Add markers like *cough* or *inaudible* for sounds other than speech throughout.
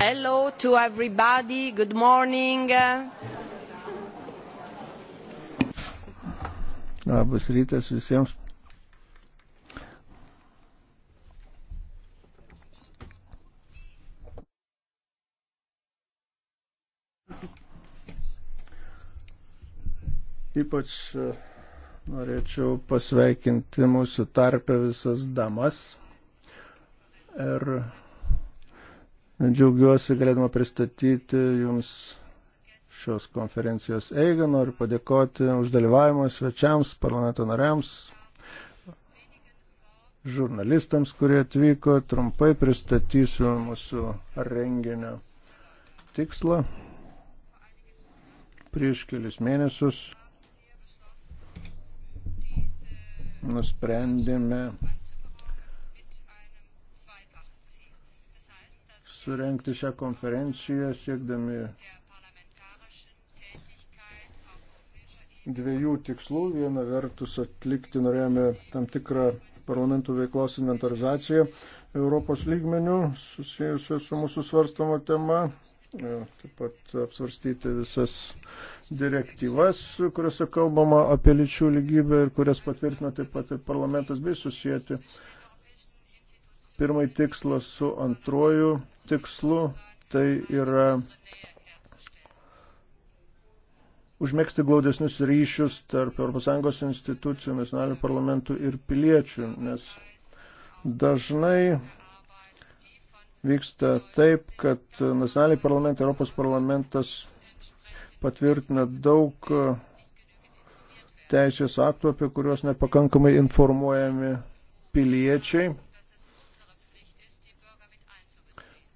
Hello to everybody. Good morning. Labas rytas visiems. Ypač e, norėčiau pasveikinti mūsų tarpę visas damas ir er Džiaugiuosi galėdama pristatyti Jums šios konferencijos eigą. Noriu padėkoti už dalyvavimą svečiams, parlamento nariams, žurnalistams, kurie atvyko. Trumpai pristatysiu mūsų renginio tikslą. Prieš kelius mėnesius nusprendėme surenkti šią konferenciją siekdami dviejų tikslų. Viena vertus atlikti norėjome tam tikrą parlamentų veiklos inventarizaciją Europos lygmenių susijusią su mūsų svarstamo tema. E, taip pat apsvarstyti visas direktyvas, kuriuose kalbama apie lyčių lygybę ir kurias patvirtino taip pat ir parlamentas bei susijęti uh, pirmąjį tikslą su antruoju tikslu. Tai yra užmėgsti glaudesnius ryšius tarp ES institucijų, nacionalinių parlamentų ir piliečių, nes dažnai vyksta taip, kad nacionaliniai parlamentai, Europos parlamentas patvirtina daug teisės aktų, apie kuriuos nepakankamai informuojami piliečiai.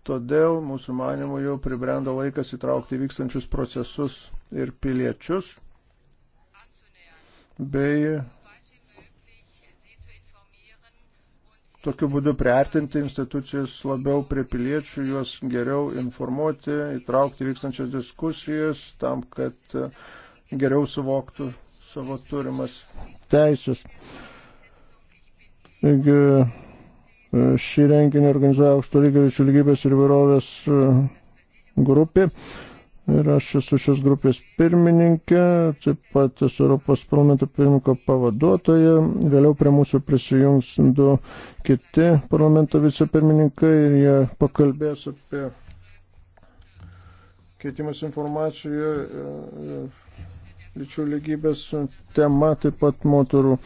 Todėl mūsų manimų jau pribrendo laikas įtraukti vykstančius procesus ir piliečius bei tokiu būdu priartinti institucijas labiau prie piliečių, juos geriau informuoti, įtraukti vykstančias diskusijas tam, kad geriau suvoktų savo turimas teisės. Taigi, Šį renginį organizuoja aukšto lygio lyčių lygybės ir įvairovės e, grupė. Ir aš esu šios grupės pirmininkė, taip pat esu Europos parlamento pirmininko pavaduotoja. Vėliau prie mūsų prisijungs du kiti parlamento vicepirmininkai ir jie pakalbės apie keitimas informacijų e, e, lyčių lygybės tema, taip pat moterų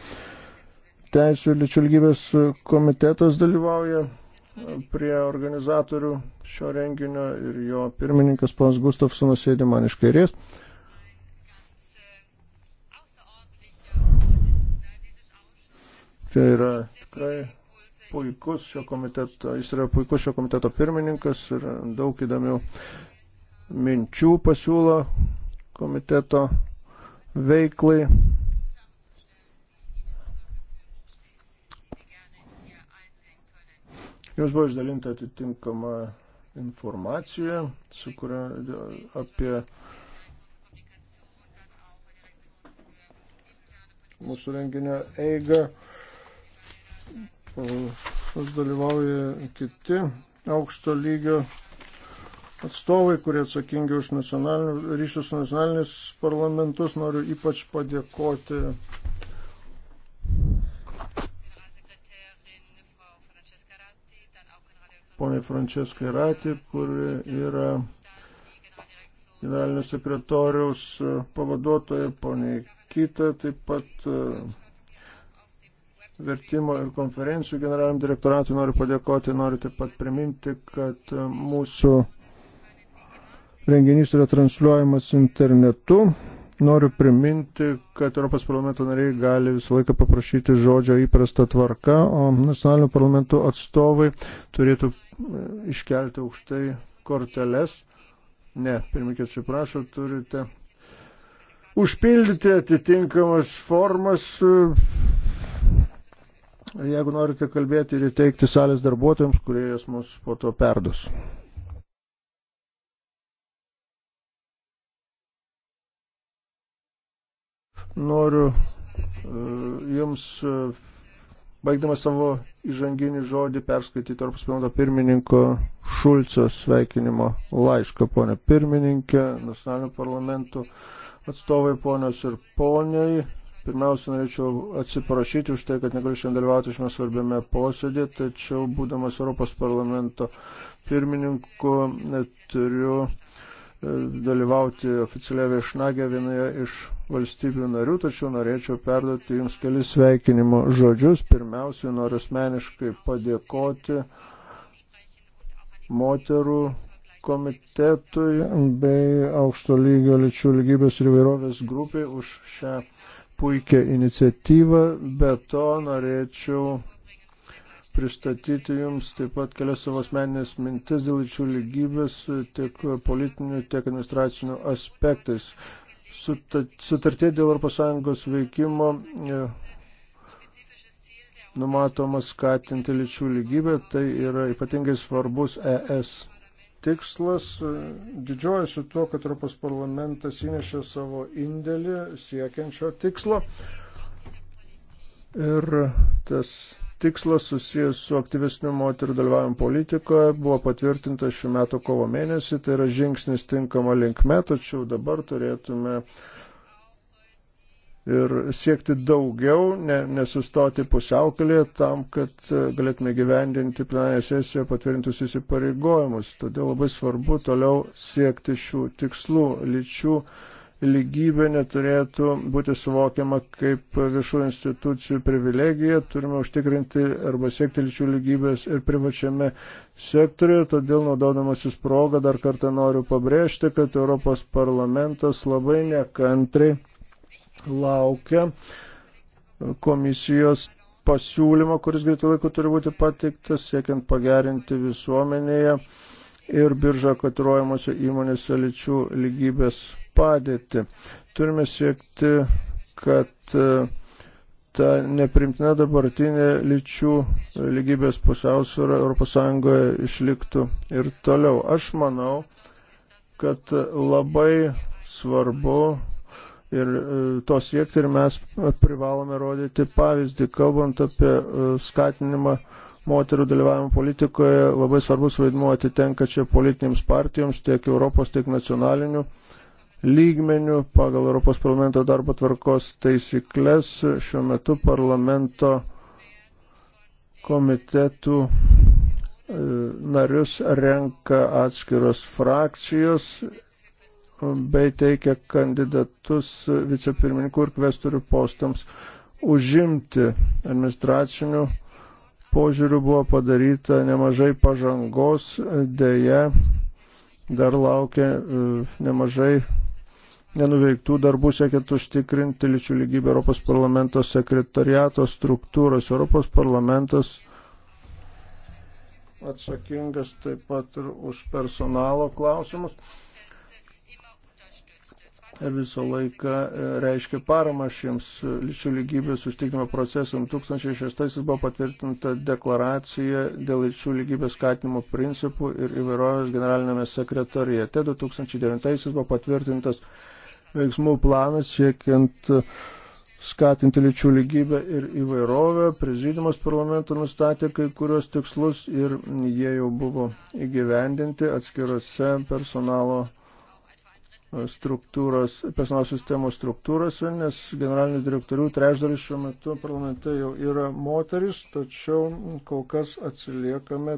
teisų ir lyčių lygybės komitetas dalyvauja prie organizatorių šio renginio ir jo pirmininkas panas Gustafsonas sėdi man iš kairės. Tai yra tikrai puikus šio komiteto, jis yra puikus šio komiteto pirmininkas ir daug įdomių minčių pasiūlo komiteto veiklai. Jums buvo išdalinta atitinkama informacija, su kuria apie mūsų renginio eigą. Pas dalyvauja kiti aukšto lygio atstovai, kurie atsakingi už ryšius nacionalinius parlamentus. Noriu ypač padėkoti poniai Franceskai Rati, kuri yra generalinio sekretoriaus pavaduotoja, poniai Kita, taip pat e, vertimo ir konferencijų generaliniam direktoratui noriu padėkoti, noriu taip pat priminti, kad e, mūsų renginys yra transliuojamas internetu. Noriu priminti, kad Europos parlamento nariai gali visą laiką paprašyti žodžio įprasta tvarka, o nacionalinių parlamentų atstovai turėtų e, iškelti aukštai korteles. Ne, pirmikė, atsiprašau, turite užpildyti atitinkamas formas. E, jeigu norite kalbėti ir įteikti salės darbuotojams, kurie jas mus po to perdus. Noriu e, Jums, e, baigdamas savo įžanginį žodį, perskaityti Europos parlamento pirmininko Šulco sveikinimo laišką, ponė pirmininkė, nacionalinių parlamentų atstovai, ponios ir poniai. Pirmiausia, norėčiau atsiprašyti už tai, kad negaliu šiandien dalyvauti šiame svarbiame posėdė, tačiau būdamas Europos parlamento pirmininku e, turiu E, dalyvauti oficialiai viešnagė vienoje iš valstybių narių, tačiau norėčiau perduoti Jums kelis sveikinimo žodžius. Pirmiausiai noriu asmeniškai padėkoti moterų komitetui bei aukšto lygio lyčių lygybės ir įvairovės grupiai už šią puikią iniciatyvą. Be to norėčiau pristatyti Jums taip pat kelias savo asmeninės mintis dėl lyčių lygybės tiek politinių, tiek administracinių aspektais. Sutartie dėl ES veikimo e, numatoma skatinti lyčių lygybę, tai yra ypatingai svarbus ES tikslas. Didžiuojuosi tuo, kad Europos parlamentas įnešė savo indėlį siekiančio tikslo. Ir tas tikslas susijęs su aktyvesniu moterų dalyvavimu politikoje buvo patvirtintas šių metų kovo mėnesį, tai yra žingsnis tinkama linkme, tačiau dabar turėtume ir siekti daugiau, ne, nesustoti pusiaukelėje tam, kad e, galėtume gyvendinti plenarinę sesiją patvirtintus įsipareigojimus. Todėl labai svarbu toliau siekti šių tikslų lyčių lygybė neturėtų būti suvokiama kaip viešų institucijų privilegija, turime užtikrinti arba siekti lyčių lygybės ir privačiame sektoriuje, todėl naudodamasis progą dar kartą noriu pabrėžti, kad Europos parlamentas labai nekantrai laukia komisijos pasiūlymo, kuris greitai laiku turi būti pateiktas, siekiant pagerinti visuomenėje ir biržą kotiruojamose įmonėse lyčių lygybės padėtį. Turime siekti, kad e, ta neprimtina dabartinė lyčių lygybės pusiausvėra ES išliktų ir toliau. Aš manau, kad labai svarbu ir e, to siekti ir mes privalome rodyti pavyzdį, kalbant apie e, skatinimą moterų dalyvavimo politikoje labai svarbus vaidmuo atitenka čia politinėms partijoms tiek Europos, tiek nacionalinių lygmenių pagal Europos parlamento darbo tvarkos taisyklės šiuo metu parlamento komitetų e, narius renka atskiros frakcijos bei teikia kandidatus vicepirmininkų ir kvestorių postams užimti administracinių požiūrių buvo padaryta nemažai pažangos, dėje dar laukia e, nemažai nenuveiktų darbų siekiant užtikrinti lyčių lygybę Europos parlamento sekretariato struktūros. Europos parlamentas atsakingas taip pat ir už personalo klausimus. Ir visą laiką e, reiškia paramą šiems lyčių lygybės užtikrimo procesams. 2006 buvo patvirtinta deklaracija dėl lyčių lygybės skatinimo principų ir įvairovės generalinėme sekretorijete. 2009 buvo patvirtintas veiksmų planas siekiant skatinti lyčių lygybę ir įvairovę. Prezidiumas parlamento nustatė kai kurios tikslus ir jie jau buvo įgyvendinti atskirose personalo struktūros, personalo sistemos struktūrose, nes generalinių direktorių trečdalis šiuo metu parlamente jau yra moteris, tačiau kol kas atsiliekame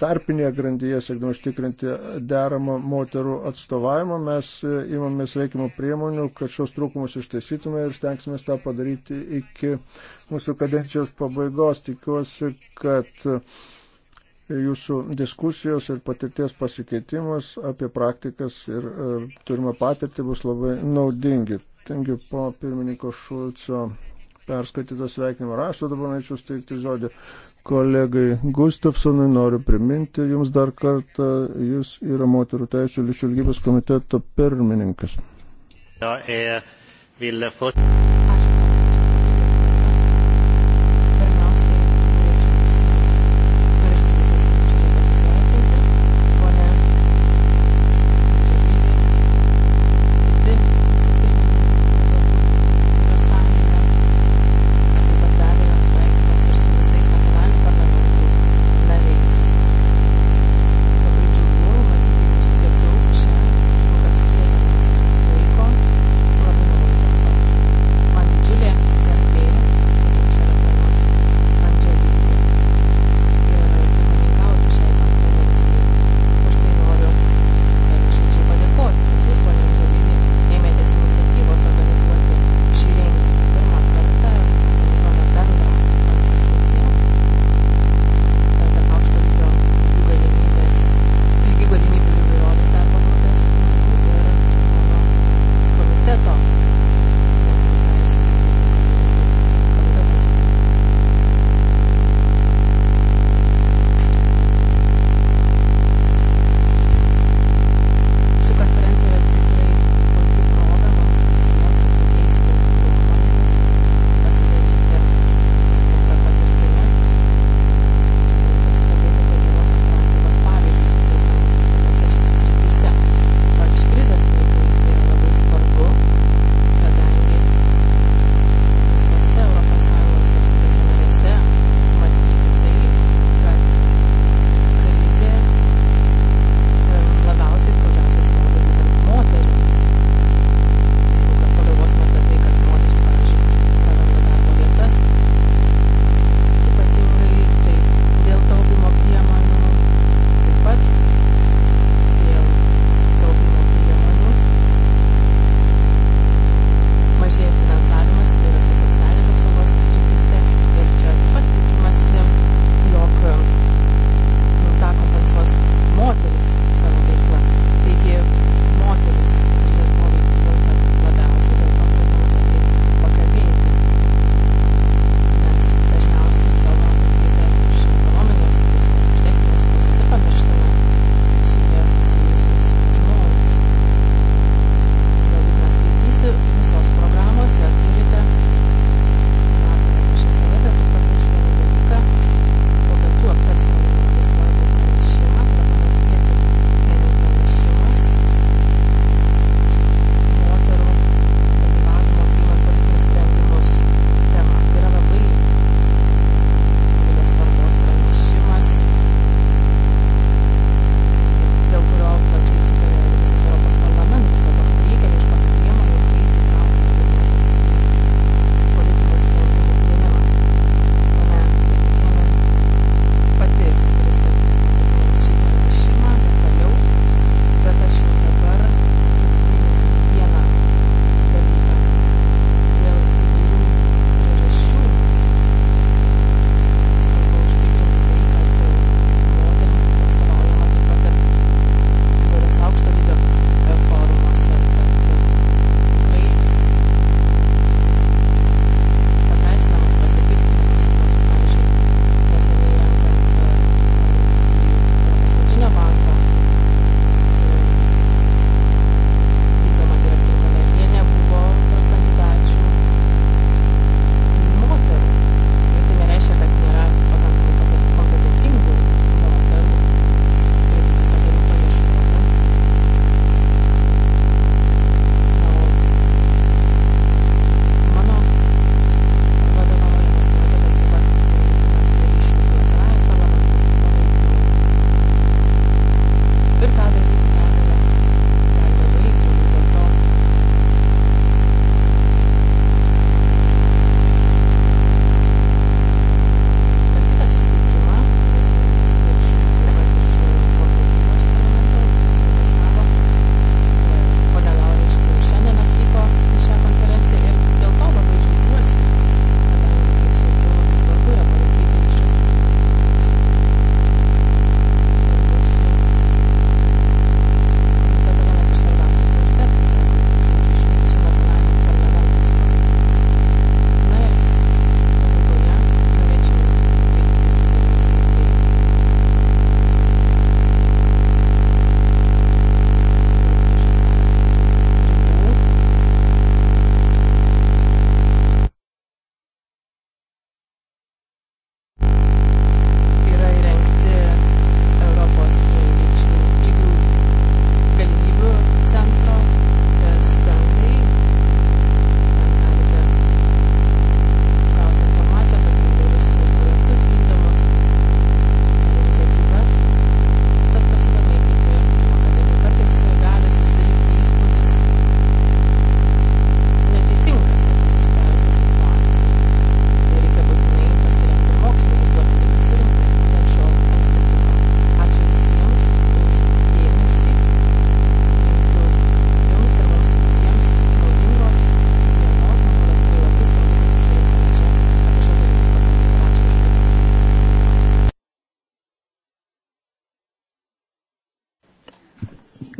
tarpinėje grandyje, siekdami užtikrinti deramą moterų atstovavimą, mes e, imamės reikiamų priemonių, kad šios trūkumus ištaisytume ir stengsime tą padaryti iki mūsų kadencijos pabaigos. Tikiuosi, kad jūsų diskusijos ir patirties pasikeitimas apie praktikas ir e, turimą patirtį bus labai naudingi. Tengi po pirmininko Šulco perskaityto sveikinimo rašto dabar norėčiau steigti žodį kolegai Gustafsonui noriu priminti jums dar kartą, jis yra moterų teisų lyčių lygybės komiteto pirmininkas. Ja, eh,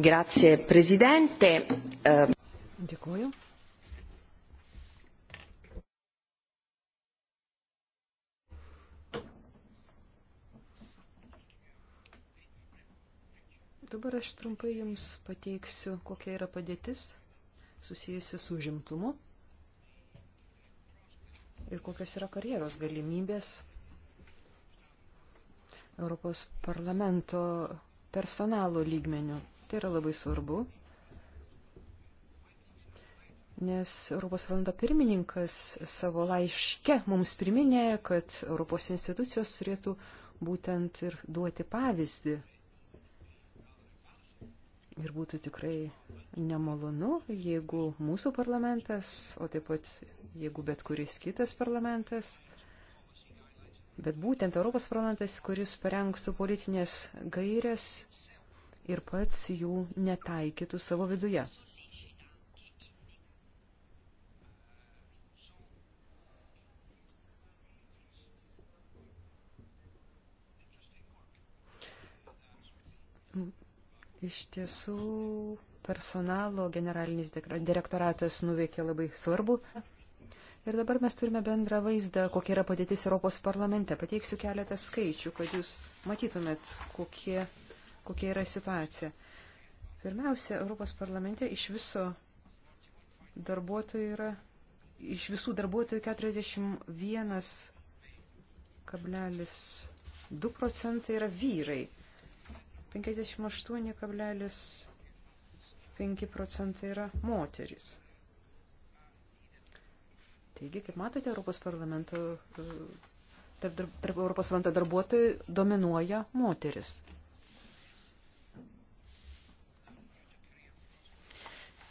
Grazie, prezidente. Eh, Dėkuoju. Dabar aš trumpai Jums pateiksiu, kokia yra padėtis susijusi su užimtumu ir kokios yra karjeros galimybės Europos parlamento personalo lygmenių. Tai yra labai svarbu, nes Europos valanda pirmininkas savo laiške mums priminė, kad Europos institucijos turėtų būtent ir duoti pavyzdį. Ir būtų tikrai nemalonu, jeigu mūsų parlamentas, o taip pat jeigu bet kuris kitas parlamentas, bet būtent Europos parlamentas, kuris parengtų politinės gairias ir pats jų netaikytų savo viduje. Iš tiesų, personalo generalinis direktoratas nuveikė labai svarbu. Ir dabar mes turime bendrą vaizdą, kokia yra padėtis Europos parlamente. Pateiksiu keletą skaičių, kad jūs matytumėt, kokie kokia yra situacija. Pirmiausia, Europos parlamente iš viso darbuotojų yra, iš visų darbuotojų 41,2 procentai yra vyrai, 58,5 procentai yra moteris. Taigi, kaip matote, Europos parlamento tarp, tarp Europos parlamento darbuotojų dominuoja moteris.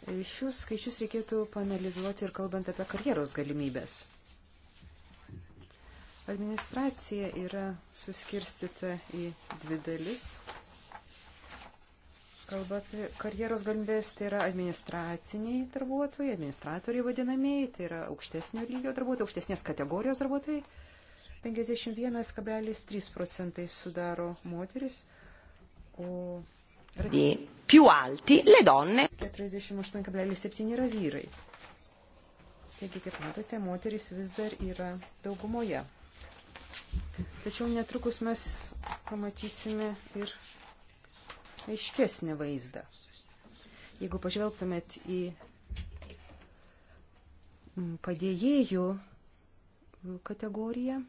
Šius skaičius reikėtų panalizuoti ir kalbant apie karjeros galimybės. Administracija yra suskirstita į dvi dalis. Kalba apie karjeros galimybės, tai yra administraciniai darbuotojai, administratoriai vadinamieji, tai yra aukštesnio lygio darbuotojai, aukštesnės kategorijos darbuotojai. 51,3 procentai sudaro moteris, o di più alti le donne. 48,7 yra vyrai. Taigi, kaip matote, moteris vis dar yra daugumoje. Tačiau netrukus mes pamatysime ir aiškesnį vaizdą. Jeigu pažvelgtumėt į padėjėjų kategoriją,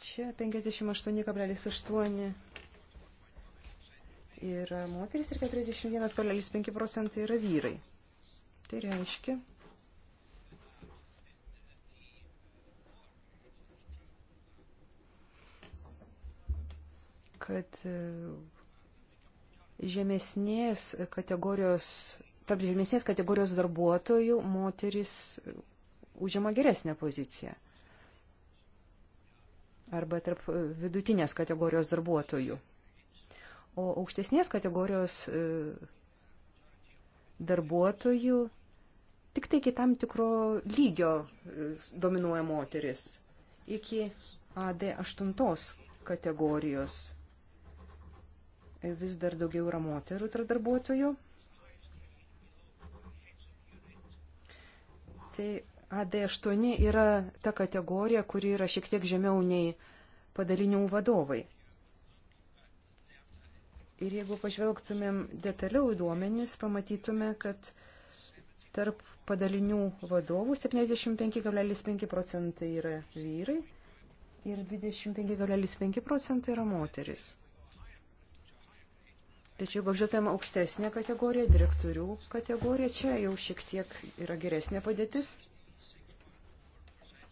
Čia 58,8 yra moteris ir 41,5 procentai yra vyrai. Tai reiškia, kad e, žemesnės kategorijos, tarp žemesnės kategorijos darbuotojų moteris e, užima geresnę poziciją arba tarp vidutinės kategorijos darbuotojų. O aukštesnės kategorijos e, darbuotojų tik tai iki tam tikro lygio e, dominuoja moteris. Iki AD8 kategorijos e, vis dar daugiau yra moterų tarp darbuotojų. Tai AD8 yra ta kategorija, kuri yra šiek tiek žemiau nei padalinių vadovai. Ir jeigu pažvelgtumėm detaliau į duomenis, pamatytume, kad tarp padalinių vadovų 75,5 procentai yra vyrai ir 25,5 procentai yra moteris. Tačiau, jeigu apžiūrėtume aukštesnę kategoriją, direktorių kategoriją, čia jau šiek tiek yra geresnė padėtis.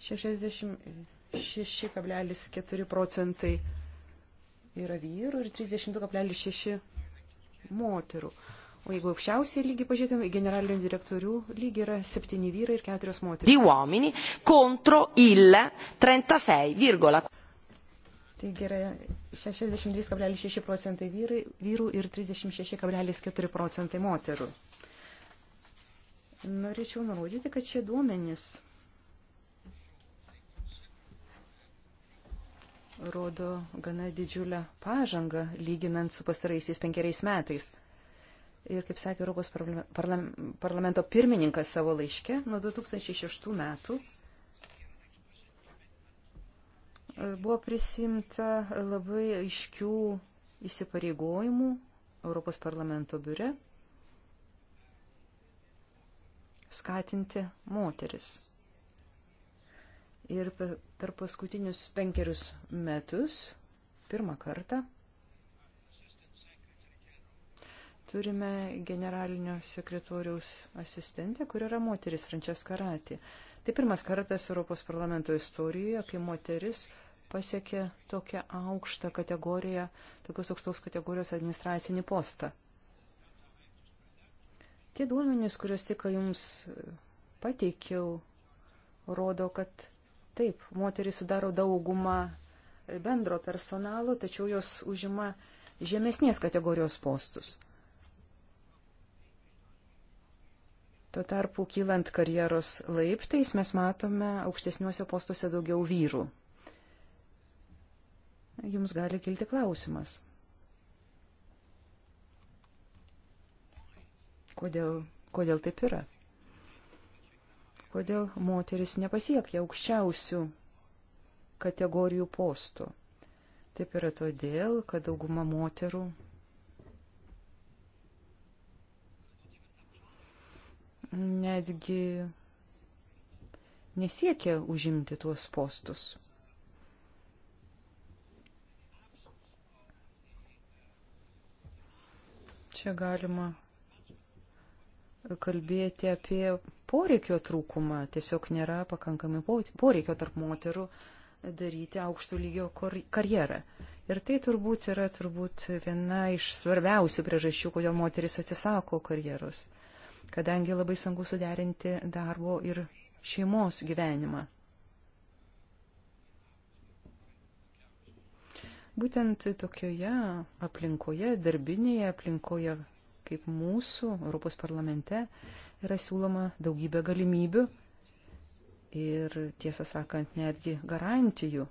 66,4 procentai yra vyrų ir 32,6 moterų. O jeigu aukščiausiai lygį pažiūrėtume, generalinių direktorių lygį yra 7 vyrai ir 4 moterys. Di uomini contro il 36,4. Taigi yra 62,6 procentai vyrai, vyrų ir 36,4 procentai moterų. Norėčiau nurodyti, kad šie duomenys rodo gana didžiulę pažangą lyginant su pastaraisiais penkeriais metais. Ir kaip sakė Europos parlamento pirmininkas savo laiške, nuo 2006 metų e, buvo prisimta labai aiškių įsipareigojimų Europos parlamento biure skatinti moteris Ir per paskutinius penkerius metus, pirmą kartą, turime generalinio sekretoriaus asistentę, kur yra moteris Frančeska Ratė. Tai pirmas kartas Europos parlamento istorijoje, kai moteris pasiekė tokią aukštą kategoriją, tokios aukštos kategorijos administracinį postą. Tie duomenys, kuriuos tik jums pateikiau, rodo, kad Taip, moteris sudaro daugumą bendro personalo, tačiau jos užima žemesnės kategorijos postus. Tuo tarpu, kylant karjeros laiptais, mes matome aukštesniuose postuose daugiau vyrų. Jums gali kilti klausimas. Kodėl, kodėl taip yra? kodėl moteris nepasiekia aukščiausių kategorijų postų. Taip yra todėl, kad dauguma moterų netgi nesiekia užimti tuos postus. Čia galima kalbėti apie poreikio trūkumą. Tiesiog nėra pakankamai poreikio tarp moterų daryti aukštų lygio karjerą. Ir tai turbūt yra turbūt viena iš svarbiausių priežasčių, kodėl moteris atsisako karjeros, kadangi labai sunku suderinti darbo ir šeimos gyvenimą. Būtent tokioje aplinkoje, darbinėje aplinkoje, kaip mūsų Europos parlamente yra siūloma daugybė galimybių ir, tiesą sakant, netgi garantijų.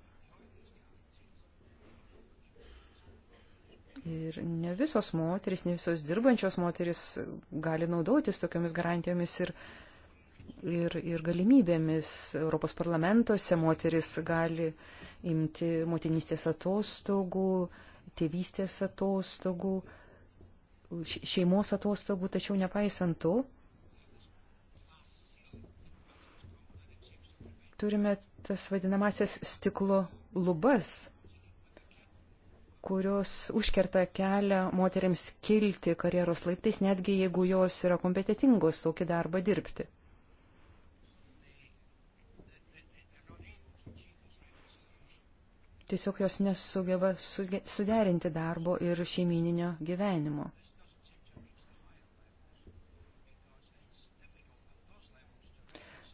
Ir ne visos moteris, ne visos dirbančios moteris gali naudotis tokiamis garantijomis ir, ir, ir galimybėmis. Europos parlamentuose moteris gali imti motinystės atostogų, tėvystės atostogų, šeimos atostogų, tačiau nepaisant to, turime tas vadinamasias stiklo lubas, kurios užkerta kelią moteriams kilti karjeros laiptais, netgi jeigu jos yra kompetitingos tokį darbą dirbti. Tiesiog jos nesugeba suderinti darbo ir šeimininio gyvenimo.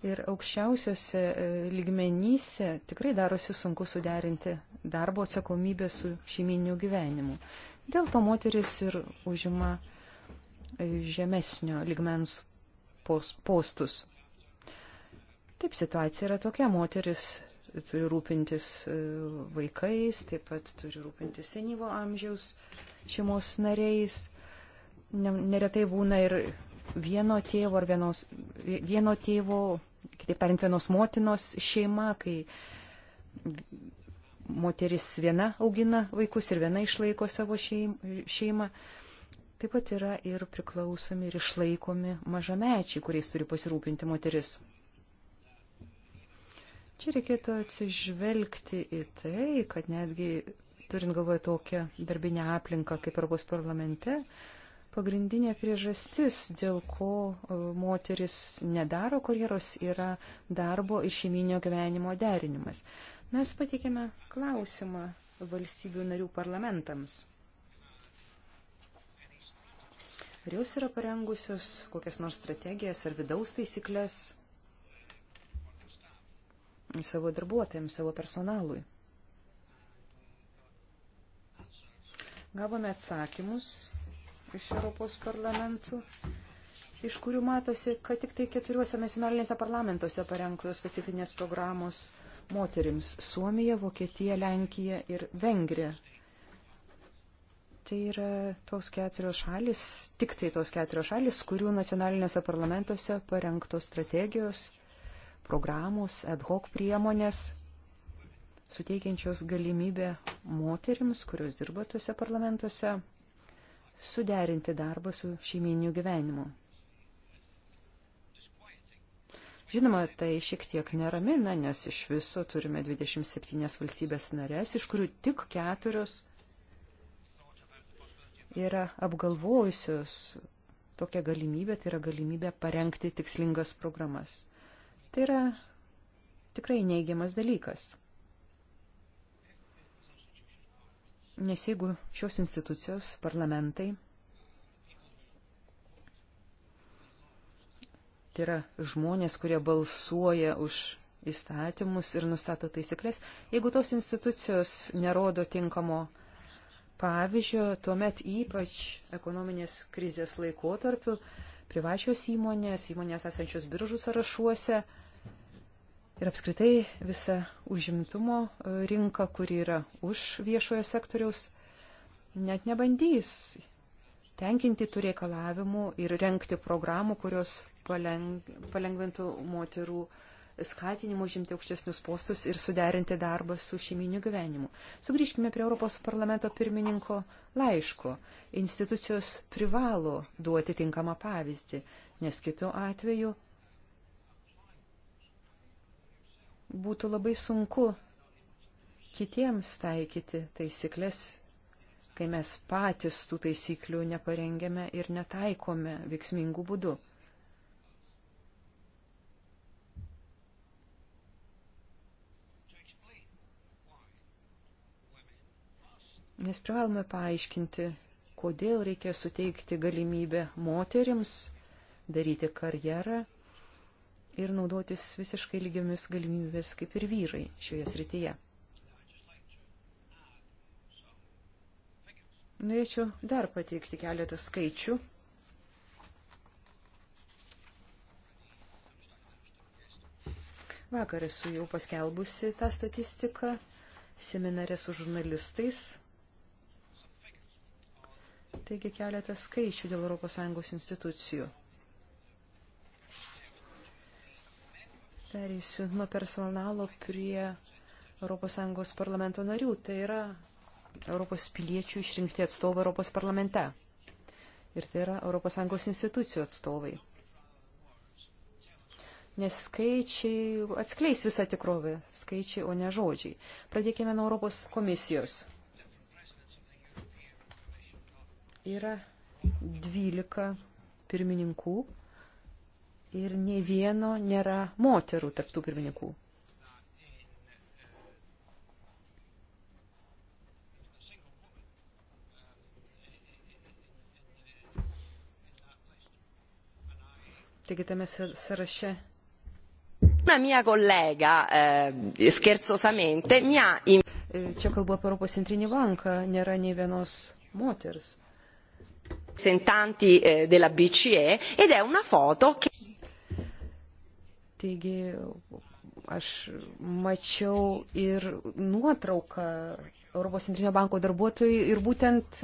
Ir aukščiausiose e, lygmenyse tikrai darosi sunku suderinti darbo atsakomybę su šeiminiu gyvenimu. Dėl to moteris ir užima e, žemesnio ligmens postus. Taip situacija yra tokia, moteris turi rūpintis e, vaikais, taip pat turi rūpintis senyvo amžiaus šeimos nariais. Neretai būna ir vieno tėvo ar vienos, vieno tėvo kitaip tariant, vienos motinos šeima, kai moteris viena augina vaikus ir viena išlaiko savo šeimą. Taip pat yra ir priklausomi ir išlaikomi mažamečiai, kuriais turi pasirūpinti moteris. Čia reikėtų atsižvelgti į tai, kad netgi turint galvoje tokią darbinę aplinką kaip Europos parlamente, uh, Pagrindinė priežastis, dėl ko e, moteris nedaro karjeros, yra darbo ir šeiminio gyvenimo derinimas. Mes patikėme klausimą valstybių narių parlamentams. Ar jūs yra parengusios kokias nors strategijas ar vidaus taisyklės savo darbuotojams, savo personalui? Gavome atsakymus iš Europos parlamentų, iš kurių matosi, kad tik tai keturiuose nacionalinėse parlamentuose parengtos specifinės programos moterims - Suomija, Vokietija, Lenkija ir Vengrija. Tai yra tos keturios šalis, tik tai tos keturios šalis, kurių nacionalinėse parlamentuose parengtos strategijos, programos, ad hoc priemonės, suteikiančios galimybę moterims, kurios dirba tuose parlamentuose, suderinti darbą su šeimininiu gyvenimu. Žinoma, tai šiek tiek neramina, nes iš viso turime 27 valstybės narės, iš kurių tik keturios yra apgalvojusios tokią galimybę, tai yra galimybė parengti tikslingas programas. Tai yra tikrai neigiamas dalykas. Nes jeigu šios institucijos, parlamentai, tai yra žmonės, kurie balsuoja už įstatymus ir nustato taisyklės, jeigu tos institucijos nerodo tinkamo pavyzdžio, tuomet ypač ekonominės krizės laikotarpiu privačios įmonės, įmonės esančios biržų sąrašuose, ir apskritai visą užimtumo e, rinką, kuri yra už viešojo sektoriaus, net nebandys tenkinti tų reikalavimų ir renkti programų, kurios paleng, palengvintų moterų skatinimo žimti aukštesnius postus ir suderinti darbą su šeiminiu gyvenimu. Sugrįžkime prie Europos parlamento pirmininko laiško. Institucijos privalo duoti tinkamą pavyzdį, nes kitu atveju būtų labai sunku kitiems taikyti taisyklės, kai mes patys tų taisyklių neparengėme ir netaikome veiksmingų būdų. Nes privalome paaiškinti, kodėl reikia suteikti galimybę moteriams daryti karjerą ir naudotis visiškai lygiamis galimybės kaip ir vyrai šioje srityje. Norėčiau dar pateikti keletą skaičių. Vakar esu jau paskelbusi tą statistiką seminarė su žurnalistais. Taigi keletas skaičių dėl ES institucijų. Perėsiu nuo personalo prie ES parlamento narių. Tai yra Europos piliečių išrinkti atstovai Europos parlamente. Ir tai yra ES institucijų atstovai. Nes skaičiai atskleis visą tikrovę, skaičiai, o ne žodžiai. Pradėkime nuo Europos komisijos. Yra 12 pirmininkų ir ne vieno nėra moterų tarptų pirmininkų. Taigi tame sąraše. Una mia collega, eh, scherzosamente, mi ha... E, čia kalbu apie Europos centrinį banką, nėra nei vienos moters. Sentanti eh, della BCE ed è una foto che... Taigi aš mačiau ir nuotrauką Europos centrinio banko darbuotojų ir būtent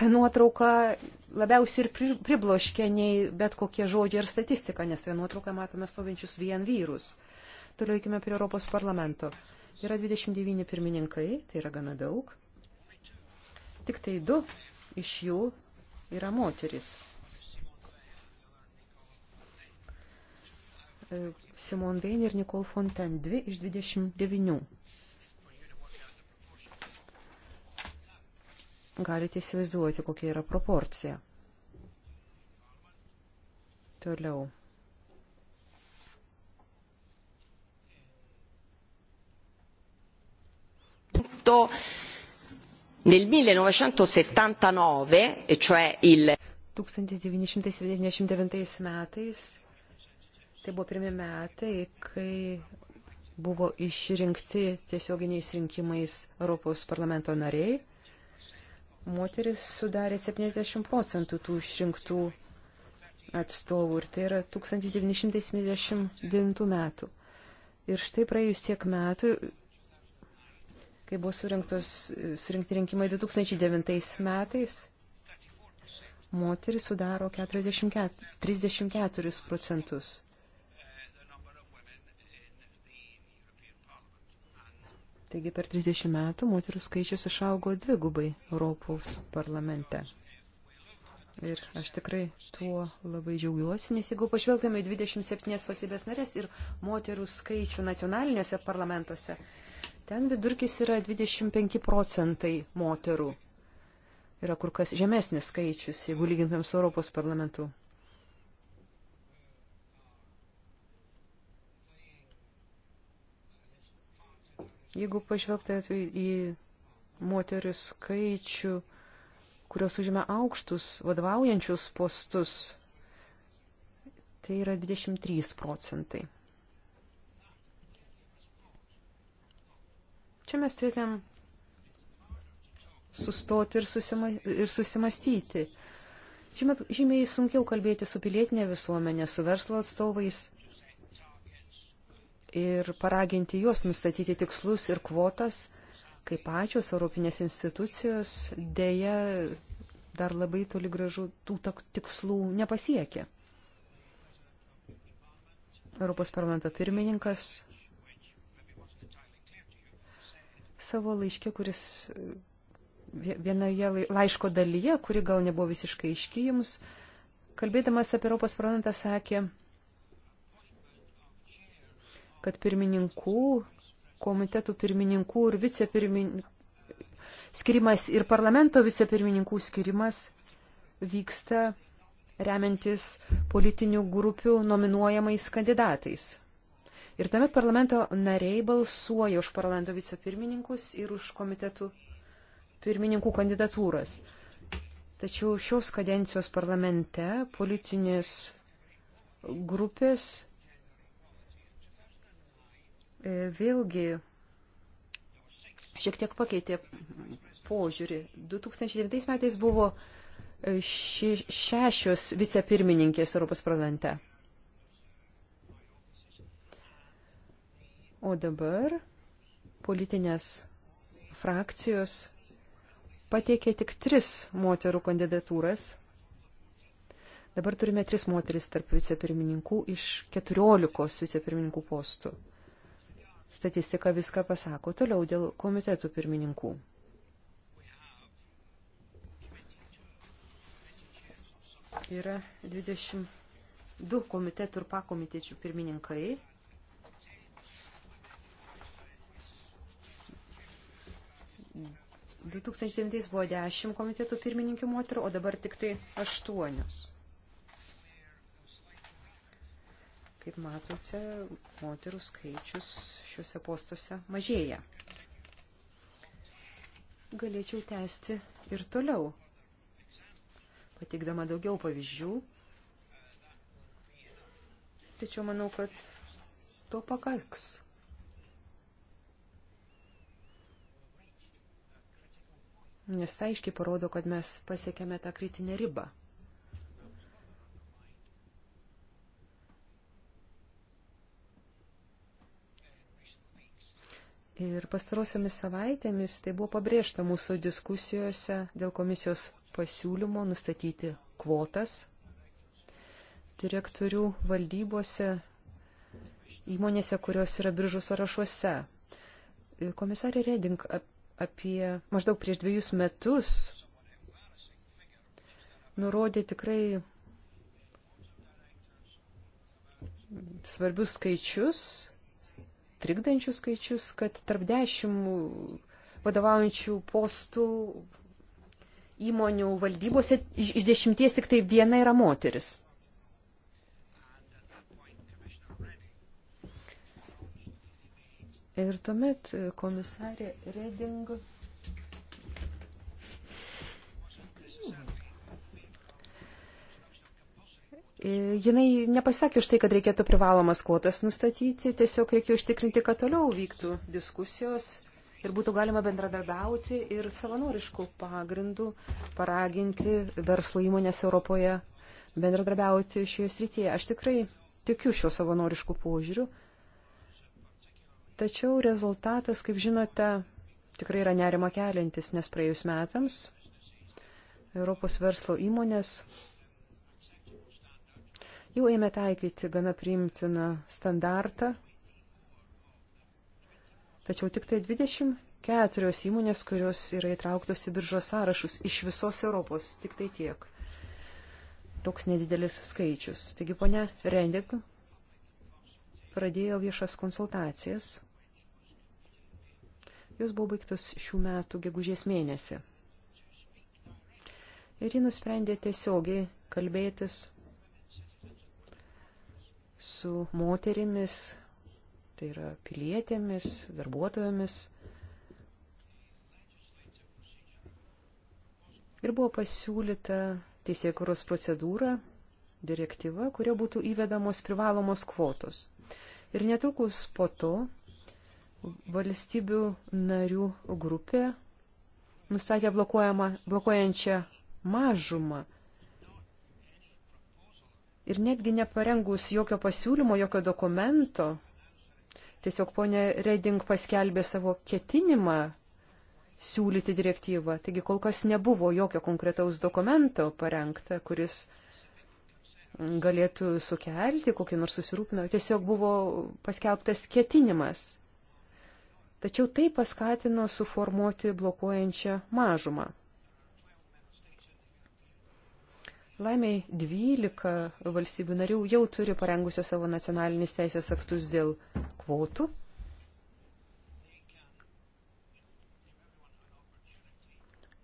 ta nuotrauka labiausiai ir pribloškė nei bet kokie žodžiai ir statistika, nes toje nuotraukoje matome stovinčius vien vyrus. Toliau eikime prie Europos parlamento. Yra 29 pirmininkai, tai yra gana daug. Tik tai du iš jų yra moteris. Simon Vein ir Nicole Fontaine, 2 iš 29. Galite įsivaizduoti, kokia yra proporcija. Toliau. appunto nel 1979, e cioè il 1979 metais Tai buvo pirmie metai, kai buvo išrinkti tiesioginiais rinkimais Europos parlamento nariai. Moteris sudarė 70 procentų tų išrinktų atstovų ir tai yra 1979 metų. Ir štai praėjus tiek metų, kai buvo surinkti rinkimai 2009 metais, moteris sudaro 44, 34 procentus. Taigi per 30 metų moterų skaičius išaugo dvi gubai Europos parlamente. Ir aš tikrai tuo labai džiaugiuosi, nes jeigu pažvelgtume į 27 valstybės narės ir moterų skaičių nacionaliniuose parlamentuose, ten vidurkis yra 25 procentai moterų. Yra kur kas žemesnis skaičius, jeigu lygintumėm su Europos parlamentu. Jeigu pažvelgtumėte į moterių skaičių, kurios užima aukštus vadovaujančius postus, tai yra 23 procentai. Čia mes turėtum sustoti ir, susima, ir susimastyti. Žymiai sunkiau kalbėti su pilietinė visuomenė, su verslo atstovais, ir paraginti juos nustatyti tikslus ir kvotas, kaip pačios Europinės institucijos dėja dar labai toli gražu tų tikslų nepasiekė. Europos parlamento pirmininkas savo laiškė, kuris vienoje laiško dalyje, kuri gal nebuvo visiškai iški jums, kalbėdamas apie Europos parlamentą sakė, kad pirmininkų, komitetų pirmininkų ir vicepirmininkų skirimas ir parlamento vicepirmininkų skirimas vyksta remiantis politinių grupių nominuojamais kandidatais. Ir tuomet parlamento nariai balsuoja už parlamento vicepirmininkus ir už komitetų pirmininkų kandidatūras. Tačiau šios kadencijos parlamente politinės grupės E, vėlgi šiek tiek pakeitė požiūrį. 2009 metais buvo e, ši, šešios vicepirmininkės Europos parlamente. O dabar politinės frakcijos pateikė tik tris moterų kandidatūras. Dabar turime tris moteris tarp vicepirmininkų iš keturiolikos vicepirmininkų postų. Statistika viską pasako toliau dėl komitetų pirmininkų. Yra 22 komitetų ir pakomitečių pirmininkai. Mm. 2009 buvo 10 komitetų pirmininkių moterų, o dabar tik tai 8. Kaip matote, moterų skaičius šiuose postuose mažėja. Galėčiau tęsti ir toliau, pateikdama daugiau pavyzdžių. Tačiau manau, kad to pakaks. Nes aiškiai parodo, kad mes pasiekėme tą kritinę ribą. Ir pastarosiomis savaitėmis tai buvo pabrėžta mūsų diskusijose dėl komisijos pasiūlymo nustatyti kvotas direktorių valdybose įmonėse, kurios yra biržų sąrašuose. Komisarė Reding apie maždaug prieš dviejus metus nurodė tikrai svarbius skaičius trikdančius skaičius, kad tarp dešimt vadovaujančių postų įmonių valdybose iš, iš dešimties tik tai viena yra moteris. Ir tuomet komisarė Reding Jinai nepasakė už tai, kad reikėtų privalomas kvotas nustatyti, tiesiog reikėjo užtikrinti, kad toliau vyktų diskusijos ir būtų galima bendradarbiauti ir savanoriškų pagrindų paraginti verslo įmonės Europoje bendradarbiauti šioje srityje. Aš tikrai tikiu šio savanoriškų požiūrių, tačiau rezultatas, kaip žinote, tikrai yra nerima keliantis, nes praėjus metams Europos verslo įmonės jau ėmė taikyti gana priimtiną standartą, tačiau tik tai 24 įmonės, kurios yra įtrauktos į biržos sąrašus iš visos Europos, tik tai tiek. Toks nedidelis skaičius. Taigi ponia Rendik pradėjo viešas konsultacijas. Jos buvo baigtos šių metų gegužės mėnesį. Ir ji nusprendė tiesiogiai kalbėtis su moterimis, tai yra pilietėmis, darbuotojomis. Ir buvo pasiūlyta teisėkuros procedūra, direktyva, kuria būtų įvedamos privalomos kvotos. Ir netrukus po to valstybių narių grupė nustatė blokuojančią mažumą Ir netgi neparengus jokio pasiūlymo, jokio dokumento, tiesiog ponė Reding paskelbė savo ketinimą siūlyti direktyvą. Taigi kol kas nebuvo jokio konkretaus dokumento parengta, kuris galėtų sukelti kokį nors susirūpinimą. Tiesiog buvo paskelbtas ketinimas. Tačiau tai paskatino suformuoti blokuojančią mažumą. Laimiai 12 valstybių narių jau turi parengusios savo nacionalinis teisės aktus dėl kvotų.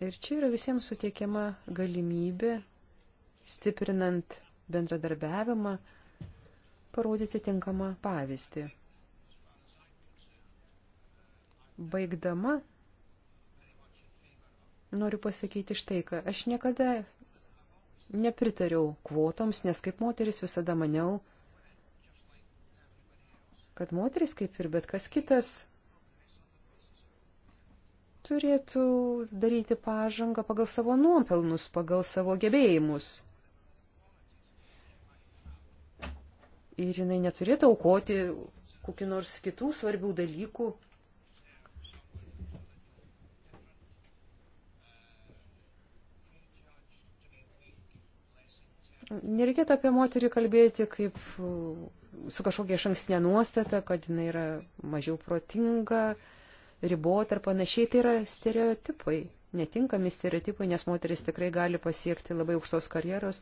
Ir čia yra visiems suteikiama galimybė, stiprinant bendradarbiavimą, parodyti tinkamą pavyzdį. Baigdama, noriu pasakyti štai ką. Aš niekada nepritariau kvotoms, nes kaip moteris visada maniau, kad moteris kaip ir bet kas kitas turėtų daryti pažangą pagal savo nuopelnus, pagal savo gebėjimus. Ir jinai neturėtų aukoti kokiu nors kitų svarbių dalykų Nereikėtų apie moterį kalbėti kaip uh, su kažkokia šankstinė nuostata, kad jinai yra mažiau protinga, ribota ar panašiai. Tai yra stereotipai, netinkami stereotipai, nes moteris tikrai gali pasiekti labai aukštos karjeros,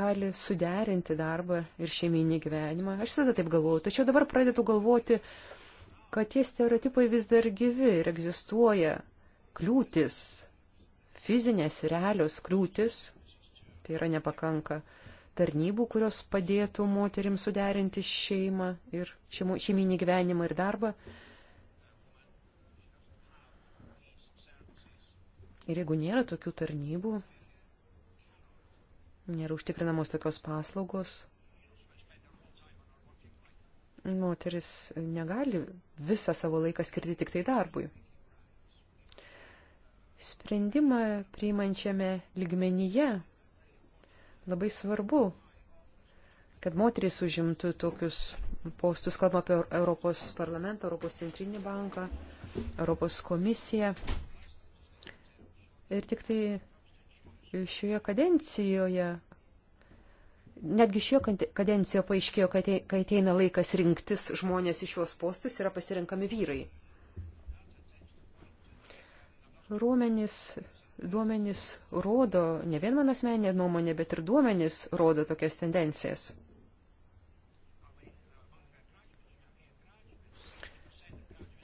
gali suderinti darbą ir šeiminį gyvenimą. Aš visada taip galvoju, tačiau dabar pradedu galvoti, kad tie stereotipai vis dar gyvi ir egzistuoja kliūtis, fizinės realios kliūtis, tai yra nepakanka tarnybų, kurios padėtų moterims suderinti šeimą ir šeiminį gyvenimą ir darbą. Ir jeigu nėra tokių tarnybų, nėra užtikrinamos tokios paslaugos, moteris negali visą savo laiką skirti tik tai darbui. Sprendimą priimančiame ligmenyje Labai svarbu, kad moterys užimtų tokius postus, kalbam apie Europos parlamentą, Europos centrinį banką, Europos komisiją. Ir tik tai šioje kadencijoje, netgi šioje kadencijoje paaiškėjo, kai ateina laikas rinktis žmonės iš juos postus, yra pasirenkami vyrai. Ruomenys Duomenys rodo, ne vien mano asmeninė nuomonė, bet ir duomenys rodo tokias tendencijas.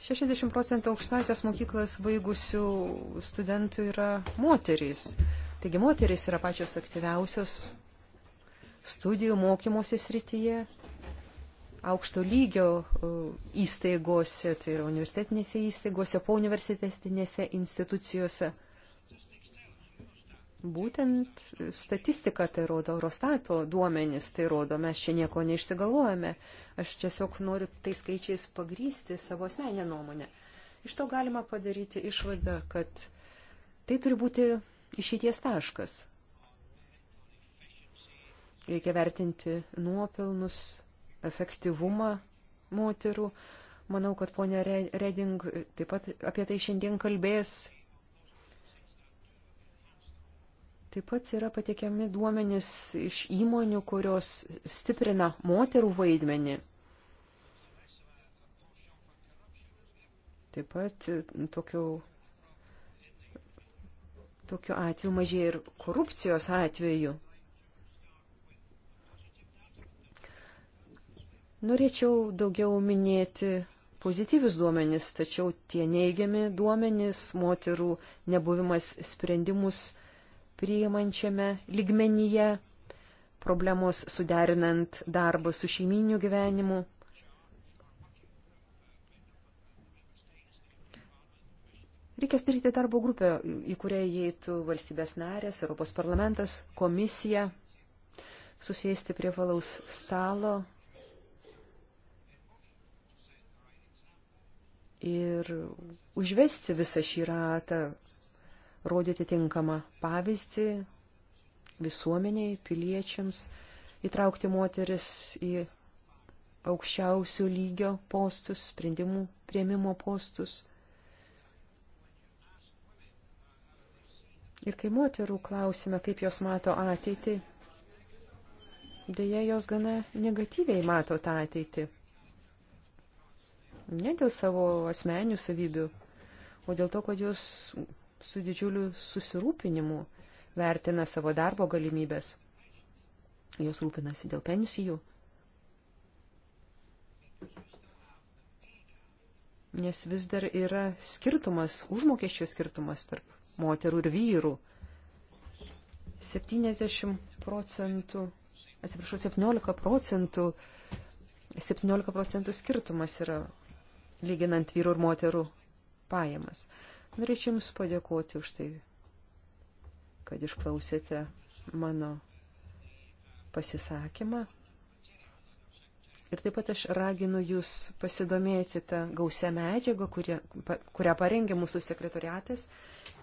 Šešiasdešimt procentų aukštasias mokyklas baigusių studentų yra moterys. Taigi moterys yra pačios aktyviausios studijų mokymosi srityje, aukšto lygio uh, įstaigose, tai yra universitetinėse įstaigose, po universitetinėse institucijose. Būtent statistika tai rodo, Eurostato duomenys tai rodo, mes čia nieko neišsigalvojame. Aš tiesiog noriu tais skaičiais pagrysti savo asmenę nuomonę. Iš to galima padaryti išvadą, kad tai turi būti išeities taškas. Reikia vertinti nuopelnus, efektyvumą moterų. Manau, kad ponia Reding taip pat apie tai šiandien kalbės Taip pat yra patiekiami duomenys iš įmonių, kurios stiprina moterų vaidmenį. Taip pat e, tokiu, tokiu atveju mažėja ir korupcijos atveju. Norėčiau daugiau minėti pozityvius duomenis, tačiau tie neigiami duomenis, moterų nebuvimas sprendimus priimančiame ligmenyje, problemos suderinant darbą su šeiminiu gyvenimu. Reikia sudaryti darbo grupę, į kurią įeitų valstybės narės, Europos parlamentas, komisija, susėsti prie valaus stalo ir užvesti visą šį ratą, rodyti tinkamą pavyzdį visuomeniai, piliečiams, įtraukti moteris į aukščiausių lygio postus, sprendimų prieimimo postus. Ir kai moterų klausime, kaip jos mato ateitį, dėja jos gana negatyviai mato tą ateitį. Ne dėl savo asmenių savybių, o dėl to, kad jos su didžiuliu susirūpinimu vertina savo darbo galimybės. Jos rūpinasi dėl pensijų. Nes vis dar yra skirtumas, užmokesčio skirtumas tarp moterų ir vyrų. 70 procentų, atsiprašau, 17 procentų, 17 procentų skirtumas yra lyginant vyrų ir moterų pajamas. Norėčiau Jums padėkoti už tai, kad išklausėte mano pasisakymą. Ir taip pat aš raginu Jūs pasidomėti tą gausią medžiagą, kurią, kurią parengė mūsų sekretoriatas,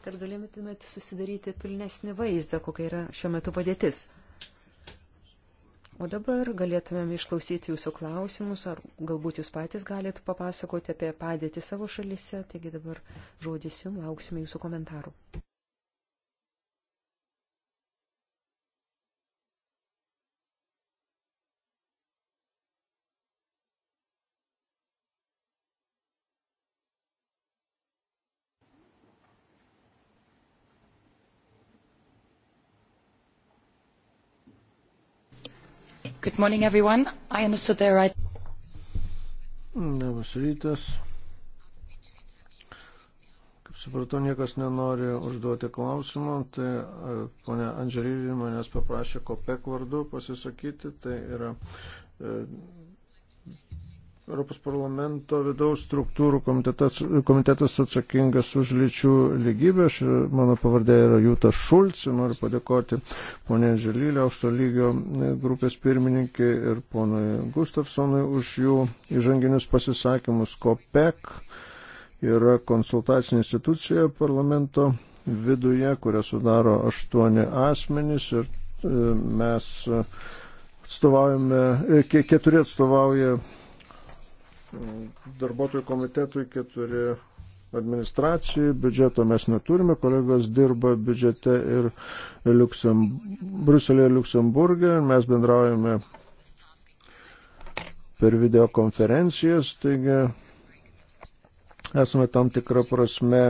kad galėtumėte susidaryti pilnesnį vaizdą, kokia yra šiuo metu padėtis. O dabar galėtumėm išklausyti jūsų klausimus, ar galbūt jūs patys galit papasakoti apie padėtį savo šalise, taigi dabar žodis jums, lauksime jūsų komentarų. Good morning, everyone. I understood there right. Labas rytas. Kaip supratau, niekas nenori užduoti klausimų, tai e, ponia Andželylė manęs paprašė kopek vardu pasisakyti, tai yra e, Europos parlamento vidaus struktūrų komitetas, komitetas atsakingas už lyčių lygybę. Aš, mano pavardė yra Jūta Šulc. Noriu padėkoti ponė Želylė, aukšto lygio grupės pirmininkė ir ponui Gustafsonui už jų įžanginius pasisakymus. COPEC yra konsultacinė institucija parlamento viduje, kurią sudaro aštuoni asmenys ir e, mes atstovaujame, e, keturi atstovauja darbuotojų komitetui, keturi administracijai, biudžeto mes neturime, kolegos dirba biudžete ir Liuksem, Bruselėje, Luksemburgė, mes bendraujame per videokonferencijas, taigi esame tam tikrą prasme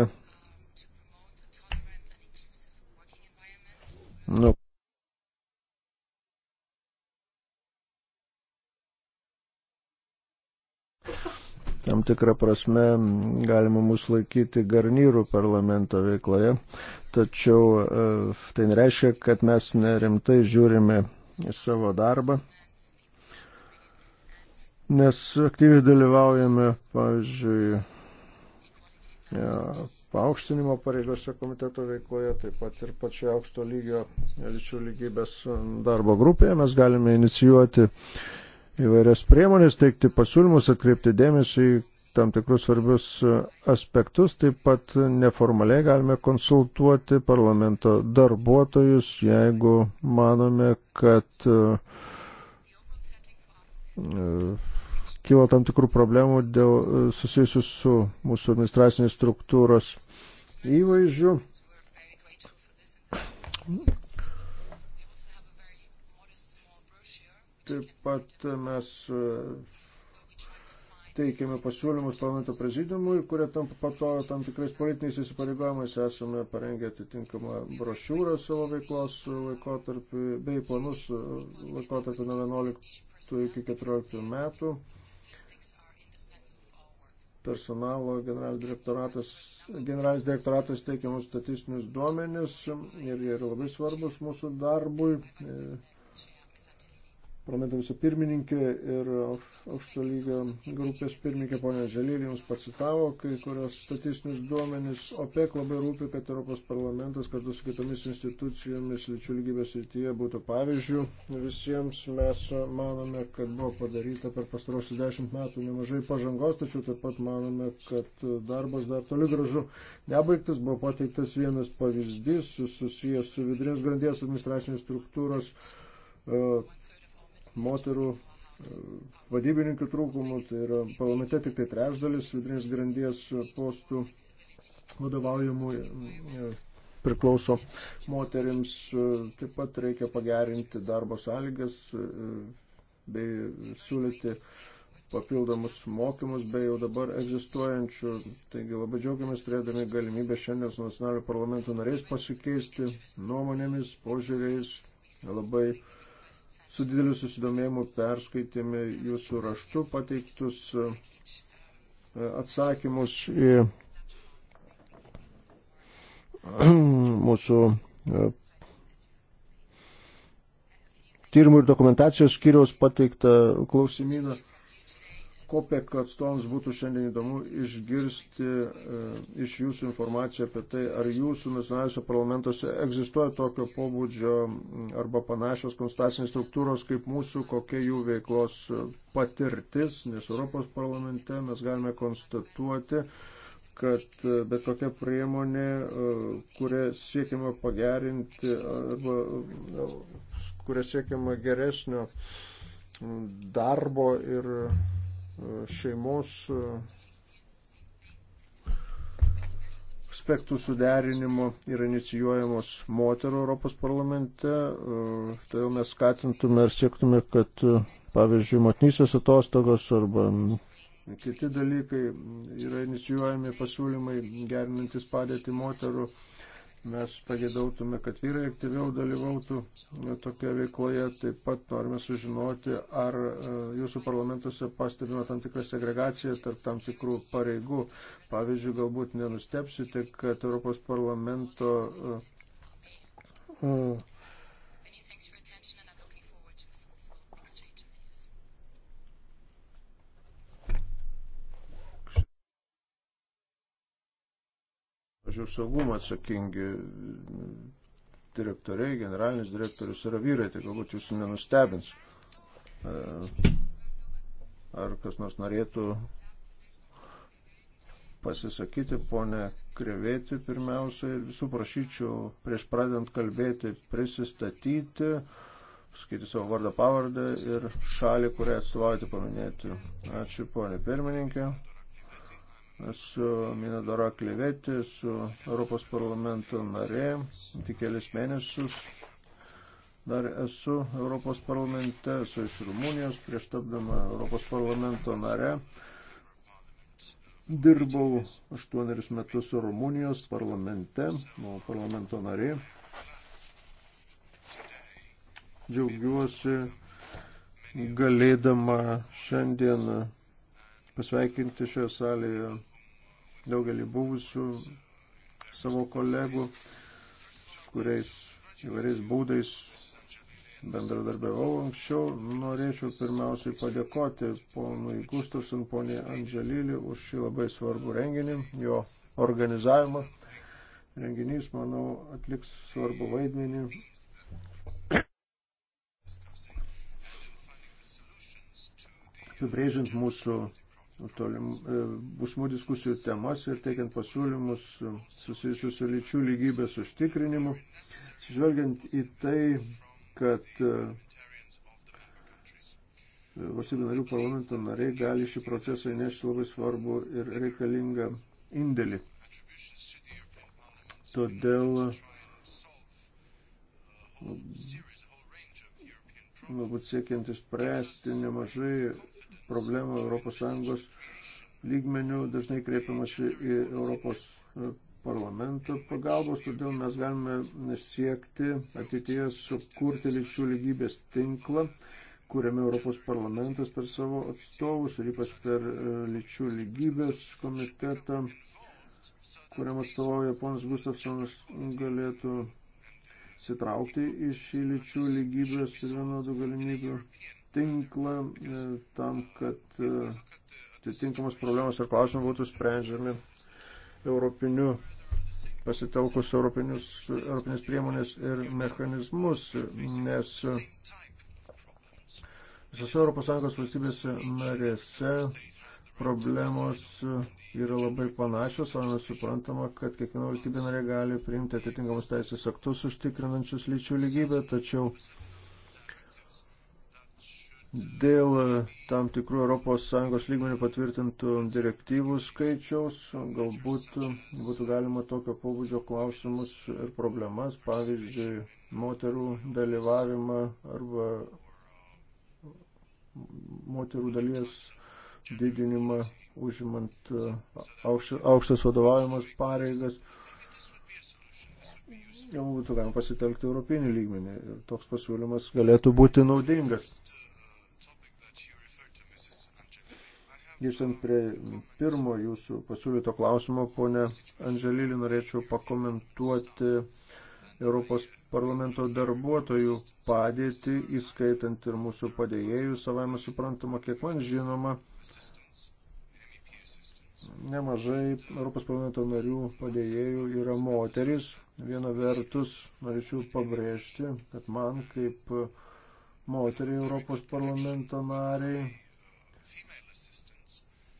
nu, tam tikrą prasme galima mus laikyti garnyrų parlamento veikloje, tačiau e, tai nereiškia, kad mes nerimtai žiūrime į savo darbą, nes aktyviai dalyvaujame, pavyzdžiui, ja, e, paaukštinimo pareigose komiteto veikloje, taip pat ir pačioje aukšto lygio lyčių lygybės darbo grupėje mes galime inicijuoti uh, įvairias priemonės, teikti pasiūlymus, atkreipti dėmesį į tam tikrus svarbius e, aspektus. Taip pat neformaliai galime konsultuoti parlamento darbuotojus, jeigu manome, kad e, e, kilo tam tikrų problemų dėl susijusių su mūsų administracinės struktūros įvaizdžių. Taip pat mes e, teikiame pasiūlymus parlamento prezidiumui, kurie tampa pato tam tikrais politiniais įsipareigojimais. Esame parengę atitinkamą brošiūrą savo veiklos laikotarpį bei planus laikotarpį nuo 11 iki 14 metų. Personalo generalinis direktoratas, generalinis direktoratas teikia mūsų statistinius duomenis ir jie yra labai svarbus mūsų darbui. E, parlamento visų pirmininkė ir aukšto lygio grupės pirmininkė ponė Žalėlė jums pacitavo kai kurios statistinius duomenis. OPEC labai rūpi, kad Europos parlamentas kartu su kitomis institucijomis lyčių lygybės rytyje būtų pavyzdžių. Visiems mes manome, kad buvo padaryta per pastarosius dešimt metų nemažai pažangos, tačiau taip pat manome, kad darbas dar toli gražu nebaigtas. Buvo pateiktas vienas pavyzdys susijęs su vidurės grandies administracinės struktūros e, moterų e, vadybininkų trūkumų, tai yra parlamente tik tai trečdalis vidurinės grandies postų vadovaujamų e, e, priklauso moterims. Taip pat reikia pagerinti darbo sąlygas bei siūlyti papildomus mokymus bei jau dabar egzistuojančių. Taigi labai džiaugiamės turėdami galimybę šiandien su nacionaliniu parlamentu nariais pasikeisti nuomonėmis, požiūriais. Labai uh, Su dideliu susidomėjimu perskaitėme jūsų raštu pateiktus e, atsakymus į *clears throat* mūsų e, tyrimų ir dokumentacijos skiriaus pateiktą klausimyną. Kopek atstovams būtų šiandien įdomu išgirsti e, iš jūsų informaciją apie tai, ar jūsų nacionaliniuose parlamentuose egzistuoja tokio pobūdžio arba panašios konstacinės struktūros kaip mūsų, kokia jų veiklos e, patirtis, nes Europos parlamente mes galime konstatuoti, kad e, bet kokia priemonė, e, kuria siekiama pagerinti arba kuria siekiama geresnio darbo ir šeimos e, aspektų suderinimo yra inicijuojamos moterų Europos parlamente. Tai mes skatintume ir siektume, kad, e, pavyzdžiui, motinysės atostogos arba kiti dalykai yra inicijuojami pasiūlymai gerinantis padėti moterų Mes pagėdautume, kad vyrai aktyviau dalyvautų e, tokioje veikloje. Taip pat norime sužinoti, ar e, jūsų parlamentuose pastebima tam tikrą segregaciją tarp tam tikrų pareigų. Pavyzdžiui, galbūt nenustepsite, kad Europos parlamento uh, už saugumą atsakingi e, direktoriai, generalinis direktorius yra vyrai, tai galbūt jūsų nenustebins. E, ar kas nors norėtų pasisakyti, ponė Krevėti pirmiausia, ir visų prašyčiau prieš pradant kalbėti prisistatyti, skaityti savo vardą pavardę ir šalį, kurią atstovaujate paminėti. Ačiū, ponė pirmininkė su Minadora Kleveti, su Europos parlamento narė, tik kelias mėnesius. Dar esu Europos parlamente, esu iš Rumunijos, prieš tapdama Europos parlamento narė. Dirbau aštuonerius metus Rumunijos parlamente, nu, parlamento narė. Džiaugiuosi galėdama šiandien pasveikinti šioje salėje daugelį buvusių savo kolegų, su kuriais įvairiais būdais bendradarbiavau anksčiau. Norėčiau pirmiausiai padėkoti ponui Gustavson, poniai Andželylį už šį labai svarbų renginį, jo organizavimą. Renginys, manau, atliks svarbų vaidmenį apibrėžiant mūsų tolim, e, būsimų diskusijų temas ir teikiant pasiūlymus e, susijusius su lyčių lygybės užtikrinimu. Žvelgiant į tai, kad e, valstybių narių parlamento nariai gali šį procesą įnešti labai svarbu ir reikalingą indėlį. Todėl galbūt siekiant išspręsti nemažai problemų ES lygmenių, dažnai kreipiamasi į Europos e, parlamento pagalbos, todėl mes galime siekti ateityje sukurti lyčių lygybės tinklą, kuriame Europos parlamentas per savo atstovus ir ypač per e, lyčių lygybės komitetą, kuriam atstovauja ponas Gustafsonas, galėtų sitraukti iš lyčių lygybės ir vienodų galimybių tinklą e, tam, kad e, atitinkamos problemos ir klausimai būtų sprendžiami europiniu pasitelkus europinius, europinės priemonės ir mechanizmus, nes visose ES valstybėse narėse problemos yra labai panašios, o mes suprantama, kad kiekviena valstybė narė gali priimti atitinkamus teisės aktus užtikrinančius lyčių lygybę, tačiau dėl e, tam tikrų ES lygmenių patvirtintų direktyvų skaičiaus, galbūt e, būtų galima tokio pobūdžio klausimus ir problemas, pavyzdžiui, moterų dalyvavimą arba moterų dalies didinimą užimant e, aukštas vadovavimas pareigas. Jau būtų galima pasitelkti europinį lygmenį ir toks pasiūlymas galėtų būti naudingas. Grįžtant prie pirmo jūsų pasiūlyto klausimo, ponė Andželylį, norėčiau pakomentuoti Europos parlamento darbuotojų padėtį, įskaitant ir mūsų padėjėjų, savame suprantama, kiek man žinoma, nemažai Europos parlamento narių padėjėjų yra moteris. Viena vertus, norėčiau pabrėžti, kad man kaip moteriai Europos parlamento nariai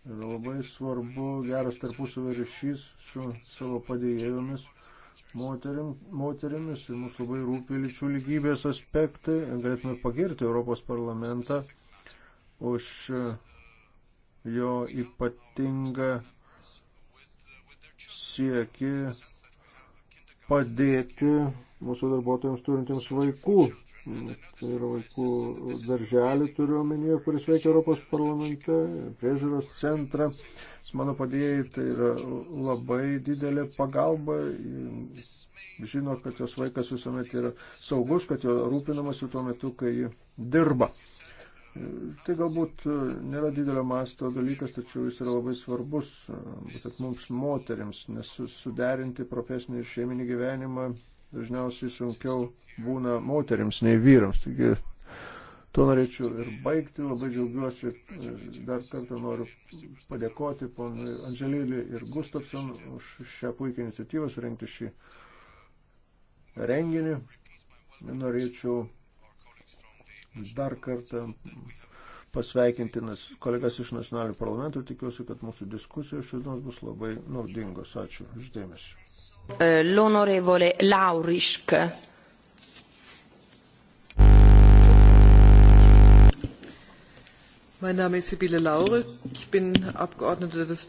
Yra labai svarbu geras tarpusavio ryšys su savo padėjėjomis moterim, moterimis ir mūsų labai rūpi lyčių lygybės aspektai. Galėtume pagirti Europos parlamentą už jo ypatingą sieki padėti mūsų darbuotojams turintiems vaikų tai yra vaikų darželį turiu omenyje, kuris veikia Europos parlamente, priežiūros centrą. Mano padėjai tai yra labai didelė pagalba. Žino, kad jos vaikas visuomet yra saugus, kad jo rūpinamas jau tuo metu, kai dirba. Tai galbūt nėra didelio masto dalykas, tačiau jis yra labai svarbus, būtent mums moteriams, nes suderinti profesinį ir šeiminį gyvenimą dažniausiai sunkiau būna moteriams nei vyrams. Taigi tuo norėčiau ir baigti. Labai džiaugiuosi. Dar kartą noriu padėkoti ponui Andželylį ir Gustafson už šią puikią iniciatyvą surinkti šį renginį. Norėčiau dar kartą pasveikinti kolegas iš nacionalinių parlamentų ir tikiuosi, kad mūsų diskusijos šiandien bus labai naudingos. Ačiū uždėmesi. E, l'onorevole Laurišk. Mein Name ist Sibylle Laure, ich bin Abgeordnete des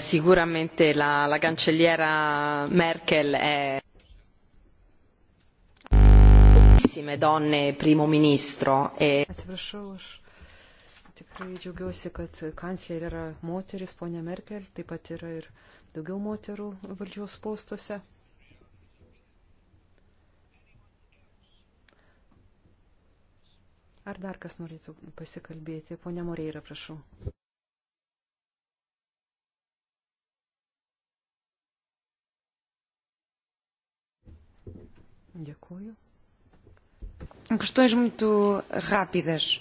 sicuramente la, la cancelliera Merkel è tantissime donne primo ministro. E... Atsiprašau, aš tikrai džiaugiausi, kad kanclerė yra moteris, ponia Merkel, taip pat yra ir daugiau moterų valdžios postuose. Ar dar kas norėtų pasikalbėti? Pone Moreira, prašau. Dėkuoju. Questões muito rápidas. Uh,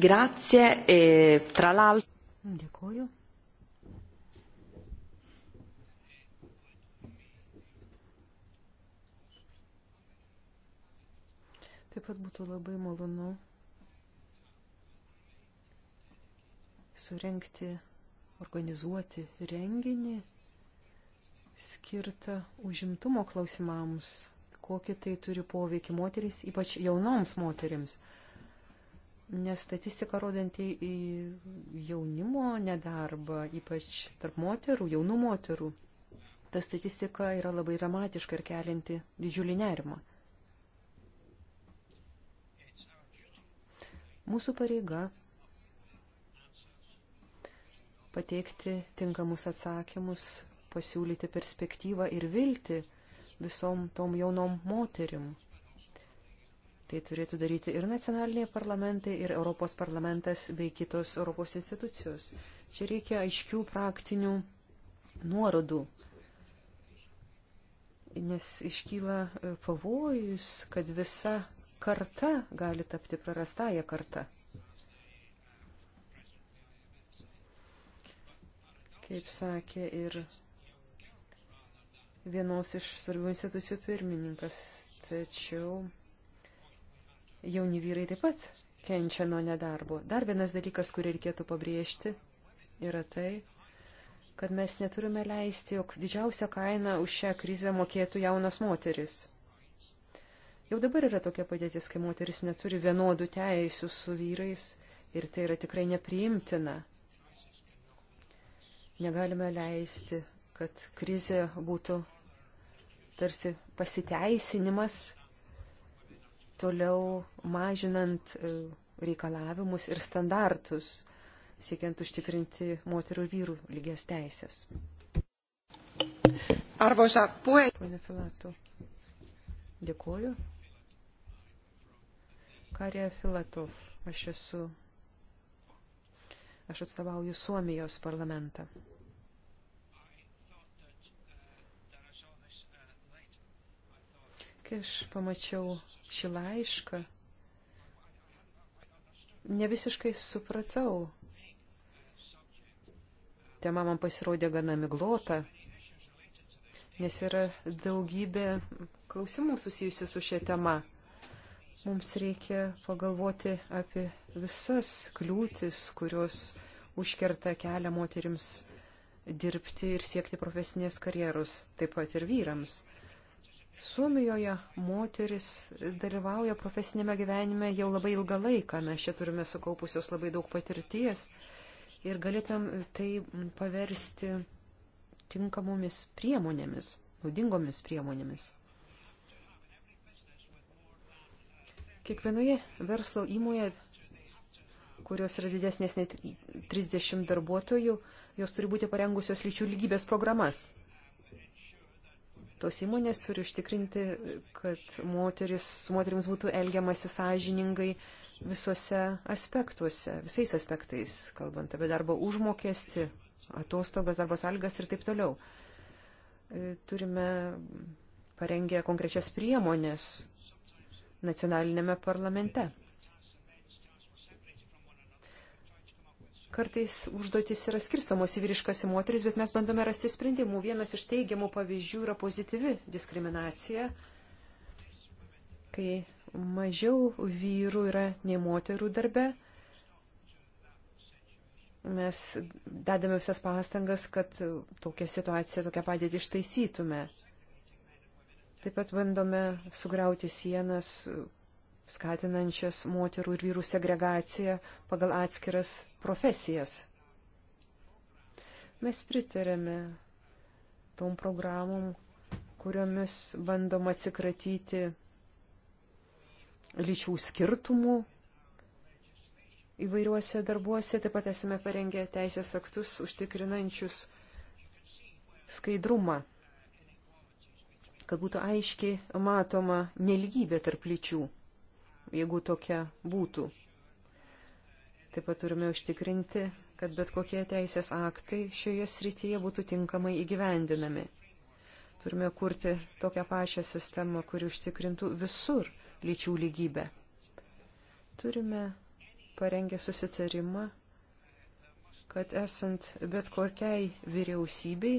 Grazie. E, tra l'altro. Dėkuoju. Taip pat būtų labai malonu surenkti, organizuoti renginį skirtą užimtumo klausimams, kokį tai turi poveikį moteris, ypač jaunoms moterims nes statistika rodanti į jaunimo nedarbą, ypač tarp moterų, jaunų moterų, ta statistika yra labai dramatiška ir kelinti didžiulį nerimą. Mūsų pareiga pateikti tinkamus atsakymus, pasiūlyti perspektyvą ir viltį visom tom jaunom moterim, Tai turėtų daryti ir nacionaliniai parlamentai, ir Europos parlamentas bei kitos Europos institucijos. Čia reikia aiškių praktinių nuorodų, nes iškyla e, pavojus, kad visa karta gali tapti prarastąją kartą. Kaip sakė ir vienos iš svarbių institucijų pirmininkas, tačiau jauni vyrai taip pat kenčia nuo nedarbo. Dar vienas dalykas, kurį reikėtų pabrėžti, yra tai, kad mes neturime leisti, jog didžiausią kainą už šią krizę mokėtų jaunos moteris. Jau dabar yra tokia padėtis, kai moteris neturi vienodų teisių su vyrais ir tai yra tikrai nepriimtina. Negalime leisti, kad krizė būtų tarsi pasiteisinimas toliau mažinant e, reikalavimus ir standartus, siekiant užtikrinti moterų ir vyrų lygias teisės. Arvoisa puhe... Pone Filatu, dėkuoju. Karė Filatov, aš esu. Aš atstovauju Suomijos parlamentą. Kai aš pamačiau šį laišką, ne visiškai supratau. Tema man pasirodė gana miglota, nes yra daugybė klausimų susijusių su šia tema. Mums reikia pagalvoti apie visas kliūtis, kurios užkerta kelią moterims dirbti ir siekti profesinės karjeros, taip pat ir vyrams. Suomijoje moteris dalyvauja profesinėme gyvenime jau labai ilgą laiką. Mes čia turime sukaupusios labai daug patirties ir galėtum tai paversti tinkamomis priemonėmis, naudingomis priemonėmis. Kiekvienoje verslo įmoje, kurios yra didesnės nei 30 darbuotojų, jos turi būti parengusios lyčių lygybės programas. Tos įmonės turi užtikrinti, kad moteris, su moteriams būtų elgiamasi sąžiningai visose aspektuose, visais aspektais, kalbant apie darbo užmokesti, atostogas, darbo sąlygas ir taip toliau. E, turime parengę konkrečias priemonės nacionalinėme parlamente. Kartais užduotis yra skirstamos į vyriškas ir moteris, bet mes bandome rasti sprendimų. Vienas iš teigiamų pavyzdžių yra pozityvi diskriminacija, kai mažiau vyrų yra nei moterų darbe. Mes dedame visas pastangas, kad tokią situaciją, tokią padėtį ištaisytume. Taip pat bandome sugriauti sienas, skatinančias moterų ir vyrų segregaciją pagal atskiras profesijas. Mes pritarėme tom programom, kuriomis bandoma atsikratyti lyčių skirtumų įvairiuose darbuose. Taip pat esame parengę teisės aktus užtikrinančius skaidrumą, kad būtų aiškiai matoma neligybė tarp lyčių jeigu tokia būtų. Taip pat turime užtikrinti, kad bet kokie teisės aktai šioje srityje būtų tinkamai įgyvendinami. Turime kurti tokią pačią sistemą, kuri užtikrintų visur lyčių lygybę. Turime parengę susitarimą, kad esant bet kokiai vyriausybei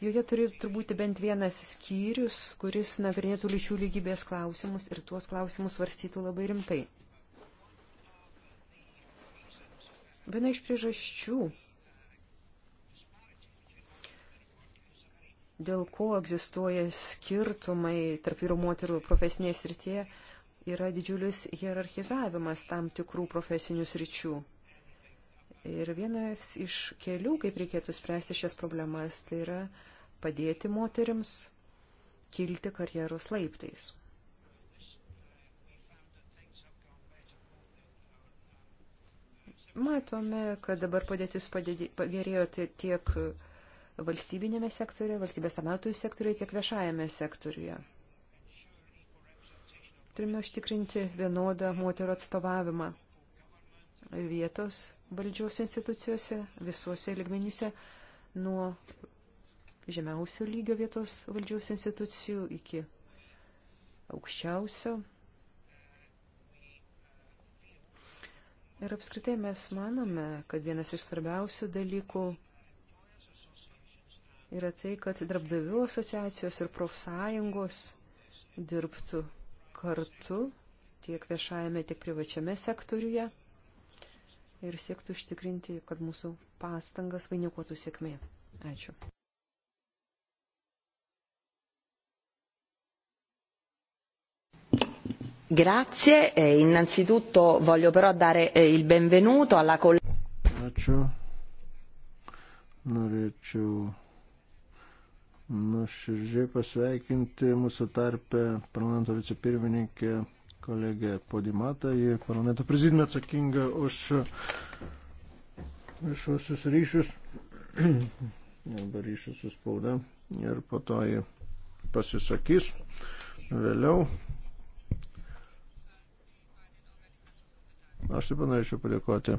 Joje turi turbūt bent vienas skyrius, kuris nagrinėtų lyčių lygybės klausimus ir tuos klausimus svarstytų labai rimtai. Viena iš priežasčių, dėl ko egzistuoja skirtumai tarp vyrų moterų profesinėje srityje, yra didžiulis hierarchizavimas tam tikrų profesinių sričių. Ir vienas iš kelių, kaip reikėtų spręsti šias problemas, tai yra uh, padėti moteriams kilti karjeros laiptais. Matome, kad dabar padėtis pagerėjo tiek valstybinėme sektoriuje, valstybės tarnautojų sektoriuje, tiek viešajame sektoriuje. Turime užtikrinti vienodą moterų atstovavimą vietos valdžios institucijose, visuose ligmenyse, nuo žemiausio lygio vietos valdžios institucijų iki aukščiausio. Ir apskritai mes manome, kad vienas iš svarbiausių dalykų yra tai, kad darbdavių asociacijos ir profsąjungos dirbtų kartu tiek viešajame, tiek privačiame sektoriuje ir siektų užtikrinti, kad mūsų pastangas vainikuotų sėkmė. Ačiū. Grazie, e innanzitutto voglio però dare eh, il benvenuto alla collega. Ačiū. Norėčiau nuoširdžiai pasveikinti mūsų tarpę parlamento vicepirmininkę kolegę Podimatą, ji parlamento prezidime atsakinga už viešuosius ryšius *clears throat* arba ryšius su spauda ir po to ji pasisakys vėliau Aš taip norėčiau padėkoti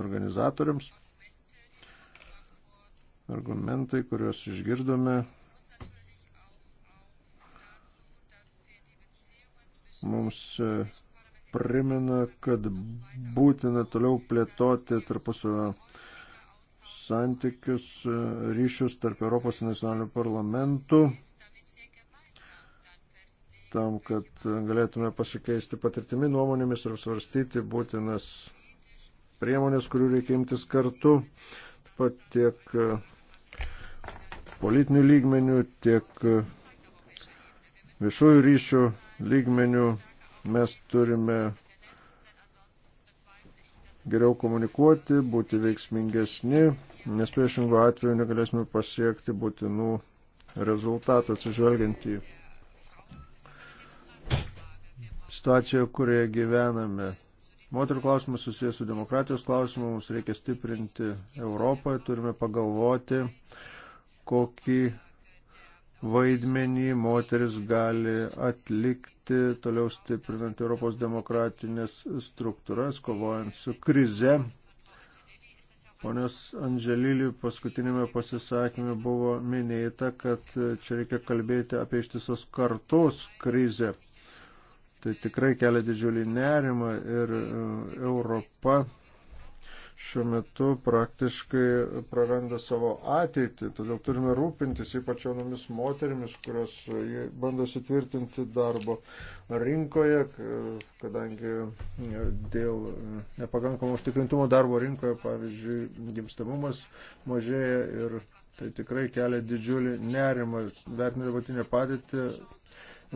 organizatoriams. Argumentai, kuriuos išgirdome, mums e, primena, kad būtina toliau plėtoti tarpusavio santykius, e, ryšius tarp Europos nacionalinių parlamentų tam, kad galėtume pasikeisti patirtimi nuomonėmis ir svarstyti būtinas priemonės, kurių reikia imtis kartu, taip pat tiek e, politinių lygmenių, tiek e, viešųjų ryšių lygmenių mes turime geriau komunikuoti, būti veiksmingesni, nes priešingų atveju negalėsime pasiekti būtinų rezultatų atsižvelgiant į situacijoje, kurioje gyvename. Moterų klausimas susijęs su demokratijos klausimu, mums reikia stiprinti Europą, turime pagalvoti, kokį vaidmenį moteris gali atlikti, toliau stiprinant Europos demokratinės struktūras, kovojant su krize. Ponios Andželilių paskutinėme pasisakymė buvo minėta, kad čia reikia kalbėti apie ištisas kartos krizę Tai tikrai kelia didžiulį nerimą ir e, Europa šiuo metu praktiškai praranda savo ateitį. Todėl turime rūpintis ypač jaunomis moterimis, kurios e, bando sitvirtinti darbo rinkoje, kadangi e, dėl nepakankamo užtikrintumo darbo rinkoje, pavyzdžiui, gimstamumas mažėja ir tai tikrai kelia didžiulį nerimą. Vertinant dabartinę padėtį,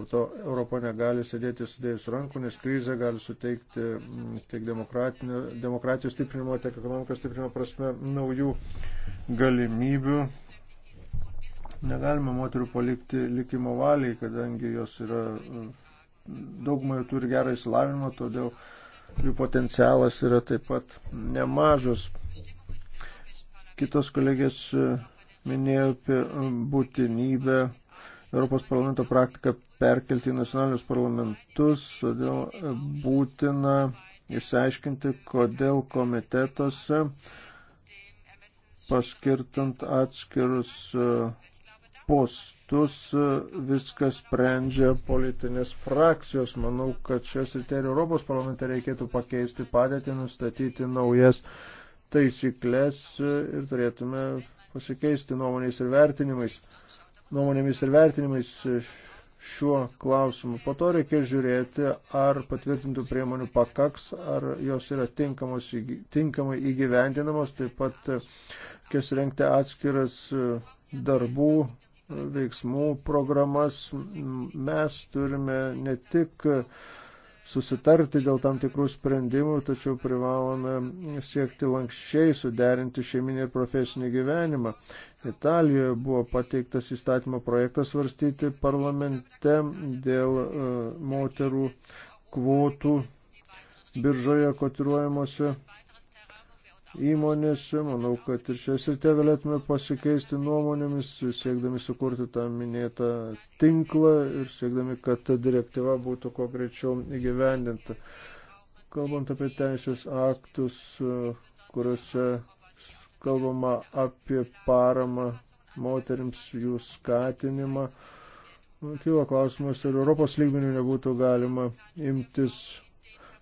Nuo to Europa negali sėdėti sudėjus rankų, nes krizė gali suteikti mm, tiek demokratijos stiprinimo, tiek ekonomikos stiprinimo prasme naujų galimybių. Negalima moterių palikti likimo valiai, kadangi jos yra, mm, daugumai turi gerą įsilavinimą, todėl jų potencialas yra taip pat nemažas. Kitos kolegės mm, minėjo apie būtinybę Europos parlamento praktiką perkelti į nacionalinius parlamentus, todėl būtina išsiaiškinti, kodėl komitetuose paskirtant atskirus e, postus e, viskas sprendžia politinės frakcijos. Manau, kad šios ir tai Europos parlamente reikėtų pakeisti padėtį, nustatyti naujas taisyklės e, ir turėtume pasikeisti nuomonės ir vertinimais. Nuomonėmis ir vertinimais šiuo klausimu. Po to reikia žiūrėti, ar patvirtintų priemonių pakaks, ar jos yra tinkamos, tinkamai įgyvendinamos, taip pat e, reikės renkti atskiras e, darbų e, veiksmų programas. Mes turime ne tik susitarti dėl tam tikrų sprendimų, tačiau privalome siekti lankščiai suderinti šeiminį ir profesinį gyvenimą. Italijoje buvo pateiktas įstatymo projektas svarstyti parlamente dėl e, moterų kvotų biržoje kotiruojamosi įmonėse. Manau, kad ir šioje srityje galėtume pasikeisti nuomonėmis, siekdami sukurti tą minėtą tinklą ir siekdami, kad ta direktyva būtų kuo greičiau įgyvendinta. Kalbant apie teisės aktus, kuriuose kalbama apie paramą moteriams, jų skatinimą, kilo klausimas, ar Europos lygmenių nebūtų galima imtis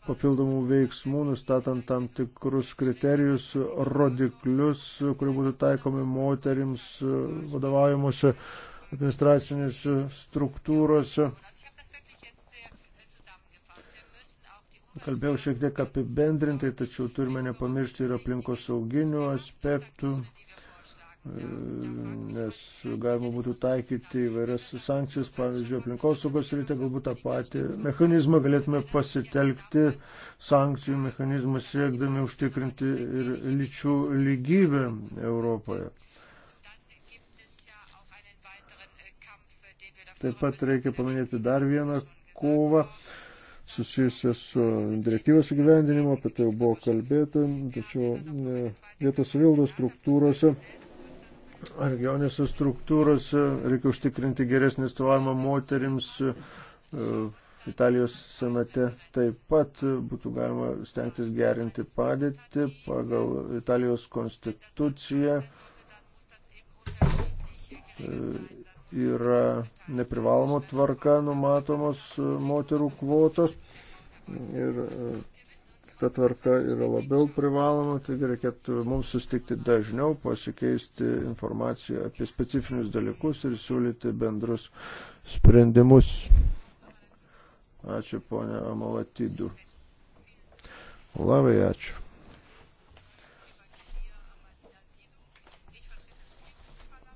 papildomų veiksmų, nustatant tam tikrus kriterijus, rodiklius, kurie būtų taikomi moterims e, vadovaujimuose administracinėse struktūrose. Kalbėjau šiek tiek apibendrintai, tačiau turime nepamiršti ir aplinkos sauginių aspektų. E, nes galima būtų taikyti įvairias sankcijas, pavyzdžiui, aplinkosaugos rytė galbūt tą patį mechanizmą galėtume pasitelkti, sankcijų mechanizmą siekdami užtikrinti ir lyčių lygybę Europoje. Taip pat reikia paminėti dar vieną kovą susijusią su direktyvos įgyvendinimu, apie tai jau buvo kalbėta, tačiau e, vietos valdo struktūrose regionėse struktūrose, reikia užtikrinti geresnį stovavimą moterims. E, Italijos senate taip pat būtų galima stengtis gerinti padėtį pagal Italijos konstituciją. E, yra neprivalomo tvarka numatomos moterų kvotos ir e, šita tvarka yra labiau privaloma, taigi reikėtų mums sustikti dažniau, pasikeisti informaciją apie specifinius dalykus ir siūlyti bendrus sprendimus. Ačiū, ponia Amalatidų. Labai ačiū.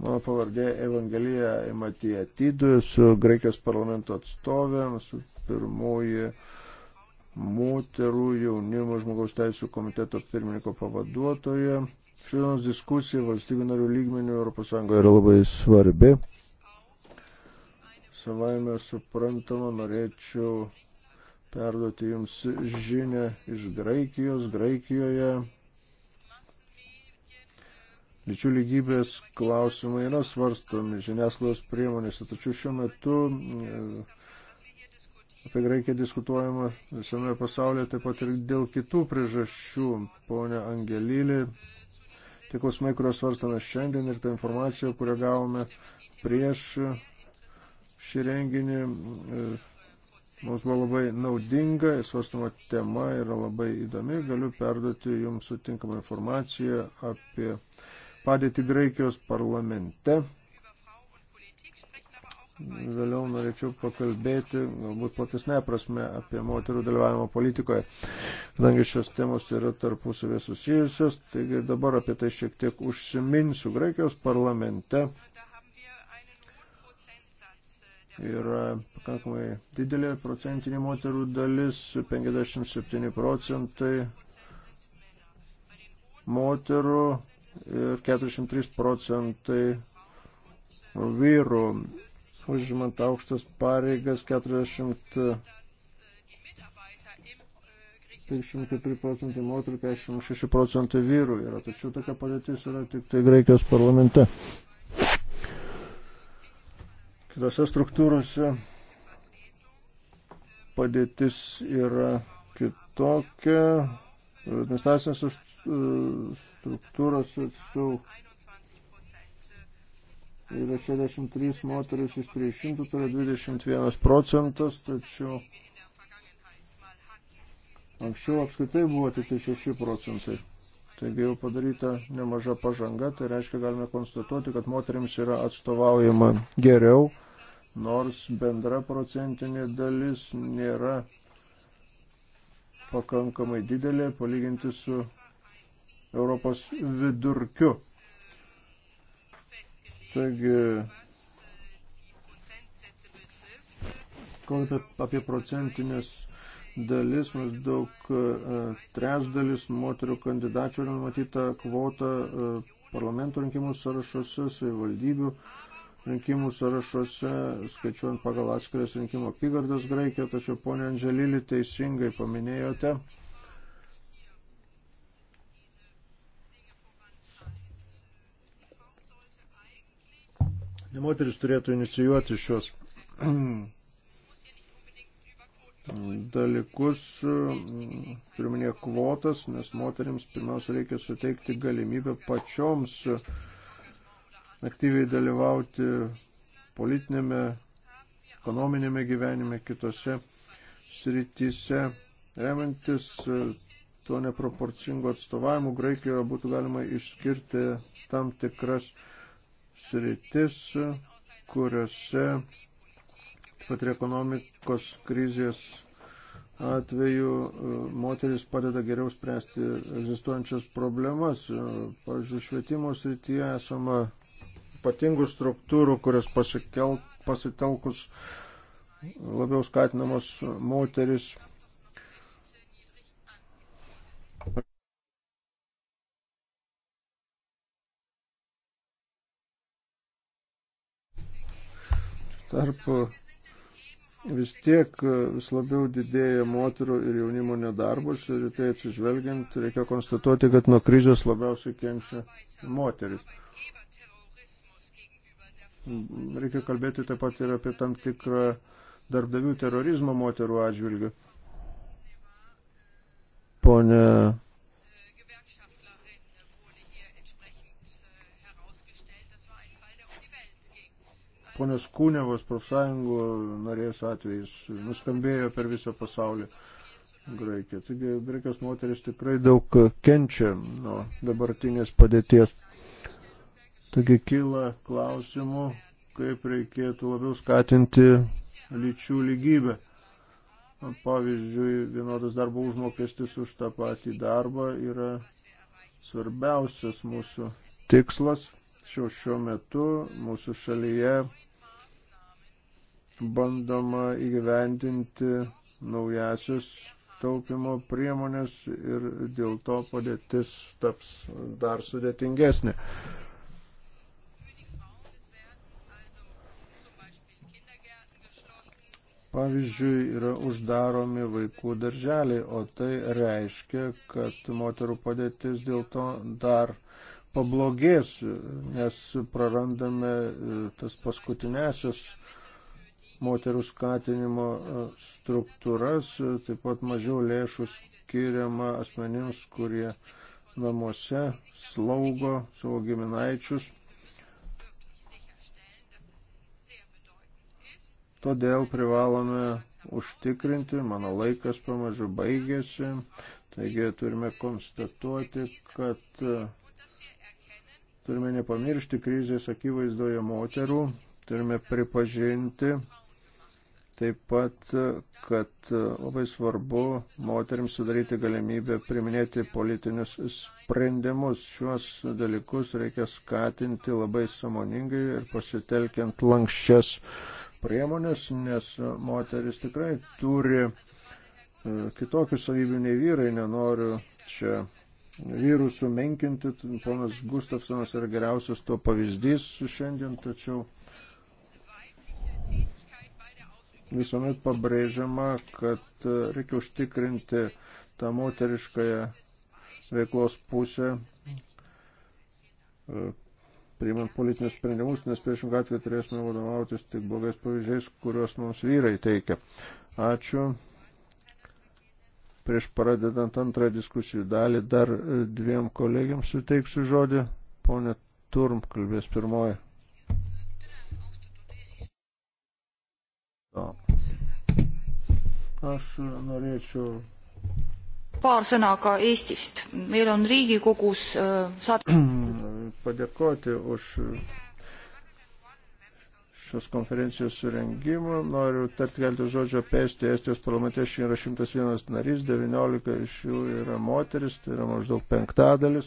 Mano pavardė Evangelija Imatija Tidu, esu Graikijos parlamento atstovė, esu pirmoji moterų jaunimo žmogaus teisų komiteto pirmininko pavaduotoja. Šiandienos diskusija valstybių narių lygmenių ES yra labai svarbi. Savaime suprantama, norėčiau perduoti Jums žinę iš Graikijos. Graikijoje Lyčių lygybės klausimai yra svarstomi žiniasklaidos priemonėse, tačiau šiuo metu apie Graikiją diskutuojama visame pasaulyje, taip pat ir dėl kitų priežasčių, ponė Angelylė. Tie klausimai, kuriuos svarstame šiandien ir ta informacija, kurią gavome prieš šį renginį, e, mums buvo labai naudinga, svarstama tema yra labai įdomi, galiu perduoti jums sutinkamą informaciją apie padėtį Graikijos parlamente vėliau norėčiau pakalbėti, galbūt platesnė prasme, apie moterų dalyvavimo politikoje, kadangi šios temos yra tarpusavė susijusios, taigi dabar apie tai šiek tiek užsiminsiu. Graikijos parlamente yra pakankamai didelė procentinė moterų dalis, 57 procentai moterų ir 403 procentai vyrų užimant aukštas pareigas 40. 54 procentai moterų, 46 procentai vyrų yra, tačiau tokia padėtis yra tik tai Graikijos parlamente. Kitose struktūrose padėtis yra kitokia. Administracinės struktūros su yra 63 moteris iš 300, tai yra 21 procentas, tačiau anksčiau apskaitai buvo tik 6 tai procentai. Taigi jau padaryta nemaža pažanga, tai reiškia galime konstatuoti, kad moteriams yra atstovaujama geriau, nors bendra procentinė dalis nėra pakankamai didelė palyginti su Europos vidurkiu. Taigi, kalbant apie, apie procentinės dalis, maždaug e, trečdalis moterių kandidačių yra numatyta kvota e, parlamento rinkimų sąrašuose, savivaldybių rinkimų sąrašuose, skaičiuojant pagal atskiras rinkimų apygardas Graikijoje, tačiau ponė Andželili teisingai paminėjote, ne moteris turėtų inicijuoti šios dalykus, pirminė kvotas, nes moteriams pirmiausia reikia suteikti galimybę pačioms aktyviai dalyvauti politinėme, ekonominėme gyvenime, kitose srityse, remiantis e, tuo neproporcingu atstovavimu, Graikijoje būtų galima išskirti tam tikras sritis, kuriuose pat ir ekonomikos krizės atveju e, moteris padeda geriau spręsti egzistuojančias problemas. E, pavyzdžiui, švietimo srityje esama ypatingų struktūrų, kurias pasikel, pasitelkus labiau skatinamos moteris tarpu e, vis tiek e, vis labiau didėja moterų ir jaunimo nedarbas ir tai atsižvelgiant reikia konstatuoti, kad nuo krizės labiausiai kenčia moteris. Reikia kalbėti taip pat ir apie tam tikrą darbdavių terorizmą moterų atžvilgių. Pone ponios Kūnevos profsąjungų narės atvejais nuskambėjo per visą pasaulį. Graikija. Taigi Graikijos moteris tikrai daug kenčia nuo dabartinės padėties. Taigi kyla klausimų, kaip reikėtų labiau skatinti lyčių lygybę. Pavyzdžiui, vienodas darbo užmokestis už tą patį darbą yra svarbiausias mūsų tikslas. Šiuo, šiuo metu mūsų šalyje bandoma įgyvendinti naujasias taupimo priemonės ir dėl to padėtis taps dar sudėtingesnė. Pavyzdžiui, yra uždaromi vaikų darželiai, o tai reiškia, kad moterų padėtis dėl to dar pablogės, nes prarandame e, tas paskutinėsias moterų skatinimo e, struktūras, e, taip pat mažiau lėšų skiriama asmenims, kurie namuose slaugo savo giminaičius. Todėl privalome užtikrinti, mano laikas pamažu baigėsi, taigi turime konstatuoti, kad e, turime nepamiršti krizės akivaizdoje moterų, turime pripažinti, taip pat, kad labai svarbu moteriams sudaryti galimybę priminėti politinius sprendimus. Šiuos dalykus reikia skatinti labai samoningai ir pasitelkiant lankščias priemonės, nes moteris tikrai turi e, kitokių savybių nei vyrai, nenoriu čia vyrų sumenkinti. Ponas Gustafsonas yra geriausias to pavyzdys šiandien, tačiau visuomet pabrėžiama, kad e, reikia užtikrinti tą moteriškąją veiklos pusę, e, priimant politinius sprendimus, nes priešingą atveju turėsime vadovautis tik blogais pavyzdžiais, kuriuos mums vyrai teikia. Ačiū. Prieš pradedant antrą diskusijų dalį, dar e, dviem kolegiams suteiksiu žodį. Pone Turm kalbės pirmoji. Aš norėčiau. Paar sõna ka Eestist. Meil on Riigikogus äh, saad... *clears throat* Padėkoti už šios konferencijos surengimą. Noriu tarti keletą žodžių apie Estiją. Estijos parlamente šiandien yra 101 narys, 19 iš jų yra moteris, tai yra maždaug penktadalis.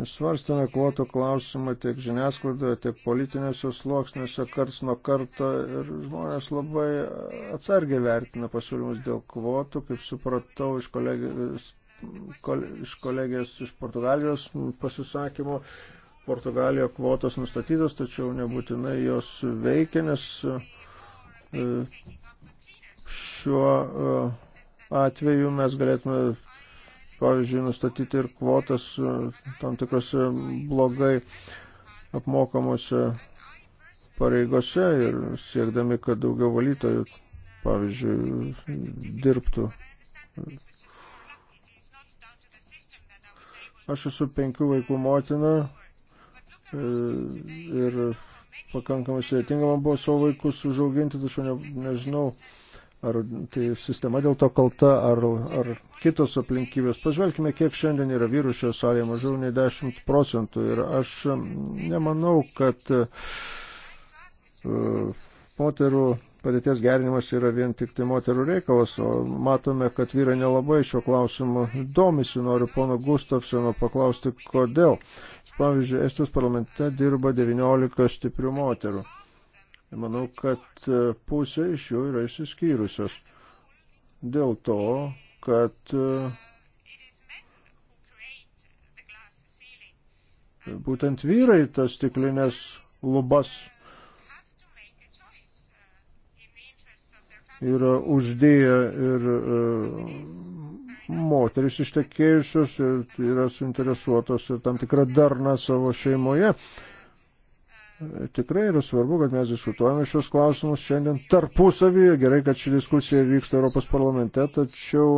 Svarstame kvotų klausimą tiek žiniasklaidoje, tiek politinėse sluoksniuose karts nuo karto ir žmonės labai atsargiai vertina pasiūlymus dėl kvotų, kaip supratau iš kolegijos, kol, iš, kolegijos, iš Portugalijos pasisakymo. Portugalijoje kvotos nustatytos, tačiau nebūtinai jos veikia, nes e, šiuo e, atveju mes galėtume pavyzdžiui, nustatyti ir kvotas e, tam tikrose blogai apmokamose pareigose ir siekdami, kad daugiau valytojų, pavyzdžiui, dirbtų. Aš esu penkių vaikų motina e, ir pakankamai sudėtinga man buvo savo vaikus užauginti, tačiau ne, nežinau, ar tai sistema dėl to kalta, ar, ar kitos aplinkybės. Pažvelkime, kiek šiandien yra vyrų šioje salėje, mažiau nei 10 procentų. Ir aš nemanau, kad uh, moterų padėties gerinimas yra vien tik tai moterų reikalas, o matome, kad vyrai nelabai šio klausimu domisi, noriu pono Gustafsono paklausti, kodėl. Pavyzdžiui, Estijos parlamente dirba 19 stiprių moterų. Ir manau, kad e, pusė iš jų yra išsiskyrusios. Dėl to, kad e, būtent vyrai tas stiklinės lubas yra uždėję ir e, moteris ištekėjusios ir yra suinteresuotos ir tam tikrą darną savo šeimoje. Tikrai yra svarbu, kad mes diskutuojame šios klausimus šiandien tarpusavyje. Gerai, kad ši diskusija vyksta Europos parlamente, tačiau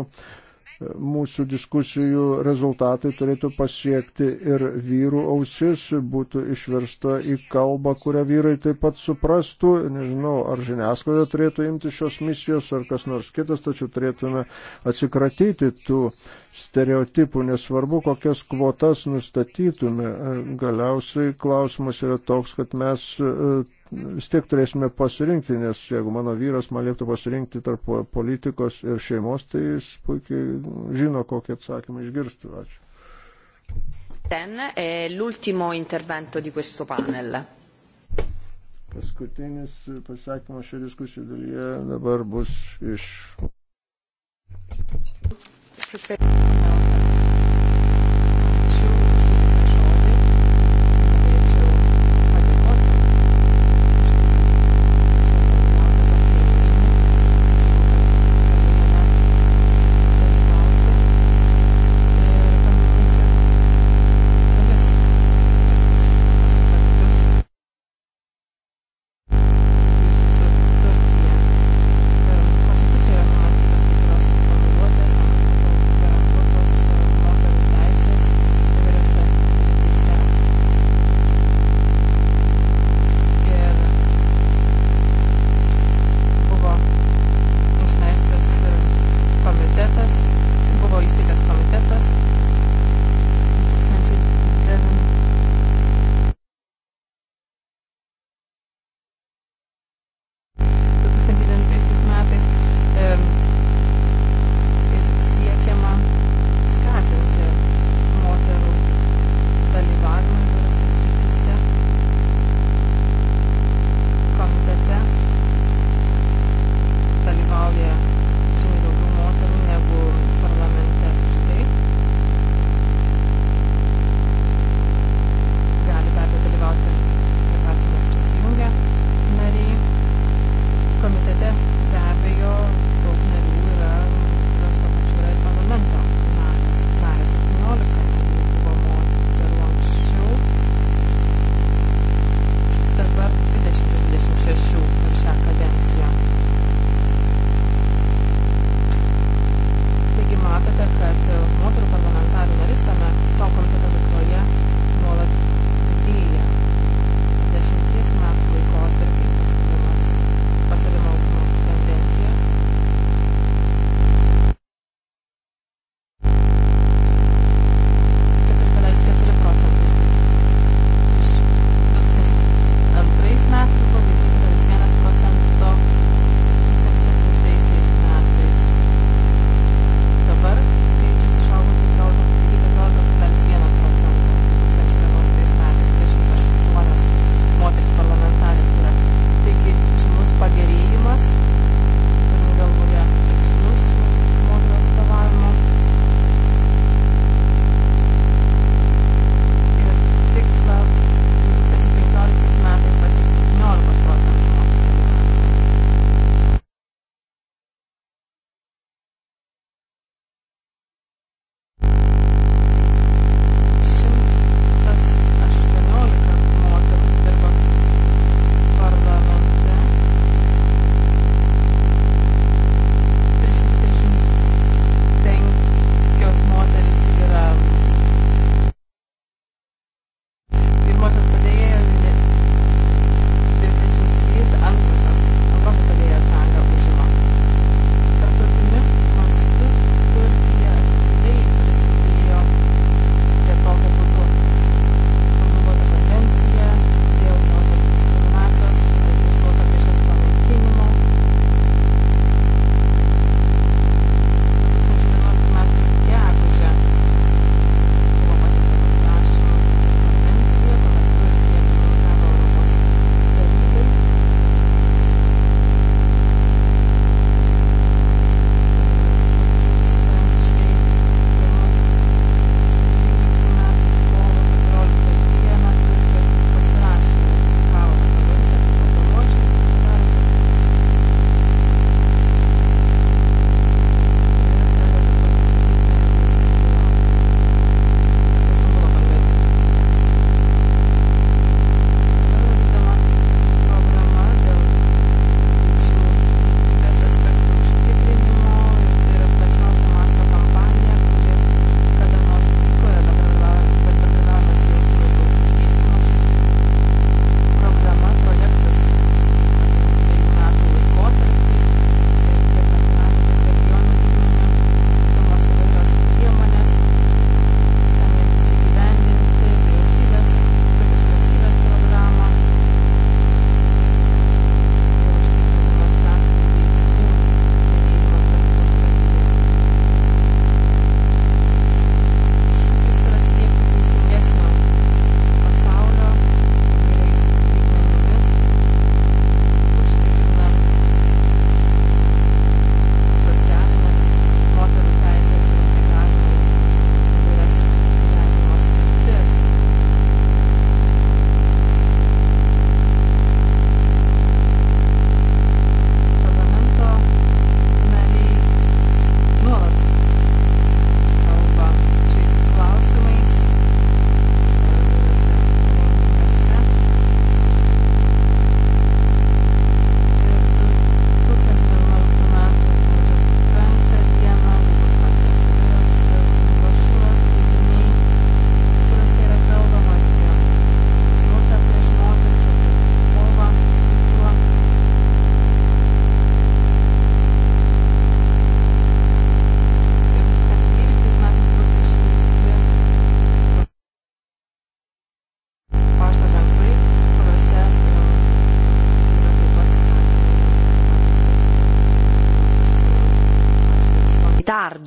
mūsų diskusijų rezultatai turėtų pasiekti ir vyrų ausis, būtų išversta į kalbą, kurią vyrai taip pat suprastų. Nežinau, ar žiniasklaida turėtų imti šios misijos, ar kas nors kitas, tačiau turėtume atsikratyti tų stereotipų, nesvarbu, kokias kvotas nustatytume. Galiausiai klausimas yra toks, kad mes e, vis tiek turėsime pasirinkti, nes jeigu mano vyras man lieptų pasirinkti tarp politikos ir šeimos, tai jis puikiai žino, kokį atsakymą išgirstų. Ačiū. Ten è eh, l'ultimo intervento di questo panel. Paskutinis pasakymas šio diskusijų dalyje dabar bus iš. Prepare.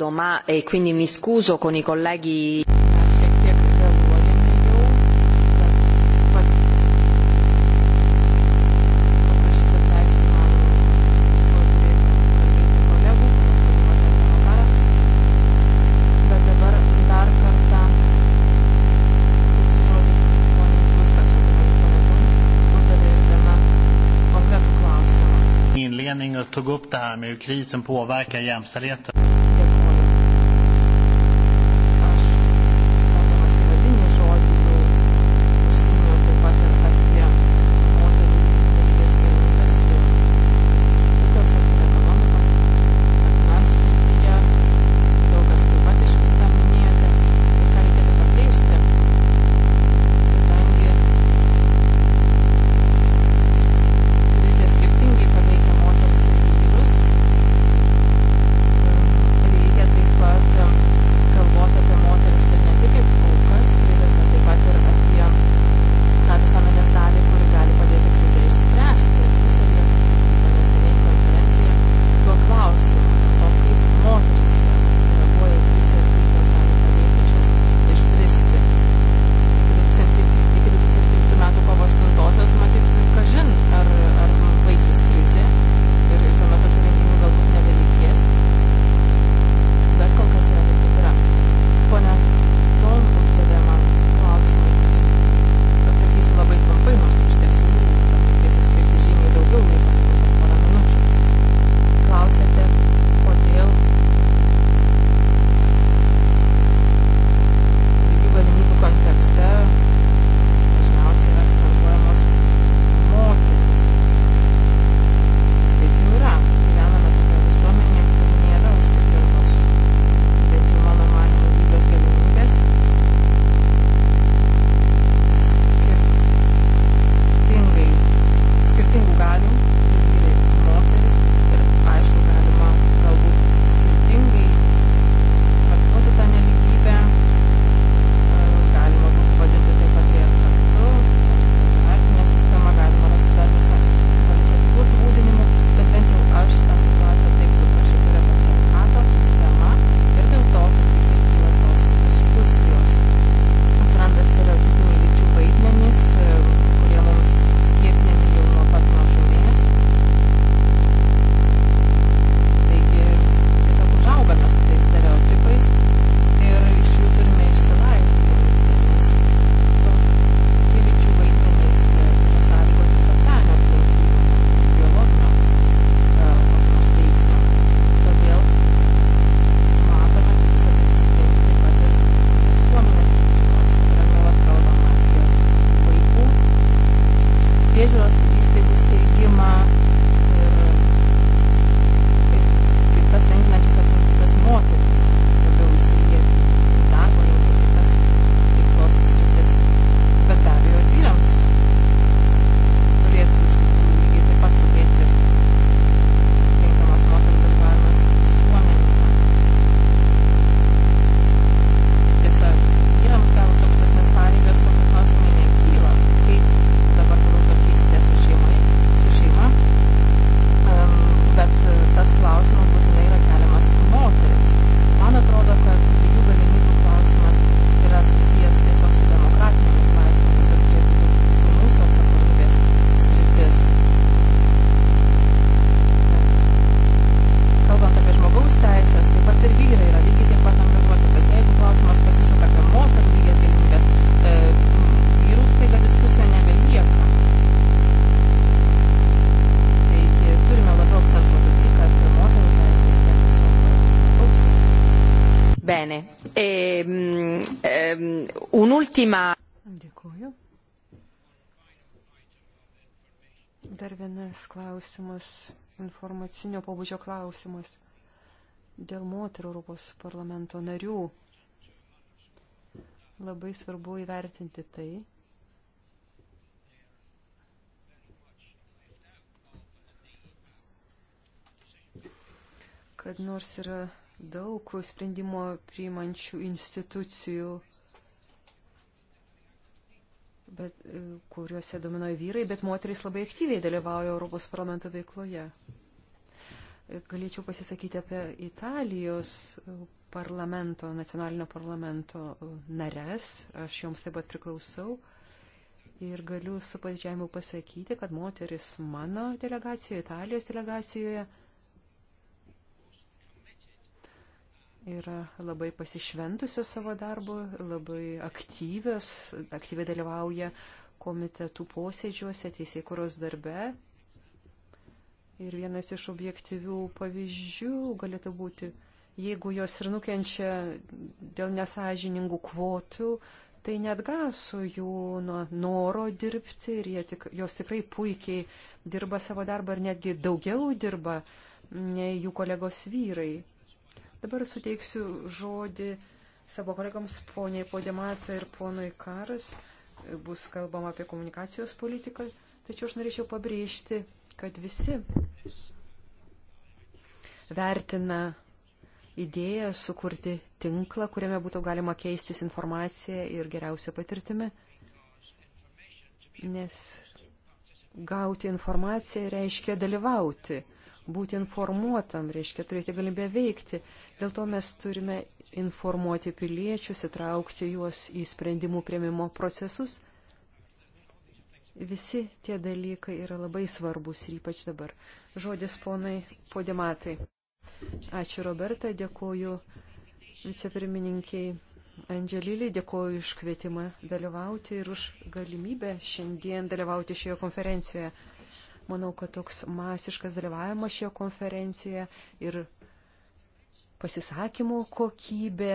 parlato, ma e quindi mi scuso con i colleghi. tog upp det här med hur krisen påverkar jämställdheten. ultima. Dėkuoju. Dar vienas klausimas, informacinio pobūdžio klausimas dėl moterų Europos parlamento narių. Labai svarbu įvertinti tai, kad nors yra daug sprendimo priimančių institucijų bet, e, kuriuose dominuoja vyrai, bet moterys labai aktyviai dalyvauja Europos parlamento veikloje. E, galėčiau pasisakyti apie Italijos e, parlamento, nacionalinio parlamento nares, aš joms taip pat priklausau. Ir galiu su pasidžiavimu pasakyti, kad moteris mano delegacijoje, Italijos delegacijoje, yra labai pasišventusios savo darbu, labai aktyvios, aktyviai dalyvauja komitetų posėdžiuose, teisėjai kuros darbe. Ir vienas iš objektyvių pavyzdžių galėtų būti, jeigu jos ir nukenčia dėl nesažiningų kvotų, tai net grasų jų nuo noro dirbti ir tik, jos tikrai puikiai dirba savo darbą ir netgi daugiau dirba nei jų kolegos vyrai. Dabar suteiksiu žodį savo kolegams poniai Podemata ir ponui Karas. Bus kalbama apie komunikacijos politiką, tačiau aš norėčiau pabrėžti, kad visi vertina idėją sukurti tinklą, kuriame būtų galima keistis informaciją ir geriausia patirtimi, nes gauti informaciją reiškia dalyvauti būti informuotam, reiškia turėti galimybę veikti. Dėl to mes turime informuoti piliečius, įtraukti juos į sprendimų prieimimo procesus. Visi tie dalykai yra labai svarbus ir ypač dabar. Žodis ponai podimatai. Ačiū Roberta, dėkoju vicepirmininkiai Andželylį, dėkoju už kvietimą dalyvauti ir už galimybę šiandien dalyvauti šioje konferencijoje. Manau, kad toks masiškas dalyvavimas šioje konferencijoje ir pasisakymų kokybė,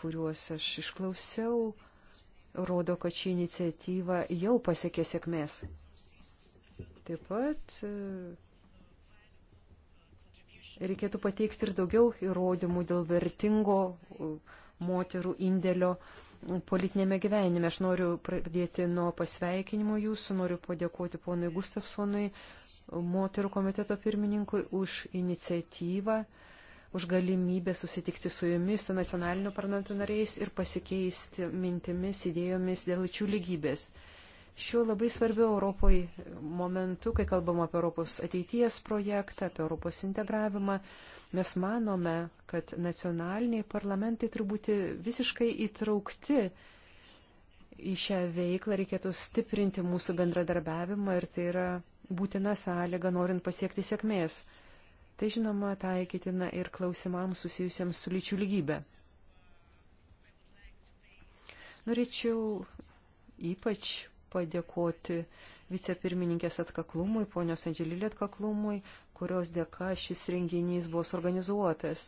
kuriuos aš išklausiau, rodo, kad ši iniciatyva jau pasiekė sėkmės. Taip pat e, reikėtų pateikti ir daugiau įrodymų dėl vertingo e, moterų indėlio politinėme gyvenime. Aš noriu pradėti nuo pasveikinimo jūsų, noriu padėkoti ponui Gustafsonui, moterų komiteto pirmininkui, už iniciatyvą, už galimybę susitikti su jumis, su nacionaliniu parlamento nariais ir pasikeisti mintimis, idėjomis dėl lyčių lygybės. Šiuo labai svarbiu Europoje momentu, kai kalbam apie Europos ateities projektą, apie Europos integravimą, Mes manome, kad nacionaliniai parlamentai turbūt visiškai įtraukti į šią veiklą, reikėtų stiprinti mūsų bendradarbiavimą ir tai yra būtina sąlyga, norint pasiekti sėkmės. Tai žinoma taikytina ir klausimams susijusiems su lyčių lygybė. Norėčiau ypač padėkoti vicepirmininkės atkaklumui, ponios Andželilė atkaklumui, kurios dėka šis renginys buvo suorganizuotas.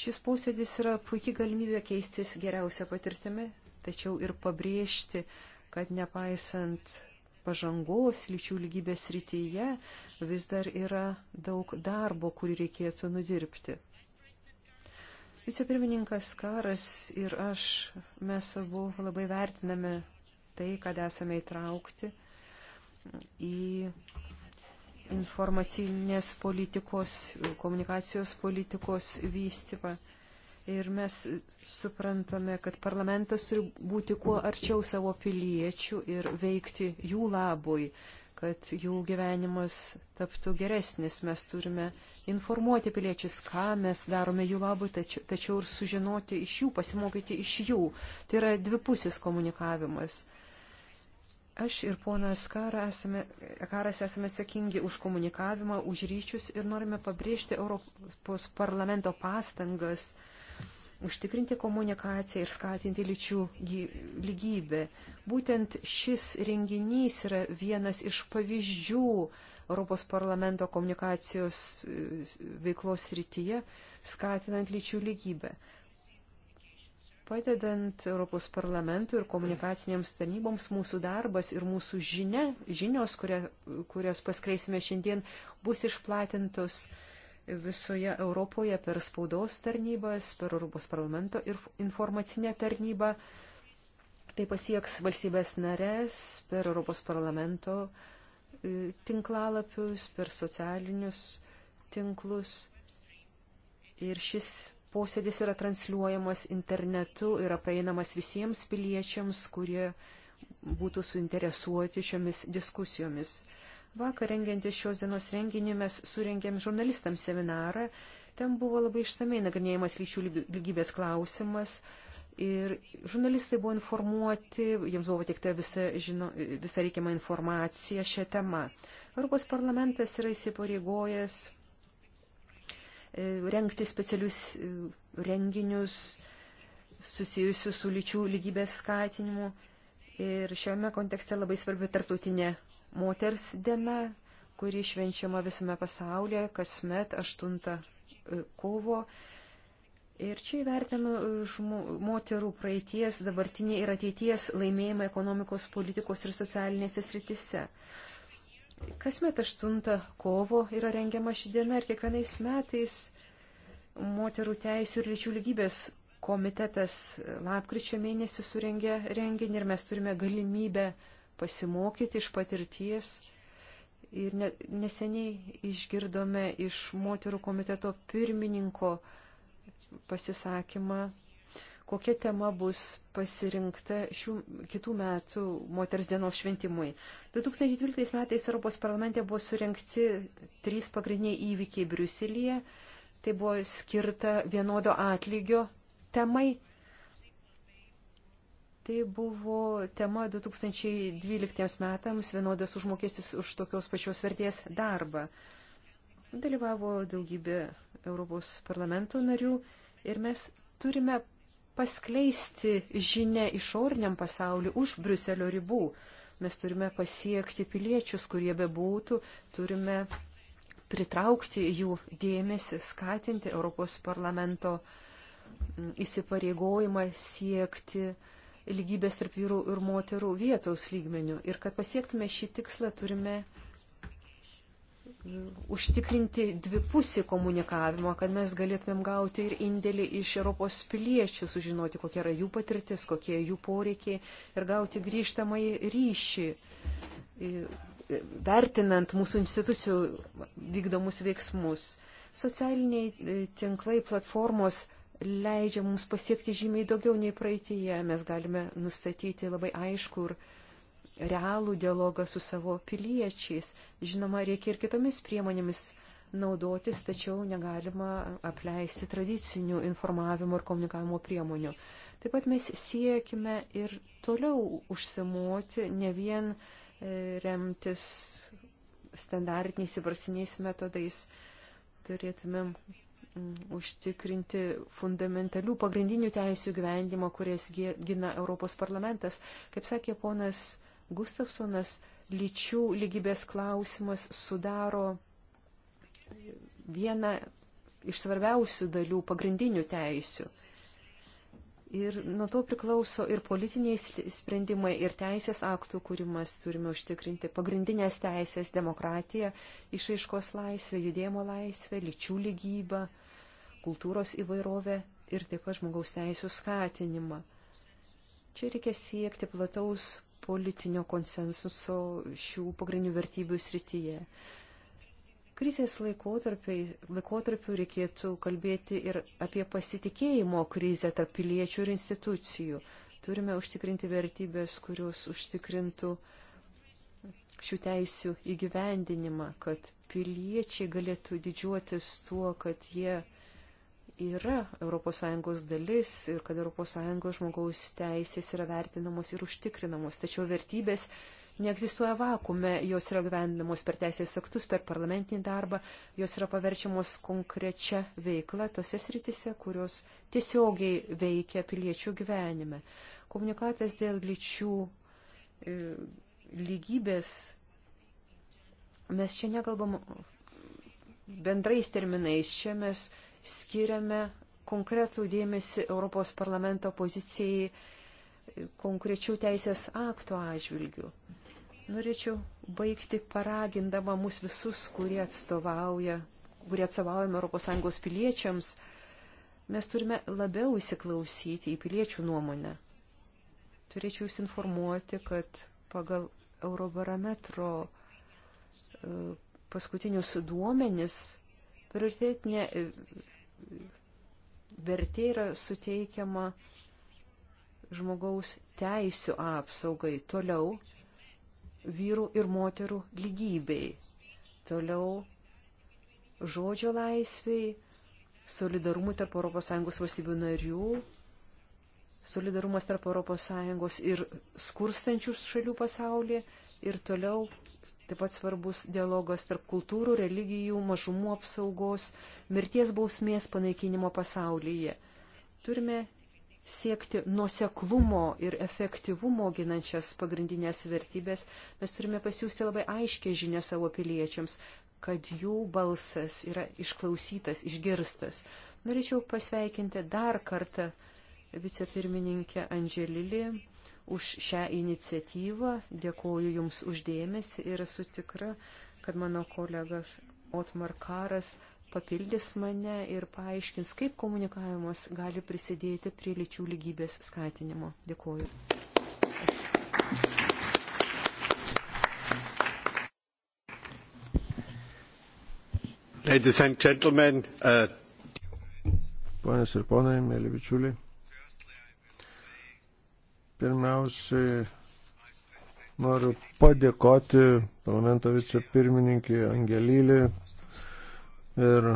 Šis posėdis yra puikiai galimybė keistis geriausią patirtimį, tačiau ir pabrėžti, kad nepaisant pažangos lyčių lygybės rytyje vis dar yra daug darbo, kurį reikėtų nudirbti. Vicepirmininkas Karas ir aš, mes abu labai vertiname tai, kad esame įtraukti į informacinės politikos, komunikacijos politikos vystymą. Ir mes suprantame, kad parlamentas turi būti kuo arčiau savo piliečių ir veikti jų labui, kad jų gyvenimas taptų geresnis. Mes turime informuoti piliečius, ką mes darome jų labui, tačiau, tačiau ir sužinoti iš jų, pasimokyti iš jų. Tai yra dvipusis komunikavimas. Aš ir ponas Karas esame, Karas esame atsakingi už komunikavimą, už ryšius ir norime pabrėžti Europos parlamento pastangas užtikrinti komunikaciją ir skatinti lyčių lygybę. Būtent šis renginys yra vienas iš pavyzdžių Europos parlamento komunikacijos e, veiklos rytyje, skatinant lyčių lygybę. Padedant Europos parlamentui ir komunikaciniams tarnyboms, mūsų darbas ir mūsų žinia, žinios, kuria, kurias paskleisime šiandien, bus išplatintos visoje Europoje per spaudos tarnybas, per Europos parlamento ir informacinę tarnybą. Tai pasieks valstybės narės per Europos parlamento e, tinklalapius, per socialinius tinklus. Ir šis posėdis yra transliuojamas internetu, yra praeinamas visiems piliečiams, kurie būtų suinteresuoti šiomis diskusijomis. Vakar rengiantis šios dienos renginį mes surengėm žurnalistams seminarą. Ten buvo labai išsamei nagrinėjimas lyčių lygybės klausimas. Ir žurnalistai buvo informuoti, jiems buvo patikta visa, žino, visa reikiama informacija šią temą. Europos parlamentas yra įsipareigojęs E, renkti specialius e, renginius susijusius su lyčių lygybės skatinimu. Ir šiame kontekste labai svarbi tarptautinė moters diena, kuri švenčiama visame pasaulyje kasmet 8 e, kovo. Ir čia įvertinu moterų praeities, dabartinė ir ateities laimėjimą ekonomikos, politikos ir socialinėse sritise. Kasmet 8 kovo yra rengiama ši diena ir kiekvienais metais moterų teisų ir lyčių lygybės komitetas lapkričio mėnesį surengė renginį ir mes turime galimybę pasimokyti iš patirties. Ir ne, neseniai išgirdome iš moterų komiteto pirmininko pasisakymą kokia tema bus pasirinkta šių kitų metų moters dienos šventimui. 2012 metais Europos parlamente buvo surinkti trys pagrindiniai įvykiai Briuselėje. Tai buvo skirta vienodo atlygio temai. Tai buvo tema 2012 metams vienodas užmokestis už tokios pačios vertės darbą. Dalyvavo daugybė Europos parlamento narių ir mes turime paskleisti žinę išorniam pasauliu už Bruselio ribų. Mes turime pasiekti piliečius, kurie bebūtų, turime pritraukti jų dėmesį, skatinti Europos parlamento mm, įsipareigojimą siekti lygybės tarp vyrų ir moterų vietos lygmenių. Ir kad pasiektume šį tikslą, turime užtikrinti dvipusį komunikavimą, kad mes galėtumėm gauti ir indėlį iš Europos piliečių, sužinoti, kokia yra jų patirtis, kokie jų poreikiai ir gauti grįžtamąjį ryšį, vertinant mūsų institucijų vykdomus veiksmus. Socialiniai tinklai, platformos leidžia mums pasiekti žymiai daugiau nei praeitėje. Mes galime nustatyti labai aišku ir realų dialogą su savo piliečiais. Žinoma, reikia ir kitomis priemonėmis naudotis, tačiau negalima apleisti tradicinių informavimo ir komunikavimo priemonių. Taip pat mes siekime ir toliau užsimuoti, ne vien e, remtis standartiniais įprasiniais metodais. Turėtumėm užtikrinti fundamentalių pagrindinių teisų gyvendimą, kurias gina Europos parlamentas. Kaip sakė ponas Gustafsonas, lyčių lygybės klausimas sudaro vieną iš svarbiausių dalių pagrindinių teisių. Ir nuo to priklauso ir politiniai sprendimai, ir teisės aktų kūrimas. Turime užtikrinti pagrindinės teisės - demokratiją, išaiškos laisvę, judėjimo laisvę, lyčių lygybą, kultūros įvairovę ir taip pat žmogaus teisų skatinimą. Čia reikia siekti plataus politinio konsensuso šių pagrindinių vertybių srityje. Krizės laikotarpiu reikėtų kalbėti ir apie pasitikėjimo krizę tarp piliečių ir institucijų. Turime užtikrinti vertybės, kurios užtikrintų šių teisių įgyvendinimą, kad piliečiai galėtų didžiuotis tuo, kad jie yra ES dalis ir kad ES žmogaus teisės yra vertinamos ir užtikrinamos. Tačiau vertybės neegzistuoja vakume, jos yra gyvendinamos per teisės aktus, per parlamentinį darbą, jos yra paverčiamos konkrečia veikla tose sritise, kurios tiesiogiai veikia piliečių gyvenime. Komunikatas dėl lyčių e, lygybės. Mes čia nekalbam bendrais terminais, čia mes skiriame konkretų dėmesį Europos parlamento pozicijai konkrečių teisės aktų atžvilgių. Norėčiau baigti paragindama mus visus, kurie atstovauja, kurie atstovaujame ES piliečiams, mes turime labiau įsiklausyti į piliečių nuomonę. Turėčiau jūs informuoti, kad pagal Eurobarometro e, paskutinius duomenis prioritetinė vertė yra suteikiama žmogaus teisų apsaugai, toliau vyrų ir moterų lygybei, toliau žodžio laisviai, solidarumui tarp ES valstybių narių, solidarumas tarp ES ir skurstančių šalių pasaulyje ir toliau Taip pat svarbus dialogas tarp kultūrų, religijų, mažumų apsaugos, mirties bausmės panaikinimo pasaulyje. Turime siekti nuoseklumo ir efektyvumo ginančias pagrindinės vertybės. Mes turime pasiūsti labai aiškę žinę savo piliečiams, kad jų balsas yra išklausytas, išgirstas. Norėčiau pasveikinti dar kartą vicepirmininkę Andželilį, už šią iniciatyvą, dėkoju Jums uždėmesi ir esu tikra, kad mano kolegas Otmar Karas papildys mane ir paaiškins, kaip komunikavimas gali prisidėti prie lyčių lygybės skatinimo. Dėkuoju. Ladies and gentlemen, uh... Ponės ir ponai, mėly bičiuliai. Pirmiausiai noriu padėkoti parlamento vicepirmininkį Angelylį ir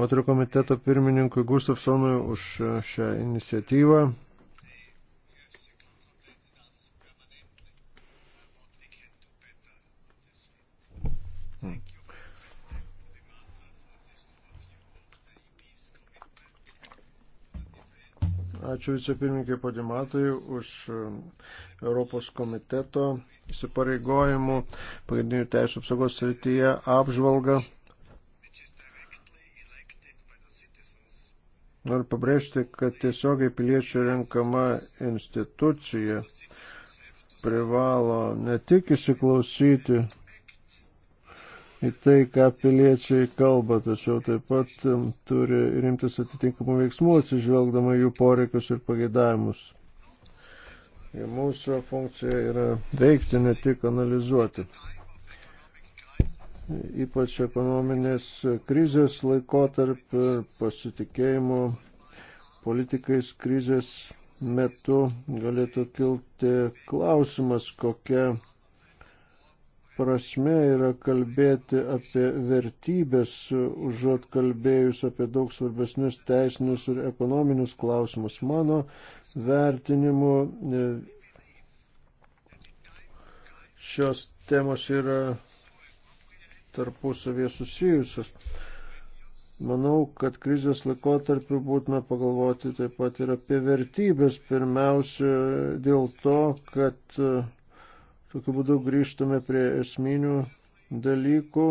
moterų komiteto pirmininkui Gustafsonui už šią iniciatyvą. Ačiū vicepirmininkai Padimatai už e, Europos komiteto įsipareigojimų pagrindinių teisų apsaugos srityje apžvalgą. Noriu pabrėžti, kad tiesiogiai piliečių renkama institucija privalo ne tik įsiklausyti į tai, ką piliečiai kalba, tačiau taip pat turi rimtis atitinkamų veiksmų atsižvelgdama jų poreikius ir pageidavimus. Ir mūsų funkcija yra veikti, ne tik analizuoti. Ypač ekonominės krizės laikotarp pasitikėjimo politikais krizės metu galėtų kilti klausimas, kokia prasme yra kalbėti apie vertybės, užuot kalbėjus apie daug svarbesnius teisinius ir ekonominius klausimus. Mano vertinimu e, šios temos yra tarpusavie susijusios. Manau, kad krizės laikotarpiu būtina pagalvoti taip pat ir apie vertybės. Pirmiausia, dėl to, kad Tokiu būdu grįžtume prie esminių dalykų.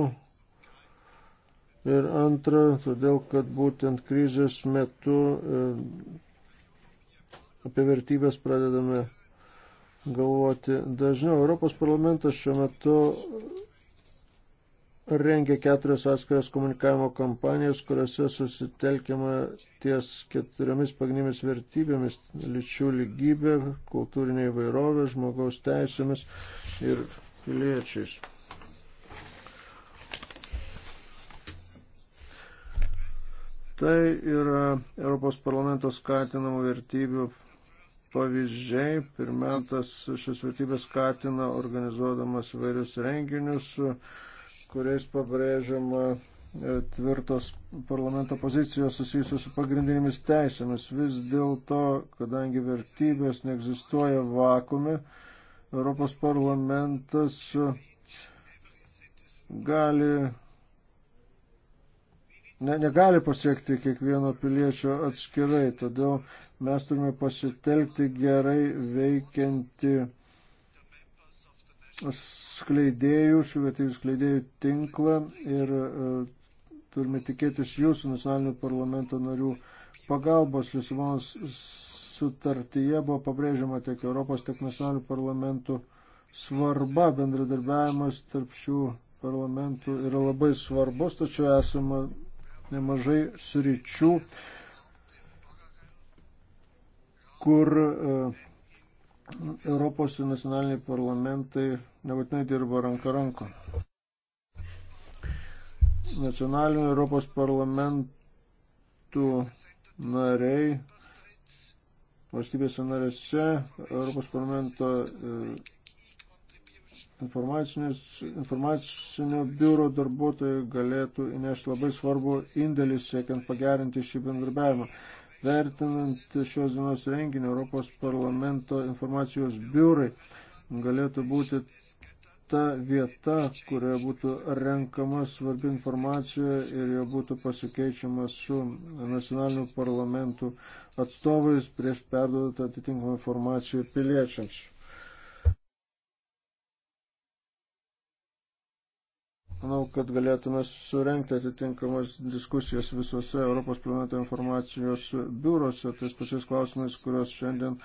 Ir antra, todėl, kad būtent krizės metu e, apie vertybės pradedame galvoti dažniau. Europos parlamentas šiuo metu rengia keturias atskiras komunikavimo kampanijas, kuriuose susitelkiama ties keturiomis pagrindinėmis vertybėmis - lyčių lygybė, kultūrinė įvairovė, žmogaus teisėmis ir piliečiais. Tai yra Europos parlamento skatinamų vertybių pavyzdžiai. Pirmiausia, šias vertybės skatina organizuodamas vairius renginius, kuriais pabrėžiama e, tvirtos parlamento pozicijos susijusios su pagrindinėmis teisėmis. Vis dėlto, kadangi vertybės neegzistuoja vakume, Europos parlamentas e, gali, ne, negali pasiekti kiekvieno piliečio atskirai, todėl mes turime pasitelkti gerai veikianti skleidėjų, šių vietinių skleidėjų tinklą ir e, turime tikėtis jūsų nacionalinių parlamento narių pagalbos. Lisabonos sutartyje buvo pabrėžiama tiek Europos, tiek nacionalinių parlamentų svarba, bendradarbiavimas tarp šių parlamentų yra labai svarbus, tačiau esama nemažai sričių, kur uh, Europos ir nacionaliniai parlamentai nebūtinai dirba ranka ranko. Nacionalinių Europos parlamentų nariai valstybėse narėse Europos parlamento e, informacinio biuro darbuotojai galėtų įnešti labai svarbu indėlį siekiant pagerinti šį bendradarbiavimą. Vertinant šios dienos renginį, Europos parlamento informacijos biurai galėtų būti ta vieta, kurioje būtų renkama svarbi informacija ir jo būtų pasikeičiama su nacionalinių parlamentų atstovais prieš perduodant atitinkamą informaciją piliečiams. Manau, kad galėtume surenkti atitinkamas diskusijas visose Europos planeto informacijos biurose, tais pačiais klausimais, kuriuos šiandien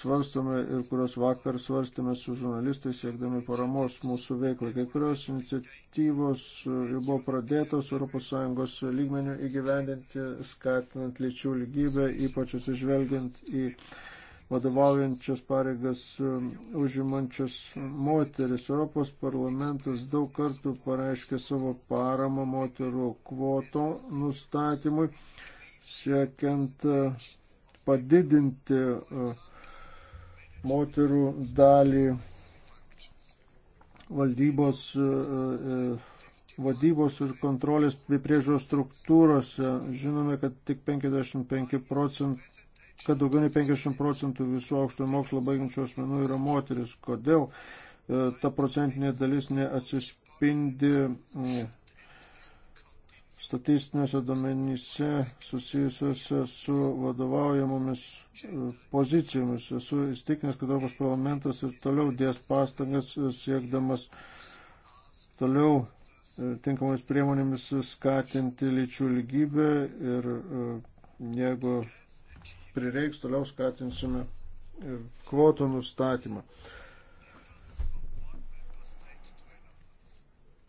svarstame ir kuriuos vakar svarstėme su žurnalistais, siekdami paramos mūsų veiklai. Kai kurios iniciatyvos jau buvo pradėtos ES lygmenių įgyvendinti, skatinant lyčių lygybę, ypač atsižvelgiant į vadovaujančias pareigas um, užimančias moteris. Europos parlamentas daug kartų pareiškė savo paramą moterų kvoto nustatymui, siekiant uh, padidinti uh, moterų dalį valdybos, uh, vadybos ir kontrolės bei priežiūros struktūrose. Žinome, kad tik 55 procentai kad daugiau nei 50 procentų visų aukštojo mokslo baigiančių asmenų yra moteris. Kodėl e, ta procentinė dalis neatsispindi mm, statistiniuose domenyse susijusiuose su vadovaujamomis e, pozicijomis. Esu įstikinęs, kad Europos parlamentas ir toliau dės pastangas e, siekdamas toliau tinkamomis priemonėmis skatinti lyčių lygybę ir jeigu prireiks, toliau skatinsime kvotų nustatymą.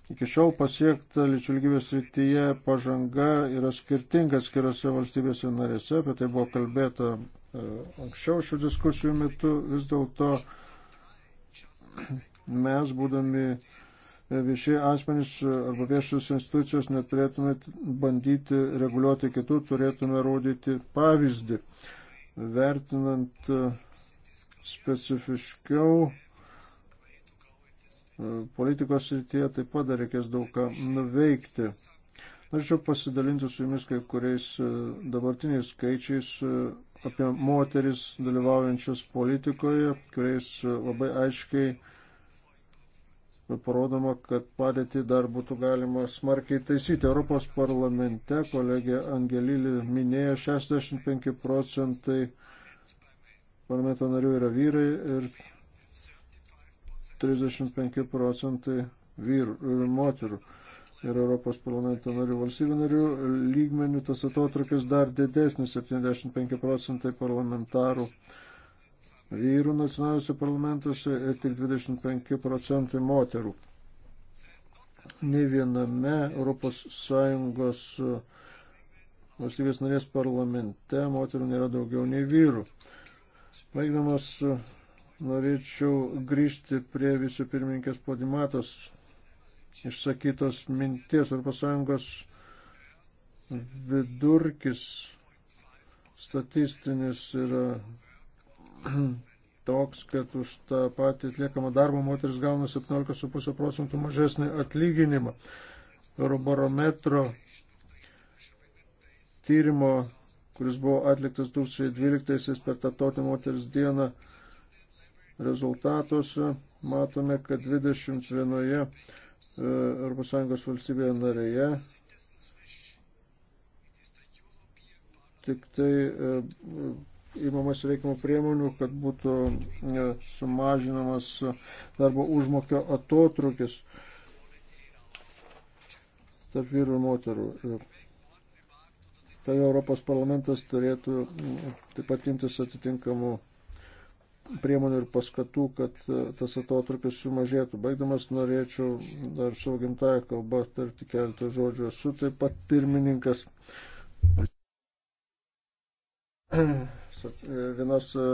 Iki šiol pasiekta lyčių lygybės rytyje pažanga yra skirtinga skiriose valstybėse narėse, apie tai buvo kalbėta e, anksčiau šių diskusijų metu. Vis dėlto mes, būdami viešiai asmenys arba viešos institucijos neturėtume bandyti reguliuoti kitų, turėtume rodyti pavyzdį, vertinant e, specifiškiau e, politikos srityje taip pat dar reikės daug ką nuveikti. Norėčiau pasidalinti su jumis kai kuriais e, dabartiniais skaičiais apie moteris dalyvaujančias politikoje, kuriais labai aiškiai parodoma, kad padėtį dar būtų galima smarkiai taisyti. Europos parlamente kolegė Angelilį minėjo 65 procentai parlamento narių yra vyrai ir 35 procentai vyrų ir e, moterų. Ir Europos parlamento narių valstybių narių lygmenių tas atotrukis dar didesnis - 75 procentai parlamentarų vyrų nacionaliniuose parlamentuose ir tik 25 procentai moterų. Ne viename ES e, valstybės narės parlamente moterų nėra daugiau nei vyrų. Baigdamas e, norėčiau grįžti prie visų pirmininkės podimatos išsakytos minties Europos Sąjungos vidurkis statistinis yra *clears throat* toks, kad už tą patį atliekamą darbą moteris gauna 17,5 procentų mažesnį atlyginimą. Eurobarometro tyrimo, kuris buvo atliktas 2012 per tarptautinę moteris dieną, rezultatuose matome, kad 21 ES valstybėje narėje tik tai e, įmamas reikimų priemonių, kad būtų e, sumažinamas darbo užmokio atotrukis tarp vyrų ir moterų. Tai Europos parlamentas turėtų taip pat imtis atitinkamų priemonių ir paskatų, kad e, tas atotrukis sumažėtų. Baigdamas norėčiau dar savo gimtają kalbą tarti keletą žodžių. Esu taip pat pirmininkas E, vienos e,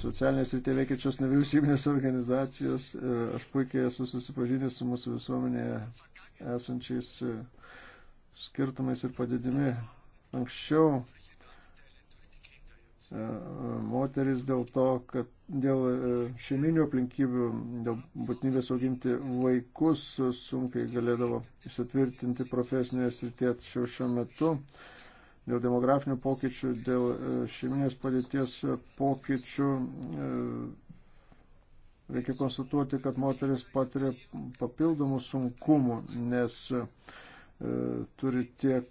socialinės rytė veikiančios nevyriausybinės organizacijos ir e, aš puikiai esu susipažinęs su mūsų visuomenėje esančiais skirtumais ir padidimi. Anksčiau moteris dėl to, kad dėl šeiminių aplinkybių, dėl būtinybės auginti vaikus sunkiai galėdavo įsitvirtinti profesinėje srityje, tačiau šiuo metu uh, dėl demografinių pokyčių, dėl e, šeiminės padėties pokyčių. E, reikia konstatuoti, kad moteris patiria papildomų sunkumų, nes e, turi tiek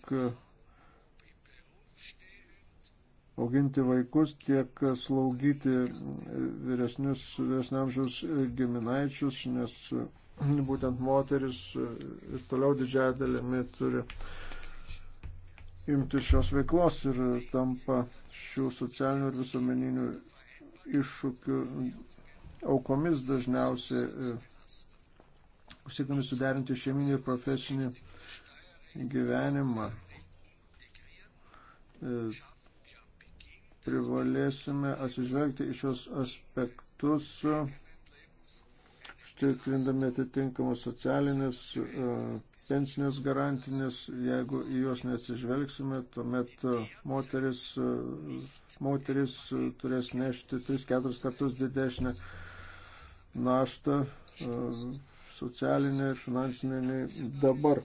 auginti vaikus, tiek slaugyti vyresnius, vyresniamžiaus giminaičius, nes būtent moteris ir toliau didžiąją dalimi turi uh, imti šios veiklos ir tampa šių socialinių ir visuomeninių iššūkių aukomis dažniausiai, e, siekdami suderinti šeiminį ir profesinį gyvenimą. E, privalėsime atsižvelgti į šios aspektus užtikrindami atitinkamus socialinius, e, pensinės garantinės, jeigu į juos neatsižvelgsime, tuomet e, moteris, e, moteris turės nešti 3-4 kartus didesnę naštą socialinę ir finansinę nei dabar.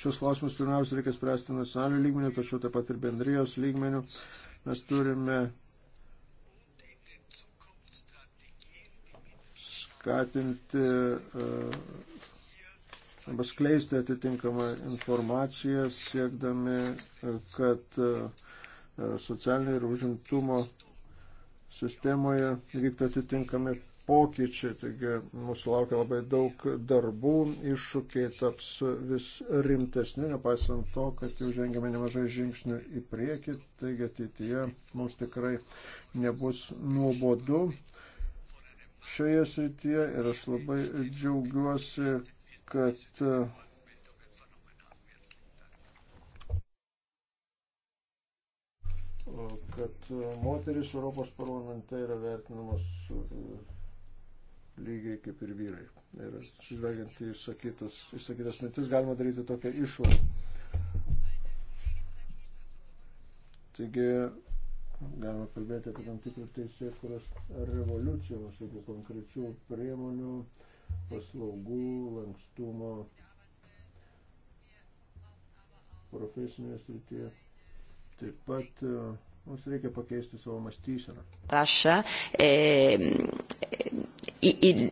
Šios klausimus pirmiausia reikia spręsti nacionalinių lygmenių, tačiau taip pat ir bendrijos lygmenių. Mes turime skatinti e, arba skleisti atitinkamą informaciją, siekdami, e, kad e, socialinio ir užimtumo sistemoje vyktų atitinkami pokyčiai. Taigi mūsų laukia labai daug darbų, iššūkiai taps vis rimtesni, nepaisant to, kad jau žengėme nemažai žingsnių į priekį. Taigi ateityje mums tikrai nebus nuobodu šioje srityje ir aš labai džiaugiuosi, kad kad moteris Europos parlamente yra vertinamas lygiai kaip ir vyrai. Ir žvelgiant į išsakytas, išsakytas mintis galima daryti tokią išvadą. Taigi galima kalbėti apie tam tikrą teisėkuros revoliucijos, jeigu konkrečių priemonių, paslaugų, lankstumo profesinėje srityje. Taip pat e, mums reikia pakeisti savo mąstyseną. Prašą. E, e, e,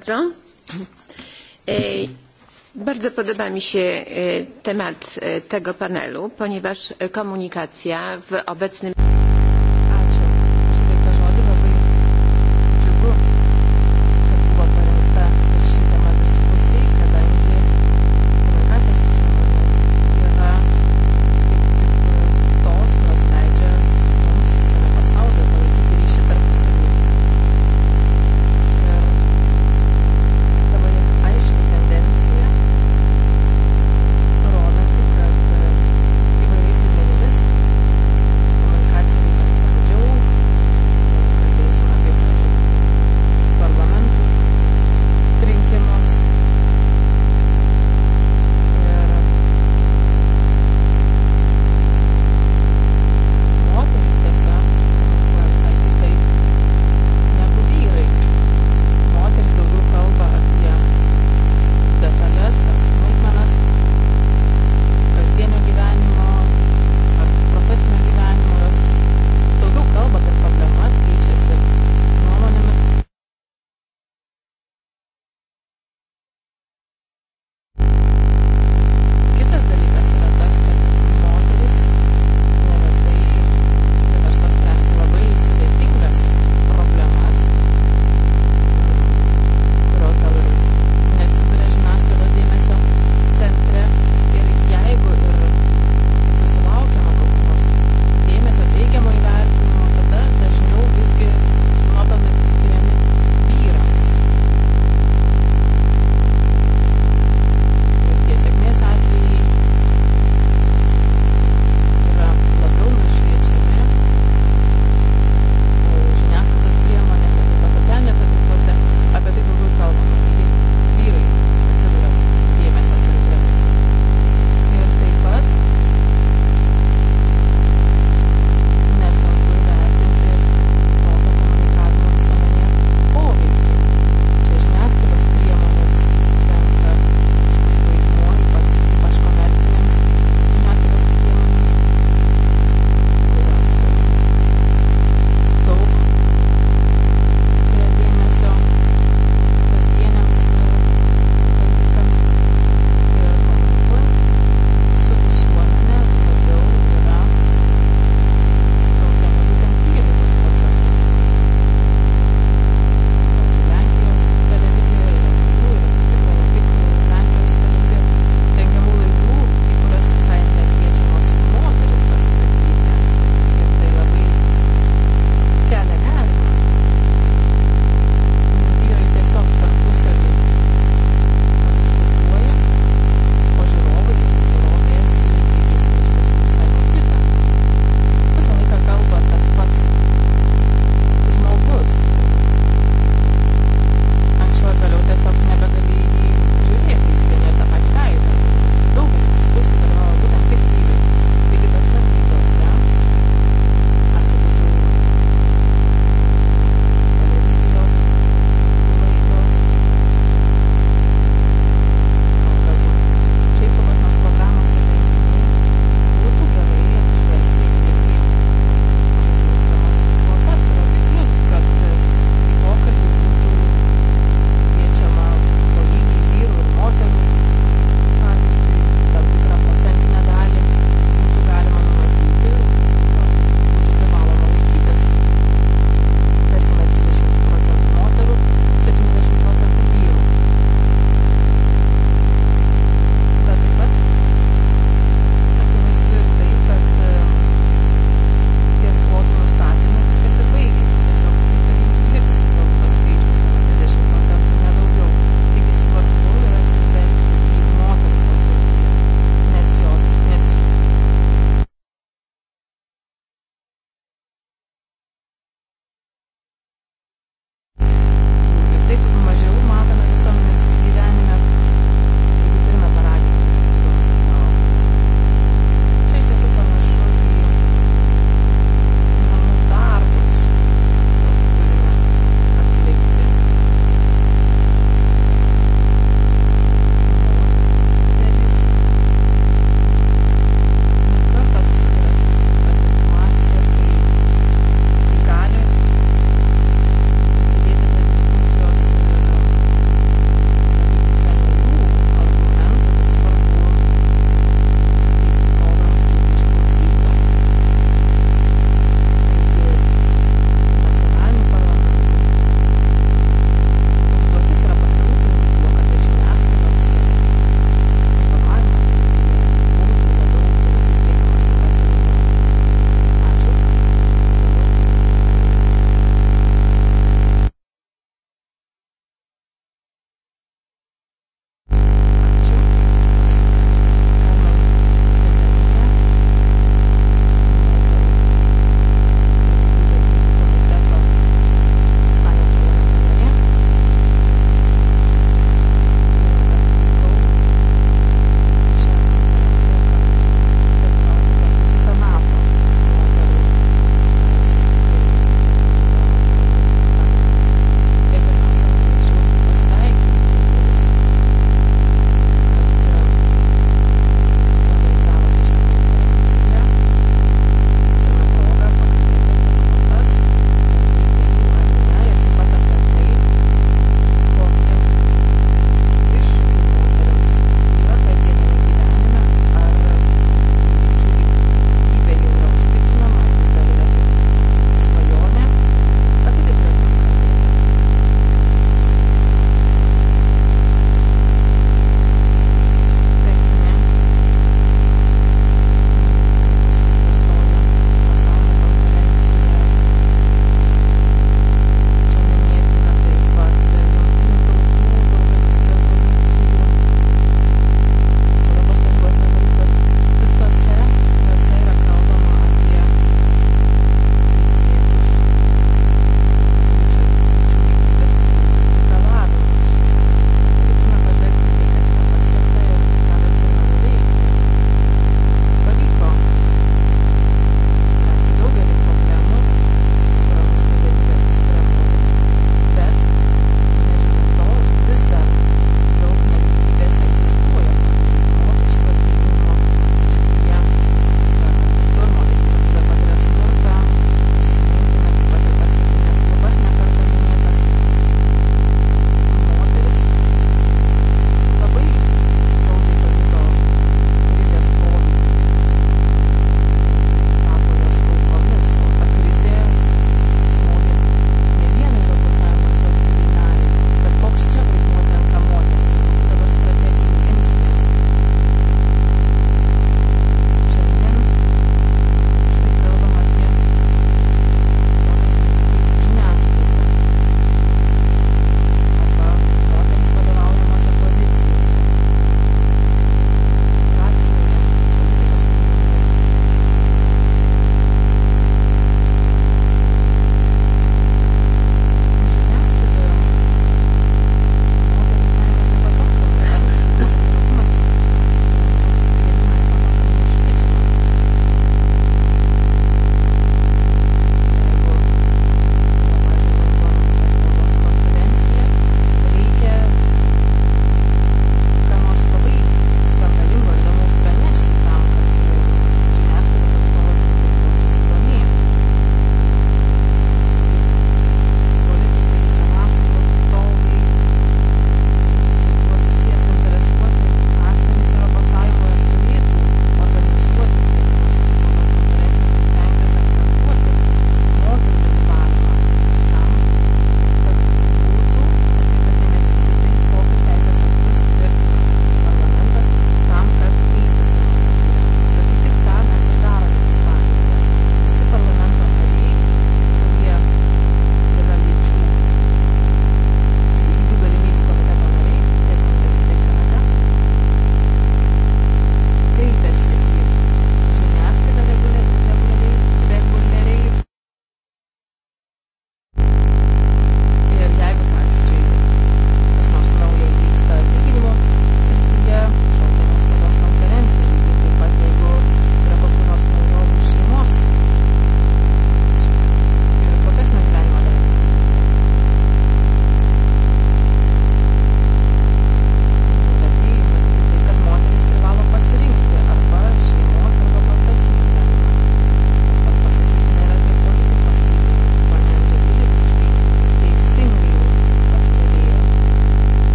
bardzo. E, bardzo podoba mi się e, temat e, tego panelu, ponieważ komunikacja w obecnym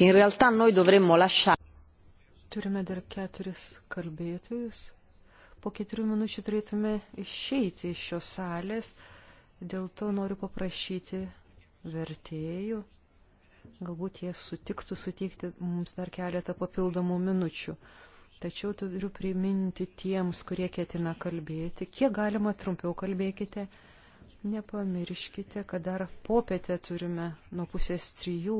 avanti. In realtà noi dovremmo lasciare. Turime dar keturis kalbėtojus. Po keturių minučių turėtume išeiti iš šios salės. Dėl to noriu paprašyti vertėjų. Galbūt jie sutiktų suteikti mums dar keletą papildomų minučių. Tačiau turiu priminti tiems, kurie ketina kalbėti, kiek galima trumpiau kalbėkite. Nepamirškite, kad dar popietę turime nuo pusės trijų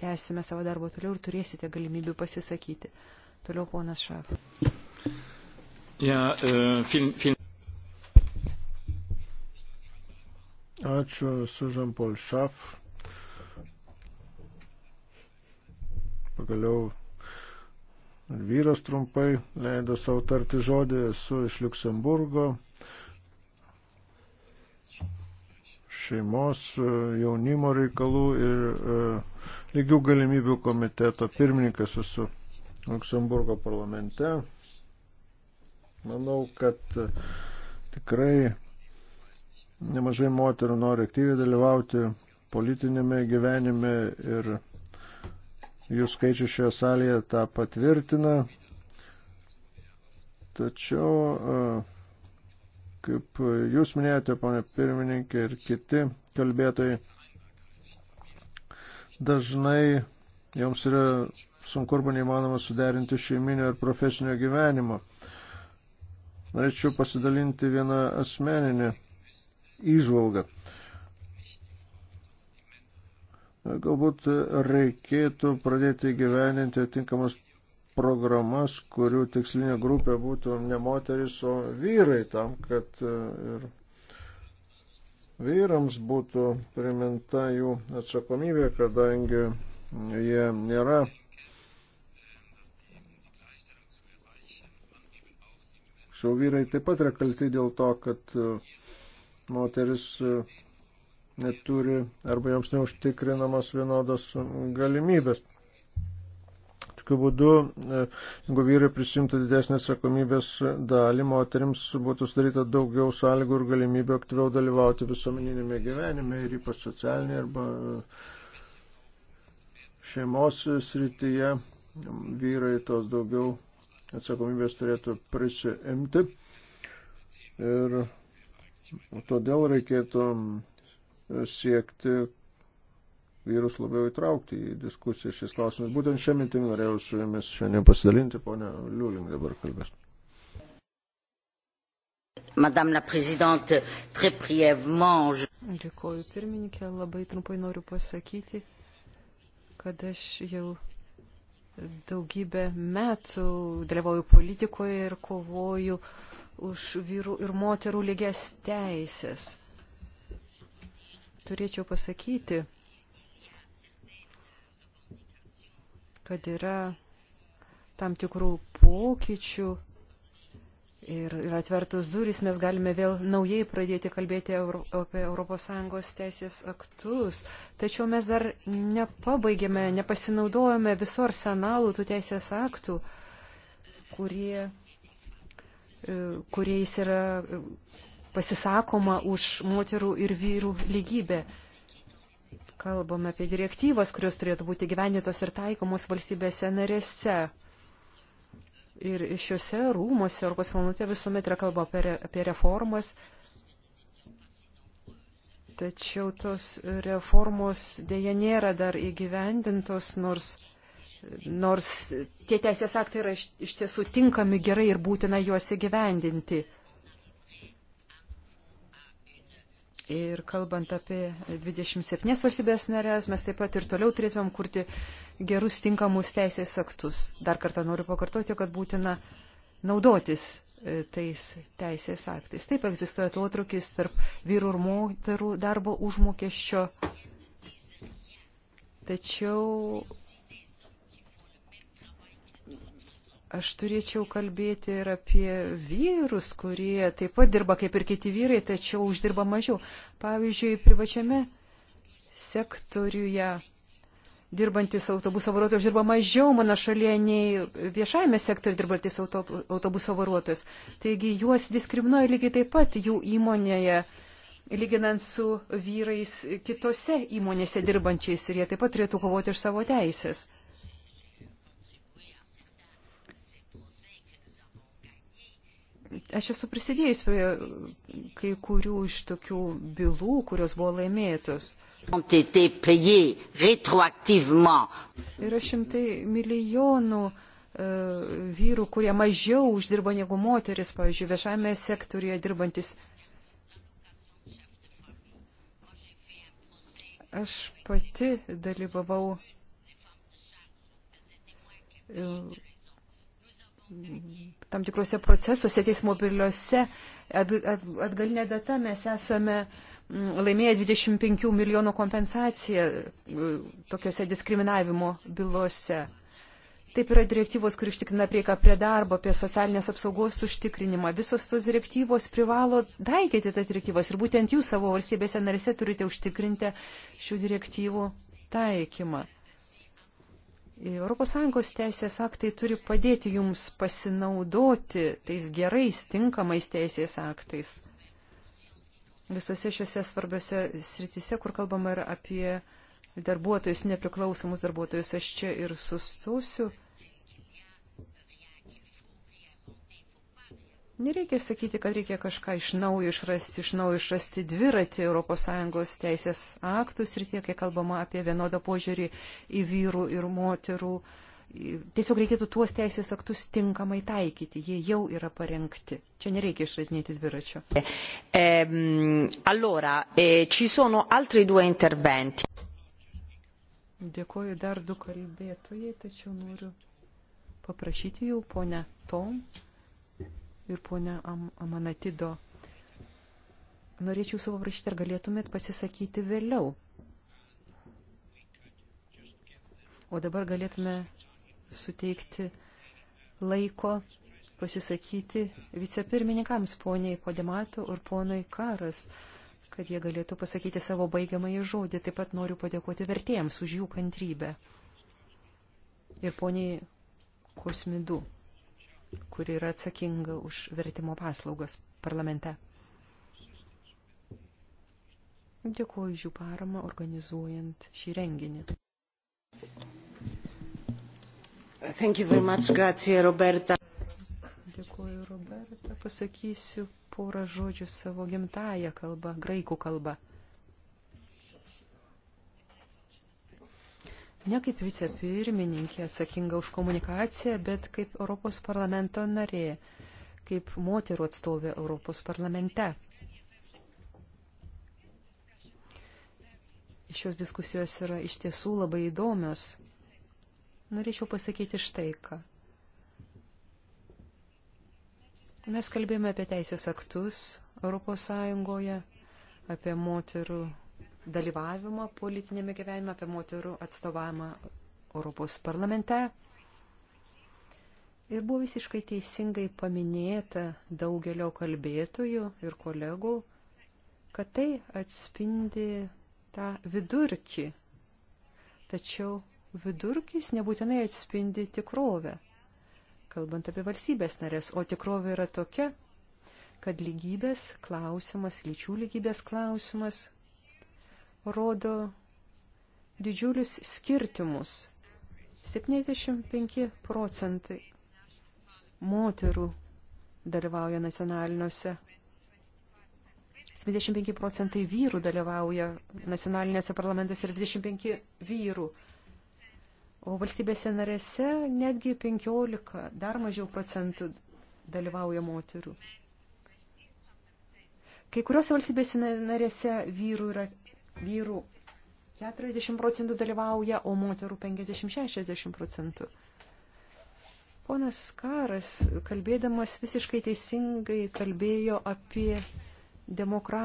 tęsime savo darbą toliau ir turėsite galimybių pasisakyti. Toliau ponas Šaf. Ja, uh, e, film, film. Ačiū, esu Žampol Šaf. Pagaliau vyras trumpai leido savo tarti žodį, esu iš Luksemburgo. Šeimos e, jaunimo reikalų ir uh, lygių galimybių komiteto pirmininkas esu Luxemburgo parlamente. Manau, kad e, tikrai nemažai moterų nori aktyviai dalyvauti politinėme gyvenime ir jų skaičius šioje salėje tą patvirtina. Tačiau, e, kaip jūs minėjote, ponė pirmininkė ir kiti kalbėtojai, dažnai joms yra sunku arba neįmanoma suderinti šeiminio ir profesinio gyvenimo. Norėčiau pasidalinti vieną asmeninę įžvalgą. Galbūt reikėtų pradėti gyveninti tinkamas programas, kurių tikslinė grupė būtų ne moteris, o vyrai tam, kad ir vyrams būtų priminta jų atsakomybė, kadangi jie nėra Šiau vyrai taip pat yra kalti dėl to, kad e, moteris e, neturi arba joms neužtikrinamos vienodos galimybės. Tokiu būdu, e, jeigu vyrai prisimtų didesnį atsakomybės dalį, moteriams būtų sudaryta daugiau sąlygų ir galimybių aktyviau dalyvauti visuomeninėme gyvenime ir ypač socialinėje arba e, šeimos srityje. Vyrai tos daugiau atsakomybės turėtų prisimti. Ir todėl reikėtų siekti, vyrus labiau įtraukti į diskusiją šis klausimas. Būtent šią mintimį norėjau su jumis šiandien pasidalinti, ponia Liuling dabar kalbės. Madame la Présidente, très brièvement. Je... Dėkoju pirmininkė, labai trumpai noriu pasakyti, kad aš jau daugybę metų dalyvauju politikoje ir kovoju už vyrų ir moterų lygias teisės. Turėčiau pasakyti, kad yra tam tikrų pokyčių ir, ir atvertus durys mes galime vėl naujai pradėti kalbėti apie ES teisės aktus. Tačiau mes dar nepabaigėme, nepasinaudojame visų arsenalų tų teisės aktų, kurie, e, kuriais yra e, pasisakoma už moterų ir vyrų lygybę kalbame apie direktyvas, kurios turėtų būti gyvenytos ir taikomos valstybėse narėse. Ir šiuose rūmose Europos parlamente visuomet yra kalba apie, apie reformas. Tačiau tos reformos dėja nėra dar įgyvendintos, nors, nors tie teisės aktai yra iš, iš tiesų tinkami gerai ir būtina juos įgyvendinti. Ir kalbant apie 27 valstybės narės, mes taip pat ir toliau turėtumėm kurti gerus tinkamus teisės aktus. Dar kartą noriu pakartoti, kad būtina naudotis e, tais teisės aktais. Taip egzistuoja atotrukis tarp vyrų ir moterų darbo užmokesčio. Tačiau Aš turėčiau kalbėti ir apie vyrus, kurie taip pat dirba kaip ir kiti vyrai, tačiau uždirba mažiau. Pavyzdžiui, privačiame sektoriuje dirbantis autobuso vairuotojas uždirba mažiau mano šalyje nei viešajame sektoriuje dirbantis autobuso vairuotojas. Taigi juos diskriminuoja lygiai taip pat jų įmonėje, lyginant su vyrais kitose įmonėse dirbančiais ir jie taip pat turėtų kovoti už savo teisės. Aš esu prisidėjęs prie kai kurių iš tokių bylų, kurios buvo laimėtos. Yra šimtai milijonų e, vyrų, kurie mažiau uždirba negu moteris, pavyzdžiui, viešame sektorija dirbantis. Aš pati dalyvavau e, tam tikrose procesuose, teismo biliuose. At, at, atgalinė data mes esame mm, laimėję 25 milijonų kompensaciją mm, tokiuose diskriminavimo bylose. Taip yra direktyvos, kur ištikrina prieika prie darbo, apie socialinės apsaugos užtikrinimą. Visos tos direktyvos privalo taikyti tas direktyvos ir būtent jūs savo valstybėse narėse turite užtikrinti šių direktyvų taikymą. ES teisės aktai turi padėti jums pasinaudoti tais gerais, tinkamais teisės aktais. Visose šiuose svarbiose sritise, kur kalbama ir apie darbuotojus, nepriklausomus darbuotojus, aš čia ir sustosiu. Nereikia sakyti, kad reikia kažką iš naujo išrasti, iš naujo išrasti dviratį ES teisės aktus ir tiek, kai kalbama apie vienodą požiūrį į vyrų ir moterų. Tiesiog reikėtų tuos teisės aktus tinkamai taikyti, jie jau yra parengti. Čia nereikia išradinėti dviračio. Ehm, allora, e, ci sono altri due interventi. Dėkuoju dar du kalbėtojai, tačiau noriu paprašyti jų, ponia Tom ir ponia Am Amanatido. Norėčiau savo prašyti, ar galėtumėt pasisakyti vėliau. O dabar galėtume suteikti laiko pasisakyti vicepirmininkams, poniai Podemato ir ponui Karas, kad jie galėtų pasakyti savo baigiamąjį žodį. Taip pat noriu padėkoti vertėjams už jų kantrybę. Ir poniai Kosmidu kuri yra atsakinga už vertimo paslaugas parlamente. Dėkuoju už jų paramą organizuojant šį renginį. Thank you very much, grazie Roberta. Dėkuoju Roberta, pasakysiu porą žodžių savo gimtają kalbą, graikų kalbą. ne kaip vicepirmininkė atsakinga už komunikaciją, bet kaip Europos parlamento narė, kaip moterų atstovė Europos parlamente. Šios diskusijos yra iš tiesų labai įdomios. Norėčiau pasakyti štai ką. Mes kalbėjome apie teisės aktus Europos Sąjungoje, apie moterų dalyvavimą politinėme gyvenime, apie moterų atstovavimą Europos parlamente. Ir buvo visiškai teisingai paminėta daugelio kalbėtojų ir kolegų, kad tai atspindi tą vidurkį. Tačiau vidurkis nebūtinai atspindi tikrovę, kalbant apie valstybės narės, o tikrovė yra tokia, kad lygybės klausimas, lyčių lygybės klausimas rodo didžiulius skirtimus. 75 procentai moterų dalyvauja nacionaliniuose. 75 procentai vyrų dalyvauja nacionalinėse parlamentuose ir 25 vyrų. O valstybėse narėse netgi 15, dar mažiau procentų dalyvauja moterų. Kai kuriuose valstybėse narėse vyrų yra vyrų 40 procentų dalyvauja, o moterų 50-60 procentų. Ponas Karas, kalbėdamas visiškai teisingai, kalbėjo apie demokra...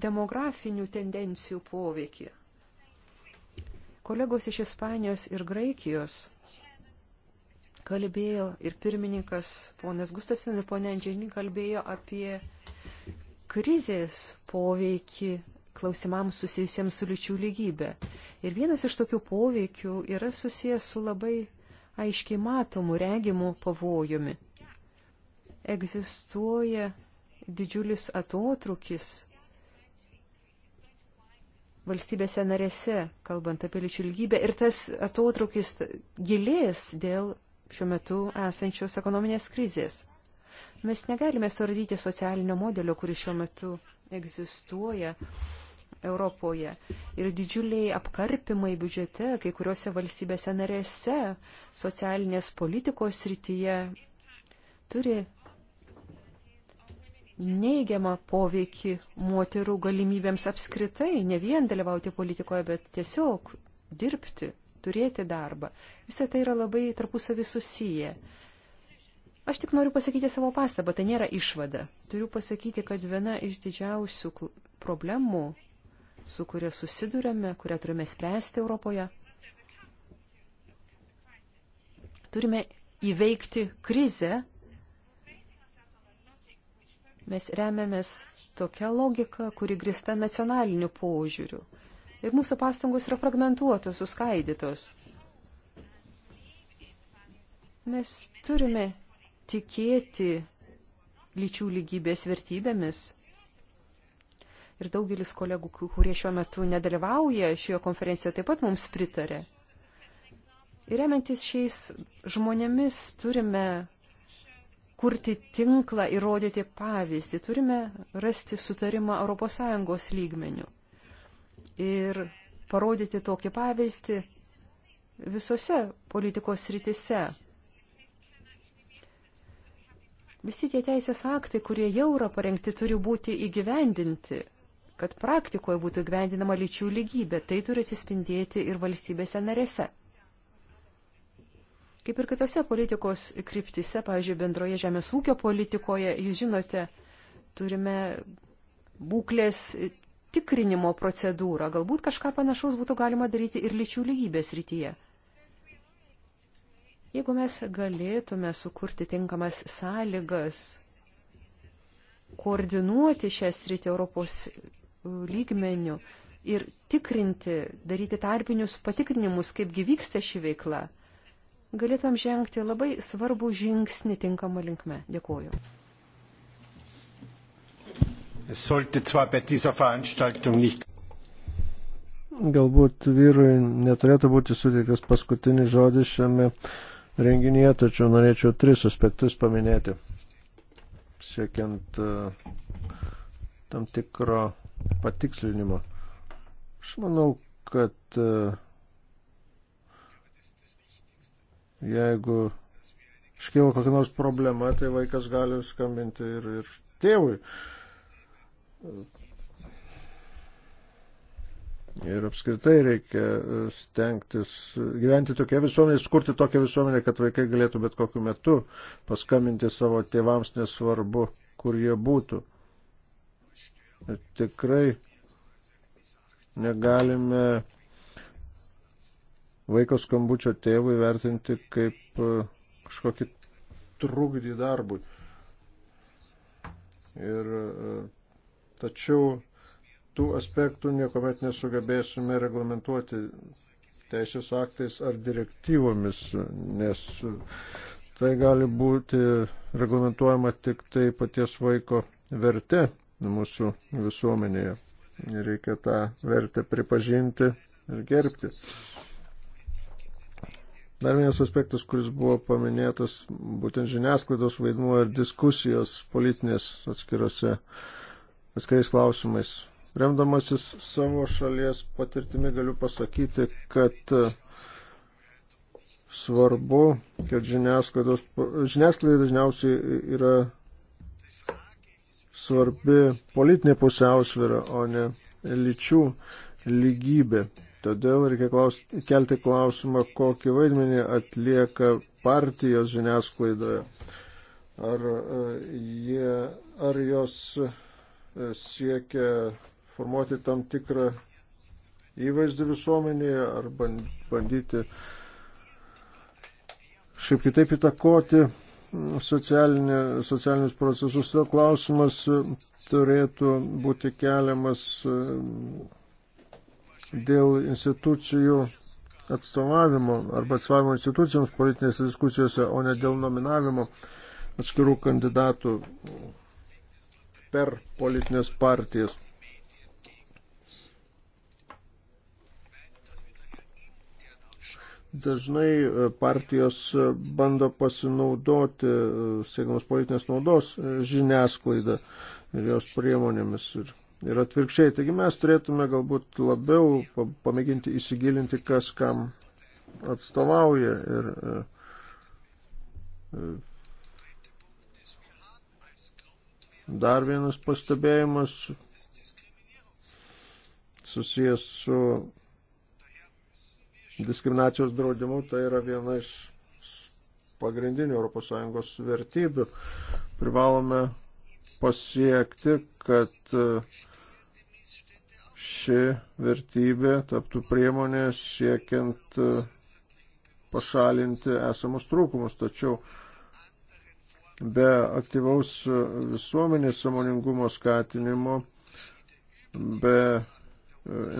demografinių tendencijų poveikį. Kolegos iš Ispanijos ir Graikijos kalbėjo ir pirmininkas ponas Gustafsinas ir ponė Andžiani kalbėjo apie krizės poveikį klausimams susijusiems su lyčių lygybė. Ir vienas iš tokių poveikių yra susijęs su labai aiškiai matomu regimu pavojumi. Egzistuoja didžiulis atotrukis valstybėse narėse, kalbant apie lyčių lygybę, ir tas atotrukis gilės dėl šiuo metu esančios ekonominės krizės. Mes negalime suardyti socialinio modelio, kuris šiuo metu egzistuoja Europoje ir didžiuliai apkarpimai biudžete kai kuriuose valstybėse narėse socialinės politikos srityje turi neigiamą poveikį moterų galimybėms apskritai, ne vien dalyvauti politikoje, bet tiesiog dirbti, turėti darbą. Visą tai yra labai tarpusavį susiję. Aš tik noriu pasakyti savo pastabą, tai nėra išvada. Turiu pasakyti, kad viena iš didžiausių problemų su kuria susidurėme, kurią turime spręsti Europoje. Turime įveikti krizę. Mes remiamės tokia logika, kuri grista nacionaliniu požiūriu. Ir mūsų pastangos yra fragmentuotos, suskaidytos. Mes turime tikėti lyčių lygybės vertybėmis, ir daugelis kolegų, kurie šiuo metu nedalyvauja šioje konferencijoje, taip pat mums pritarė. Ir remiantis šiais žmonėmis turime kurti tinklą ir rodyti pavyzdį, turime rasti sutarimą ES lygmenių. Ir parodyti tokį pavyzdį visose politikos rytise. Visi tie teisės aktai, kurie jau yra parengti, turi būti įgyvendinti kad praktikoje būtų gyvendinama lyčių lygybė. Tai turi atsispindėti ir valstybėse narėse. Kaip ir kitose politikos kryptise, pavyzdžiui, bendroje žemės ūkio politikoje, jūs žinote, turime būklės tikrinimo procedūrą. Galbūt kažką panašaus būtų galima daryti ir lyčių lygybės rytyje. Jeigu mes galėtume sukurti tinkamas sąlygas, koordinuoti šią sritį Europos lygmenių ir tikrinti, daryti tarpinius patikrinimus, kaip gyvyksta ši veikla, galėtumėm žengti labai svarbų žingsnį tinkamą linkme. Dėkuoju. Galbūt vyrui neturėtų būti suteiktas paskutinis žodis šiame renginyje, tačiau norėčiau tris aspektus paminėti, siekiant e, tam tikro patikslinimo. Aš manau, kad e, jeigu iškyla kokia nors problema, tai vaikas gali skambinti ir, ir tėvui. Ir apskritai reikia stengtis gyventi tokia visuomenė, skurti tokią visuomenę, kad vaikai galėtų bet kokiu metu paskambinti savo tėvams, nesvarbu, kur jie būtų tikrai negalime vaiko skambučio tėvui vertinti kaip e, kažkokį trukdį darbui. Ir e, tačiau tų aspektų niekuomet nesugebėsime reglamentuoti teisės aktais ar direktyvomis, nes tai gali būti reglamentuojama tik tai paties vaiko verte mūsų visuomenėje. Reikia tą vertę pripažinti ir gerbti. Dar vienas aspektas, kuris buvo paminėtas, būtent žiniasklaidos vaidmuo ir diskusijos politinės atskirose atskiriais klausimais. Remdamasis savo šalies patirtimi galiu pasakyti, kad svarbu, kad žiniasklaidos, žiniasklaida dažniausiai yra svarbi politinė pusiausvėra, o ne lyčių lygybė. Todėl reikia klaus, kelti klausimą, kokį vaidmenį atlieka partijos žiniasklaidoje. Ar, e, jie, ar jos e, siekia formuoti tam tikrą įvaizdį visuomenėje, ar bandyti šiaip kitaip įtakoti socialinius procesus. Todėl klausimas turėtų būti keliamas e, dėl institucijų atstovavimo arba atstovavimo institucijoms politinėse diskusijose, o ne dėl nominavimo atskirų kandidatų per politinės partijas. dažnai e, partijos e, bando pasinaudoti e, siekdamas politinės naudos žiniasklaidą ir jos priemonėmis. Ir Ir atvirkščiai, taigi mes turėtume galbūt labiau pamėginti įsigilinti, kas kam atstovauja. Ir, Dar vienas pastebėjimas susijęs su diskriminacijos draudimu, tai yra viena iš pagrindinių ES vertybių. Privalome pasiekti, kad e, ši vertybė taptų priemonė siekiant e, pašalinti esamus trūkumus. Tačiau be aktyvaus visuomenės samoningumo skatinimo, be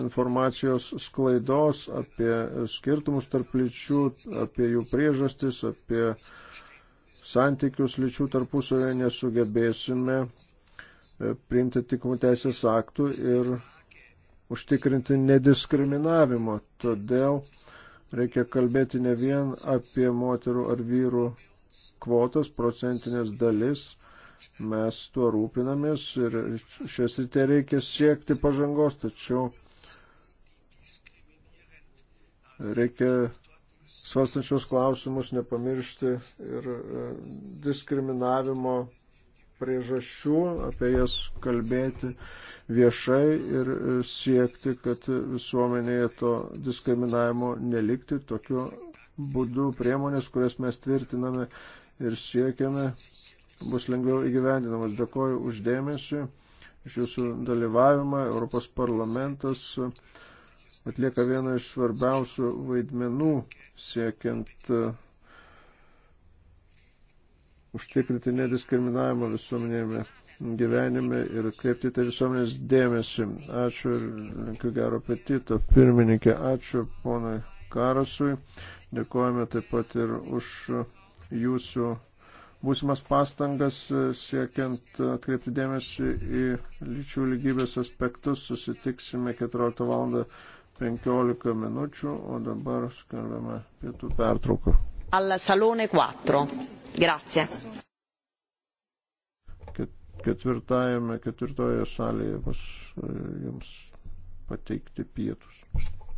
informacijos sklaidos apie skirtumus tarp lyčių, apie jų priežastis, apie santykius lyčių tarpusavėje nesugebėsime e, priimti tikmų teisės aktų ir užtikrinti nediskriminavimo. Todėl reikia kalbėti ne vien apie moterų ar vyrų kvotas, procentinės dalis, mes tuo rūpinamės ir šios rytė reikia siekti pažangos, tačiau reikia svarstančios klausimus nepamiršti ir e, diskriminavimo priežasčių, apie jas kalbėti viešai ir e, siekti, kad visuomenėje to diskriminavimo nelikti. Tokiu būdu priemonės, kurias mes tvirtiname ir siekiame, bus lengviau įgyvendinamas. Dėkoju uždėmesi, iš jūsų dalyvavimą. Europos parlamentas atlieka vieną iš svarbiausių vaidmenų siekiant uh, užtikrinti nediskriminavimą visuomenėme gyvenime ir kreipti tai visuomenės dėmesį. Ačiū ir linkiu gero apetito. Pirmininkė, ačiū ponai Karasui. Dėkojame taip pat ir už jūsų būsimas pastangas e, siekiant e, atkreipti dėmesį į lyčių lygybės aspektus. Susitiksime 14 val. 15 minučių, o dabar skelbiame pietų pertrauką. Al salone 4. Grazie. Ketvirtajame, ketvirtoje salėje bus e, jums pateikti pietus.